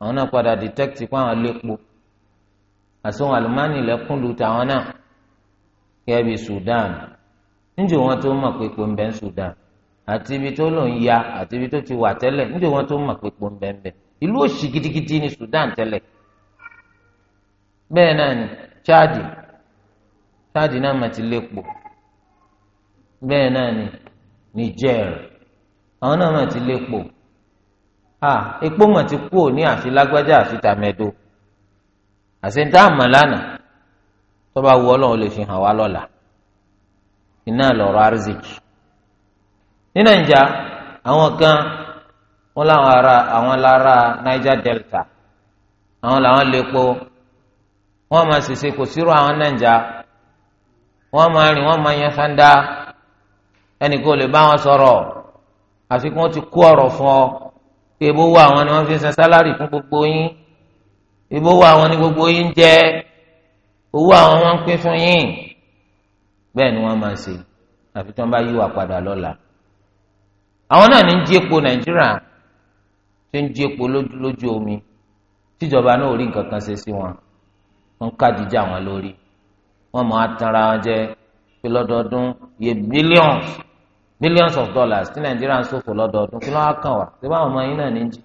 àwọn náà padà dìtẹ́kìtì pé àwọn lépo àsọ̀hún àlùmánì lẹ́kùn lu tàwọn náà gẹ́gẹ́ bí Sudan níjẹ́ wọn tó mọ̀ pé pò ń bẹ ń Sudan àti ibi tó lò ń ya àti ibi tó ti wà tẹ́lẹ̀ níjẹ́ wọn tó mọ̀ pé pò ń bẹ ń bẹ ìlú òṣì gidigidi ní Sudan tẹ́lẹ̀ bẹ́ẹ̀ náà ni Chad Chad náà mà ti lépo bẹ́ẹ̀ náà ni Niger àwọn náà mà ti lépo ah epo mà ti kú ò ní àfi lágbájá àfi tàmẹ́dọ́ àṣetá àmà lánàá tó bá wù ọlọ́run lè fi hàn wá lọ́la iná lọ́rọ̀ arziki ní nàìjà àwọn kan wọn làwọn ará àwọn lára Niger Delta àwọn làwọn lè po wọn máa ṣèṣe kò sírò àwọn nàìjà wọn máa rìn wọn máa yan sanda ẹnì kò lè bá wọn sọ̀rọ̀ àfikún ti kó ọ̀rọ̀ fún ọ pé bó wà wọn ni wọn fi ń san sálárì fún gbogbo yín ibo wo àwọn ni gbogbo yín jẹ owó àwọn wọn ń pín fún yín bẹ́ẹ̀ ni wọ́n máa ṣe àfi tí wọ́n bá yíwà padà lọ́la àwọn náà ní ń jí epo nàìjíríà tí ń jí epo lójú omi tíjọba náà ò nǹkan kan ṣe sí wọn wọ́n kádìjà wọn lórí wọ́n máa tanra wọn jẹ pé lọ́dọọdún iye billions billions of dollars tí nàìjíríà ń ṣòfò lọ́dọọdún kí ló wá kàn wá ṣé báwọn ọmọ yín náà ní jí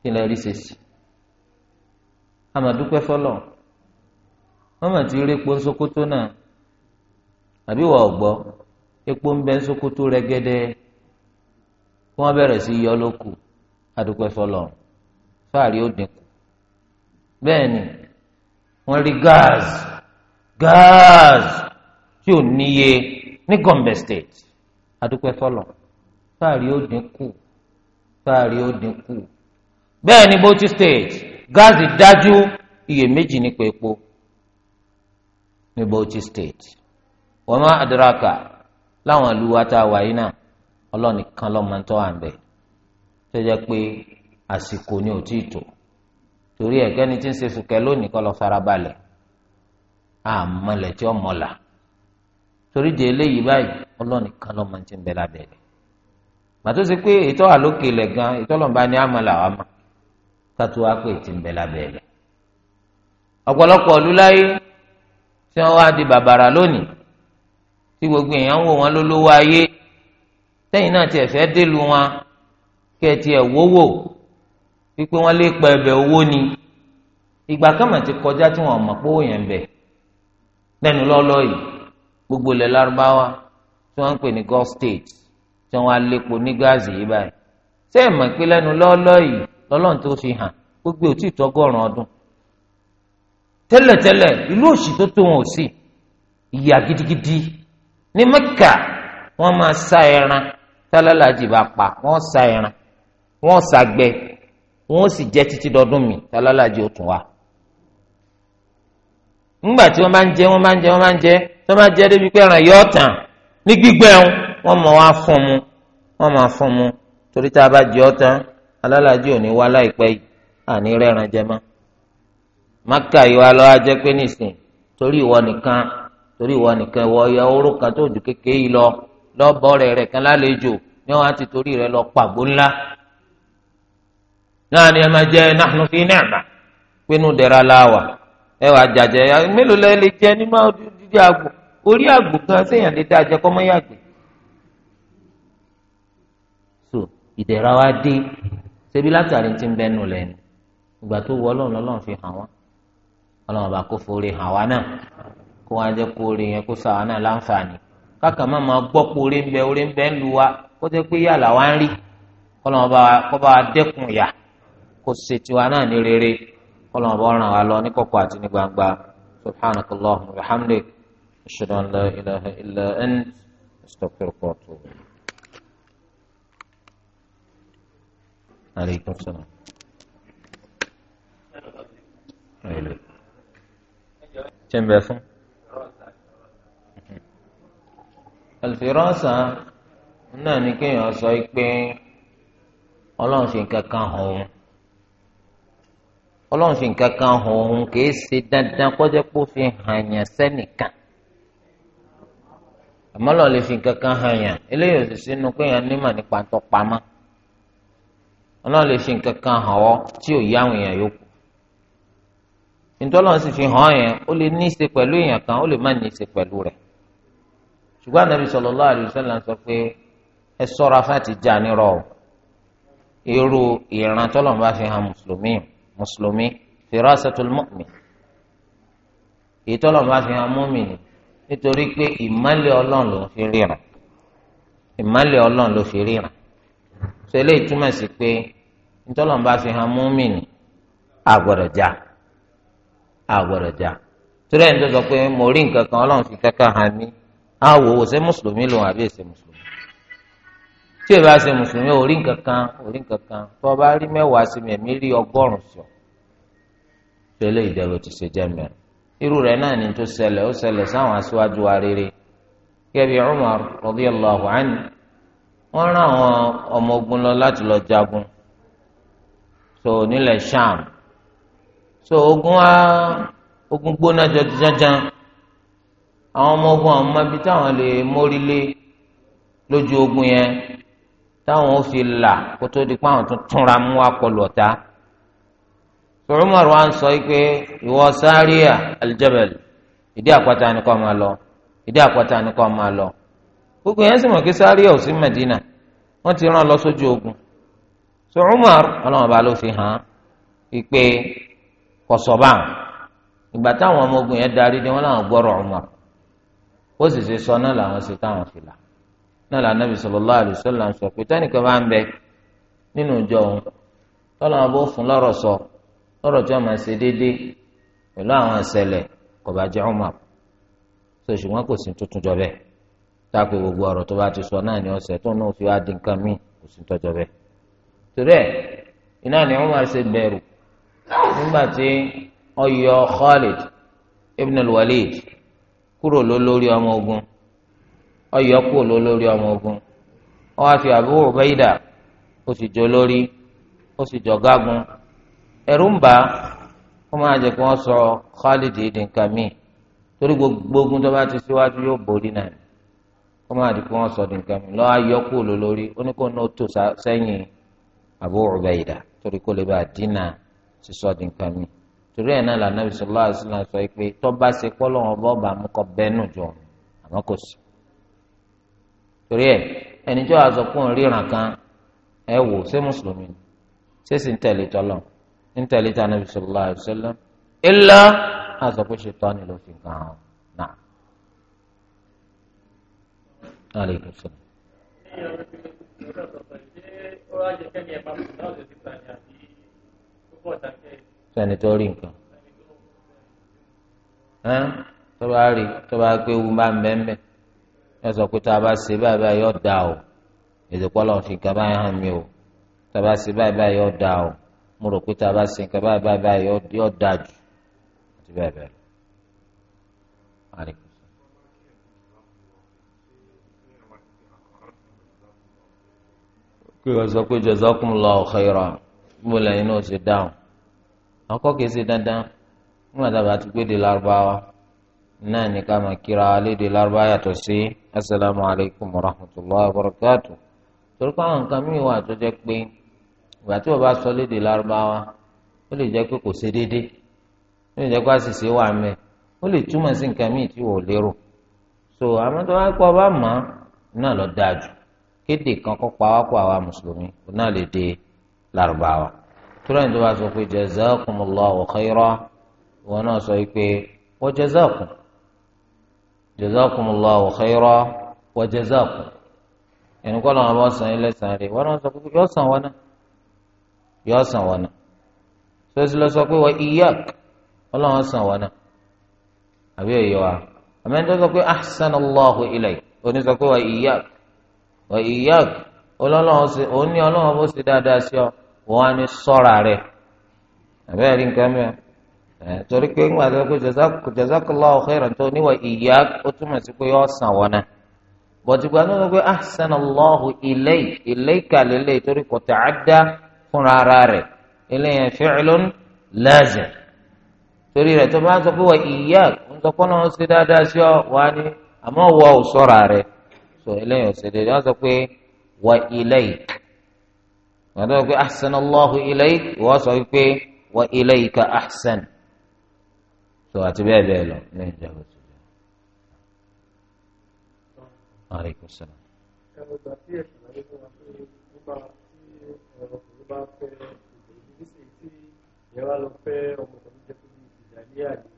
kí lè rí ṣe sí i àmàdúpẹ́ fọlọ́ mama mà ti rí epo ńsokoto náà àbí wà ọ̀gbọ́ epo ń bẹ ńsokoto rẹ́gẹ́dẹ́ kí wọ́n bẹ̀rẹ̀ sí yọ lóko àdúpẹ́ fọlọ́ fáàrí ó dínkù bẹ́ẹ̀ ni wọ́n rí gáàsì gáàsì tí ò níye ní Gombe state àdúpẹ́ fọlọ́ fáàrí ó dínkù fáàrí ó dínkù bẹ́ẹ̀ ni Bauchi state daju iye iyèméjì ni epo ní Bauchi state wọ́n adaraka, àdúràkà láwọn ìlú wa tá a wà yìí náà ọlọ́ọ̀nì kan lọ́mọ tó wà ń pé àsìkò ni ò tí ì tó torí ẹ̀gẹ́ni tí ń ṣe fùkẹ́ lónìí kọ́ lọ farabalẹ̀ àmọ́lẹ̀ tí ó mọ̀lá torí di eléyìí báyìí ọlọ́ọ̀nì kan lọ́mọ ń bẹ lábẹ́rẹ́ màtó ṣe pé ètò àlókè lẹ̀ gan ètò ni àmọ́là wa mọ̀ kátó wá pé ti ń bẹ lábẹ́ rẹ̀ ọ̀pọ̀lọpọ̀ ọ̀lúláyé tí wọ́n wá di bàbàrà lónìí tí gbogbo èèyàn ń wò wọ́n lólówó ayé tẹ́yìn náà tiẹ̀ fẹ́ délùú wọn kí ẹ tiẹ̀ wówó wípé wọ́n lè pa ẹ̀bẹ̀ owó ni ìgbà kama ti kọjá tí wọn mọ̀ pé owó yẹn ń bẹ lẹ́nu lọ́lọ́ yìí gbogbo ilẹ̀ lárúbáwá tí wọ́n ń pè ní Gulf State tí wọ́n á lépo ní gáàsì yìí báyìí sẹ́ẹ̀ mọ̀ pé lẹ́nu lọ́lọ́ yìí lọ́lọ́run tó fi hàn gbogbo ò tí ì tọ́gọ́rùn ọdún tẹ́lẹ̀tẹ́lẹ̀ ìlú òsì tó tó wọn ò sí gidigidi ní Mẹ́kà wọ́n máa sa ẹran tálálàjì bá pa wọ́n sa ẹran wọ́n sàgbẹ wọ́n sì jẹ títí mi tálálàjì ó tún wá ńgbà tí wọ́n bá ń jẹ wọ́n bá ń wọ́n bá ń tó bá wọn ma wá fún mu alálàájì òní ní wá láìpẹ́ yìí àní rẹ́ran maka yìí lọ pé nìsín torí ìwọ nìkan torí ìwọ nìkan ìwọ kékeré yìí lọ lọ́bọ̀ rẹ̀ rẹ̀ kan lálejò ní wọ́n á ti torí rẹ̀ lọ pàgbó ńlá náà ni ẹ máa jẹ fi pinnu dẹ̀ra láwà ẹ wàá mélòó nínú dídí àgbò orí àgbò kan séèyàn lè dá so ìdẹ̀ra ṣebí látàrí ti ń bẹnu lẹ ni ìgbà tó wọ Ọlọ́run lọ́lọ́run fi hàn wá Ọlọ́run bá kó forí hàn wá náà kó wá jẹ kó orí yẹn kó sàwọn náà láǹfààní káàkà má máa gbọ́ pé orí ń bẹ orí ń bẹ ń lu wa kó jẹ pé yàrá wa ń rí kọlọ́run bá kó bá wa dẹ́kun yà kó ṣe tiwa náà ní rere kọlọ́run bá ràn wá lọ ní kọ̀kọ̀ àti ní gbangba subhanakallahumma wa bihamdik ashhadu an la ilaha illa ant astaghfiruka wa atubu ilayk. عليكم السلام كم بيفهم alfirasa náà ni kéèyàn sọ pé ọlọ́run ṣe nǹkan kan hàn òun ọlọ́run ṣe nǹkan kan hàn òun kìí ṣe dandan kọjá pé ó fi hàn yàn sẹ́nìkan àmọ́ lọ́ọ́ lè fi nǹkan kan hàn yàn eléyìí ò sì sínú kéèyàn nímọ̀ nípa tó pamọ́ ọlọ́run lè fi nǹkan kan hàn ọ́ tí ò yí àwọn èèyàn yòókù ntọ́lọ́run sì fi hàn yẹn ó lè ní í ṣe pẹ̀lú èèyàn kan ó lè má ní í ṣe pẹ̀lú rẹ̀ ṣùgbọ́n anabi sallallahu alaihi wasallam sọ pé ẹ sọ́ra fáti já nírọ̀ o irú ìran tọ́lọ́run bá fi hàn mùsùlùmí mùsùlùmí firasatul mu'min èyí tọ́lọ́run bá fi hàn mu'mini nítorí pé ìmọ̀lẹ̀ ọlọ́run ló fi ríran so eléyìí túmọ̀ sí pé ntọ́lọ́mbà fi hàn múmìnì àgbọ̀dọ̀já àgbọ̀dọ̀já torí ẹni tó pé mo rí nǹkan kan ọlọ́run fi kẹ́kẹ́ hàn mí àwò wò ṣé mùsùlùmí lòun àbí èsè mùsùlùmí tí èbá ṣe mùsùlùmí nǹkan kan nǹkan kan tó o bá rí mẹ́wàá sí mi èmi rí ọgọ́rùn-ún sọ eléyìí ti ṣe jẹ́ mẹ́rin irú rẹ̀ náà ni tó ṣẹlẹ̀ ó ṣẹlẹ̀ sáwọn aṣáájú wa rere gẹ́gẹ́ bí Umar wọ́n rán àwọn ọmọ ogun lọ láti lọ jagun so nílẹ̀ sham so ogun á ogun gbóná jọjọjọjọ àwọn ọmọ ogun àwọn ọmọ ibi táwọn lè mórí lé lójú ogun yẹn táwọn ò fi là kó tó di pé àwọn tún túnra mú akọlù ọ̀tá so Umar wa ń sọ pé ìwọ sáríà aljabal ìdí àpáta ni kò máa lọ ìdí àpáta ni kò máa lọ gbogbo yẹn sì mọ̀ kí sáríà ò sí Mẹdínà wọ́n ti rán lọ sójú ogun so Umar ọlọ́run ọba ló fi hàn án ìpè kọ̀sọ̀bà ìgbà táwọn ọmọ ogun yẹn darí ni wọ́n láwọn gbọ́rọ̀ Umar ó sì ṣe sọ náà làwọn ṣe táwọn fi náà làwọn nàbì sallallahu alaihi wasallam sọ pé tẹ́nìkan bá ń bẹ nínú ìjọ òun tọ́lọ́wọ́n bó fún lọ́rọ̀ sọ lọ́rọ̀ tí wọ́n máa ṣe déédéé pẹ̀lú àwọn ìṣẹ̀lẹ̀ kọ̀bàjẹ́ Umar so ṣùgbọ́n kò sí tuntun jọ bẹ́ẹ̀ táàpù gbogbo ọ̀rọ̀ tó bá ti sọ náà ní ọ̀sẹ̀ tó náà fi wá di nǹkan míì kò sí tọ́jọ́ bẹ́ẹ̀. torí ẹ̀ iná ni Umar ṣe bẹ̀rù nígbà tí ọyọ Khalid ibn al-Walid kúrò lólórí ọmọ ogun ọyọ kúrò lólórí ọmọ ogun ó wá fi Abu Ubaida ó sì jọ lórí ó sì jọ gágun ẹ̀rù ń bà ó máa jẹ́ kí wọ́n sọ Khalid di nǹkan míì torí gbogbo ogun tó bá ti síwájú yóò borí náà kó má di pé wọ́n sọ nǹkan mi lọ́wọ́ ayọ́kù lólórí ó ní kó ní ó tò sẹ́yìn Abu Ubaida torí kó lè bá a dínà sísọ nǹkan mi torí ẹ̀ náà lànàbì sallallahu alaihi wasallam sọ pé tọ́ba ṣe pọ́lọ́wọ́n bọ́ọ̀bà mú kọ bẹ́ẹ̀nù jọ àmọ́ kò sí. torí ẹ ẹni tí wàá sọ ríran kan ẹ wò ṣé mùsùlùmí ni ṣé sì ń tẹ̀lé tọ́lọ̀ ń tẹ̀lé tànàbì sallallahu alaihi wasallam illa àsọ̀kú ṣe tọ́ni ló fi kàn án. aleykum sọ. sẹ́ni tó rí nǹkan tó bá rí tó bá pé ewu máa ń bẹ́ẹ̀ yóò sọ pé tá a bá ṣe báyìí báyìí yóò dáa o èdè pọ́lọ́ fi nǹkan báyìí hàn mí o tá a bá ṣe báyìí báyìí yóò dáa o mo rò pé tá a bá ṣe nǹkan báyìí báyìí yóò dáa jù àti bẹ́ẹ̀ bẹ́ẹ̀ pé wọ́n sọ pé jazakumullahu khairan níbo lẹ́yìn náà ṣe dáhùn àkọ́kọ́ kìí ṣe dandan nígbà tábà ti gbé de lárúbáwá náà ní ká máa kíra léde lárúbáwá yàtọ̀ sí asalaamu alaykum wa rahmatulahi wa barakatu torí pé àwọn nǹkan míì wà tó jẹ́ pé ìgbà tí wọ́n bá sọ léde lárúbáwá ó lè jẹ́ pé kò ṣe déédéé ó lè jẹ́ pé àṣìṣe wà mẹ́ẹ̀ ó lè túmọ̀ sí nǹkan míì tí wò lérò so àmọ́ tó wá pọ̀ bá mọ̀ náà lọ dáa jù kéde kan kó pawápọ̀ àwa mùsùlùmí kò náà lè dé lárúbáwá tura ní tó bá sọ pé jazakumullahu khaira ìwọ náà sọ pé wa jazakum jazakumullahu khaira wa jazakum ẹni kọ́ làwọn bá san ilé san rè wọ́n náà sọ pé yọ san wọn náà yọ san wọn náà sọ́sì lọ sọ pé wa iyyak ọlọ́wọ́n san wọn náà àbí ẹ̀yọ́ wa àmẹ́ńtọ́ sọ pé ahsanallahu ilayk oní sọ pé wa iyyak wa iyyak ọlọ́lọ́wọ́ ṣe òun ní ọlọ́wọ́ bó ṣe dáadáa sí ọ wọ́n á ní sọ́ra rẹ̀ àbẹ́rẹ́ rí nǹkan mẹ́rin torí pé ń gbàdúrà pé jazakallahu khairan tó níwà iyyak ó túmọ̀ sí pé yọ sàn wọn náà bọ̀dùgbà náà wọ́n pé ahsanallahu ilayk ilayka lélẹ̀ torí kò tẹ̀ á fúnra ara rẹ̀ eléyẹn fi'lun lazim torí rẹ̀ tó bá ń sọ pé wà iyyak ń sọ so eléyìí ò ṣe déédéé wọ́n sọ pé wa ilayk wọ́n sọ pé ahsan allahu ilayk wọ́n sọ pé wa ilayka ahsan so àti bẹ́ẹ̀ bẹ́ẹ̀ lọ lẹ́yìn ìjọba tó jẹ́ aleykum salaam. ìyẹn lọ fẹ́ ọmọ kan jẹ́ fún ìdílé àdé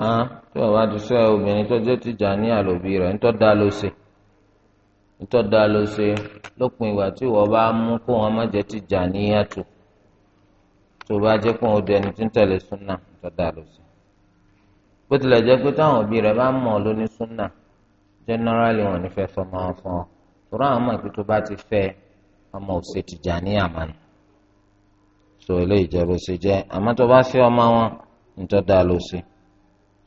hàn tí bàbá ti sọ obìnrin tó jẹ́ tìjà ní àlòbí rẹ̀ ńtọ́ da ló ṣe ńtọ́ da ló ṣe lópin ìgbà tí ìwọ bá mú kó wọn má jẹ́ tìjà ní yàtọ̀ tó bá jẹ́ pé òun dẹni tí ń tẹ̀lé súnà ńtọ́ da ló ṣe bó tilẹ̀ jẹ́ pé táwọn òbí rẹ̀ bá mọ̀ ọ́ lóní súnà generally wọn ní fọmọ fún ọ tòrọ àwọn ọmọ ìpín tó bá ti fẹ́ ọmọ òsè tìjà ní àmàlà so eléyìí jẹ́ bó ṣe jẹ́ àmọ́ tó bá fẹ́ ọmọ wọn ńtọ́ da ló ṣe.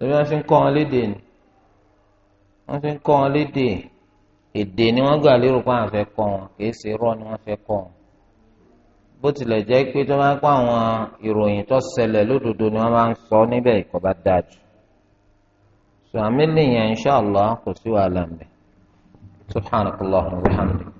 ebe wọ́n fi ń kọ́ wọn lédè ni wọ́n fi ń kọ́ wọn lédè èdè ni wọ́n gbà lérò pé àwọn fẹ́ kọ́ wọn kìí ṣe ni wọ́n fẹ́ kọ́ wọn bó tilẹ̀ jẹ́ pé tó máa ń kọ́ àwọn ìròyìn tó ni wọ́n máa ń sọ níbẹ̀ ìkọ́ bá kò sí wàhálà wa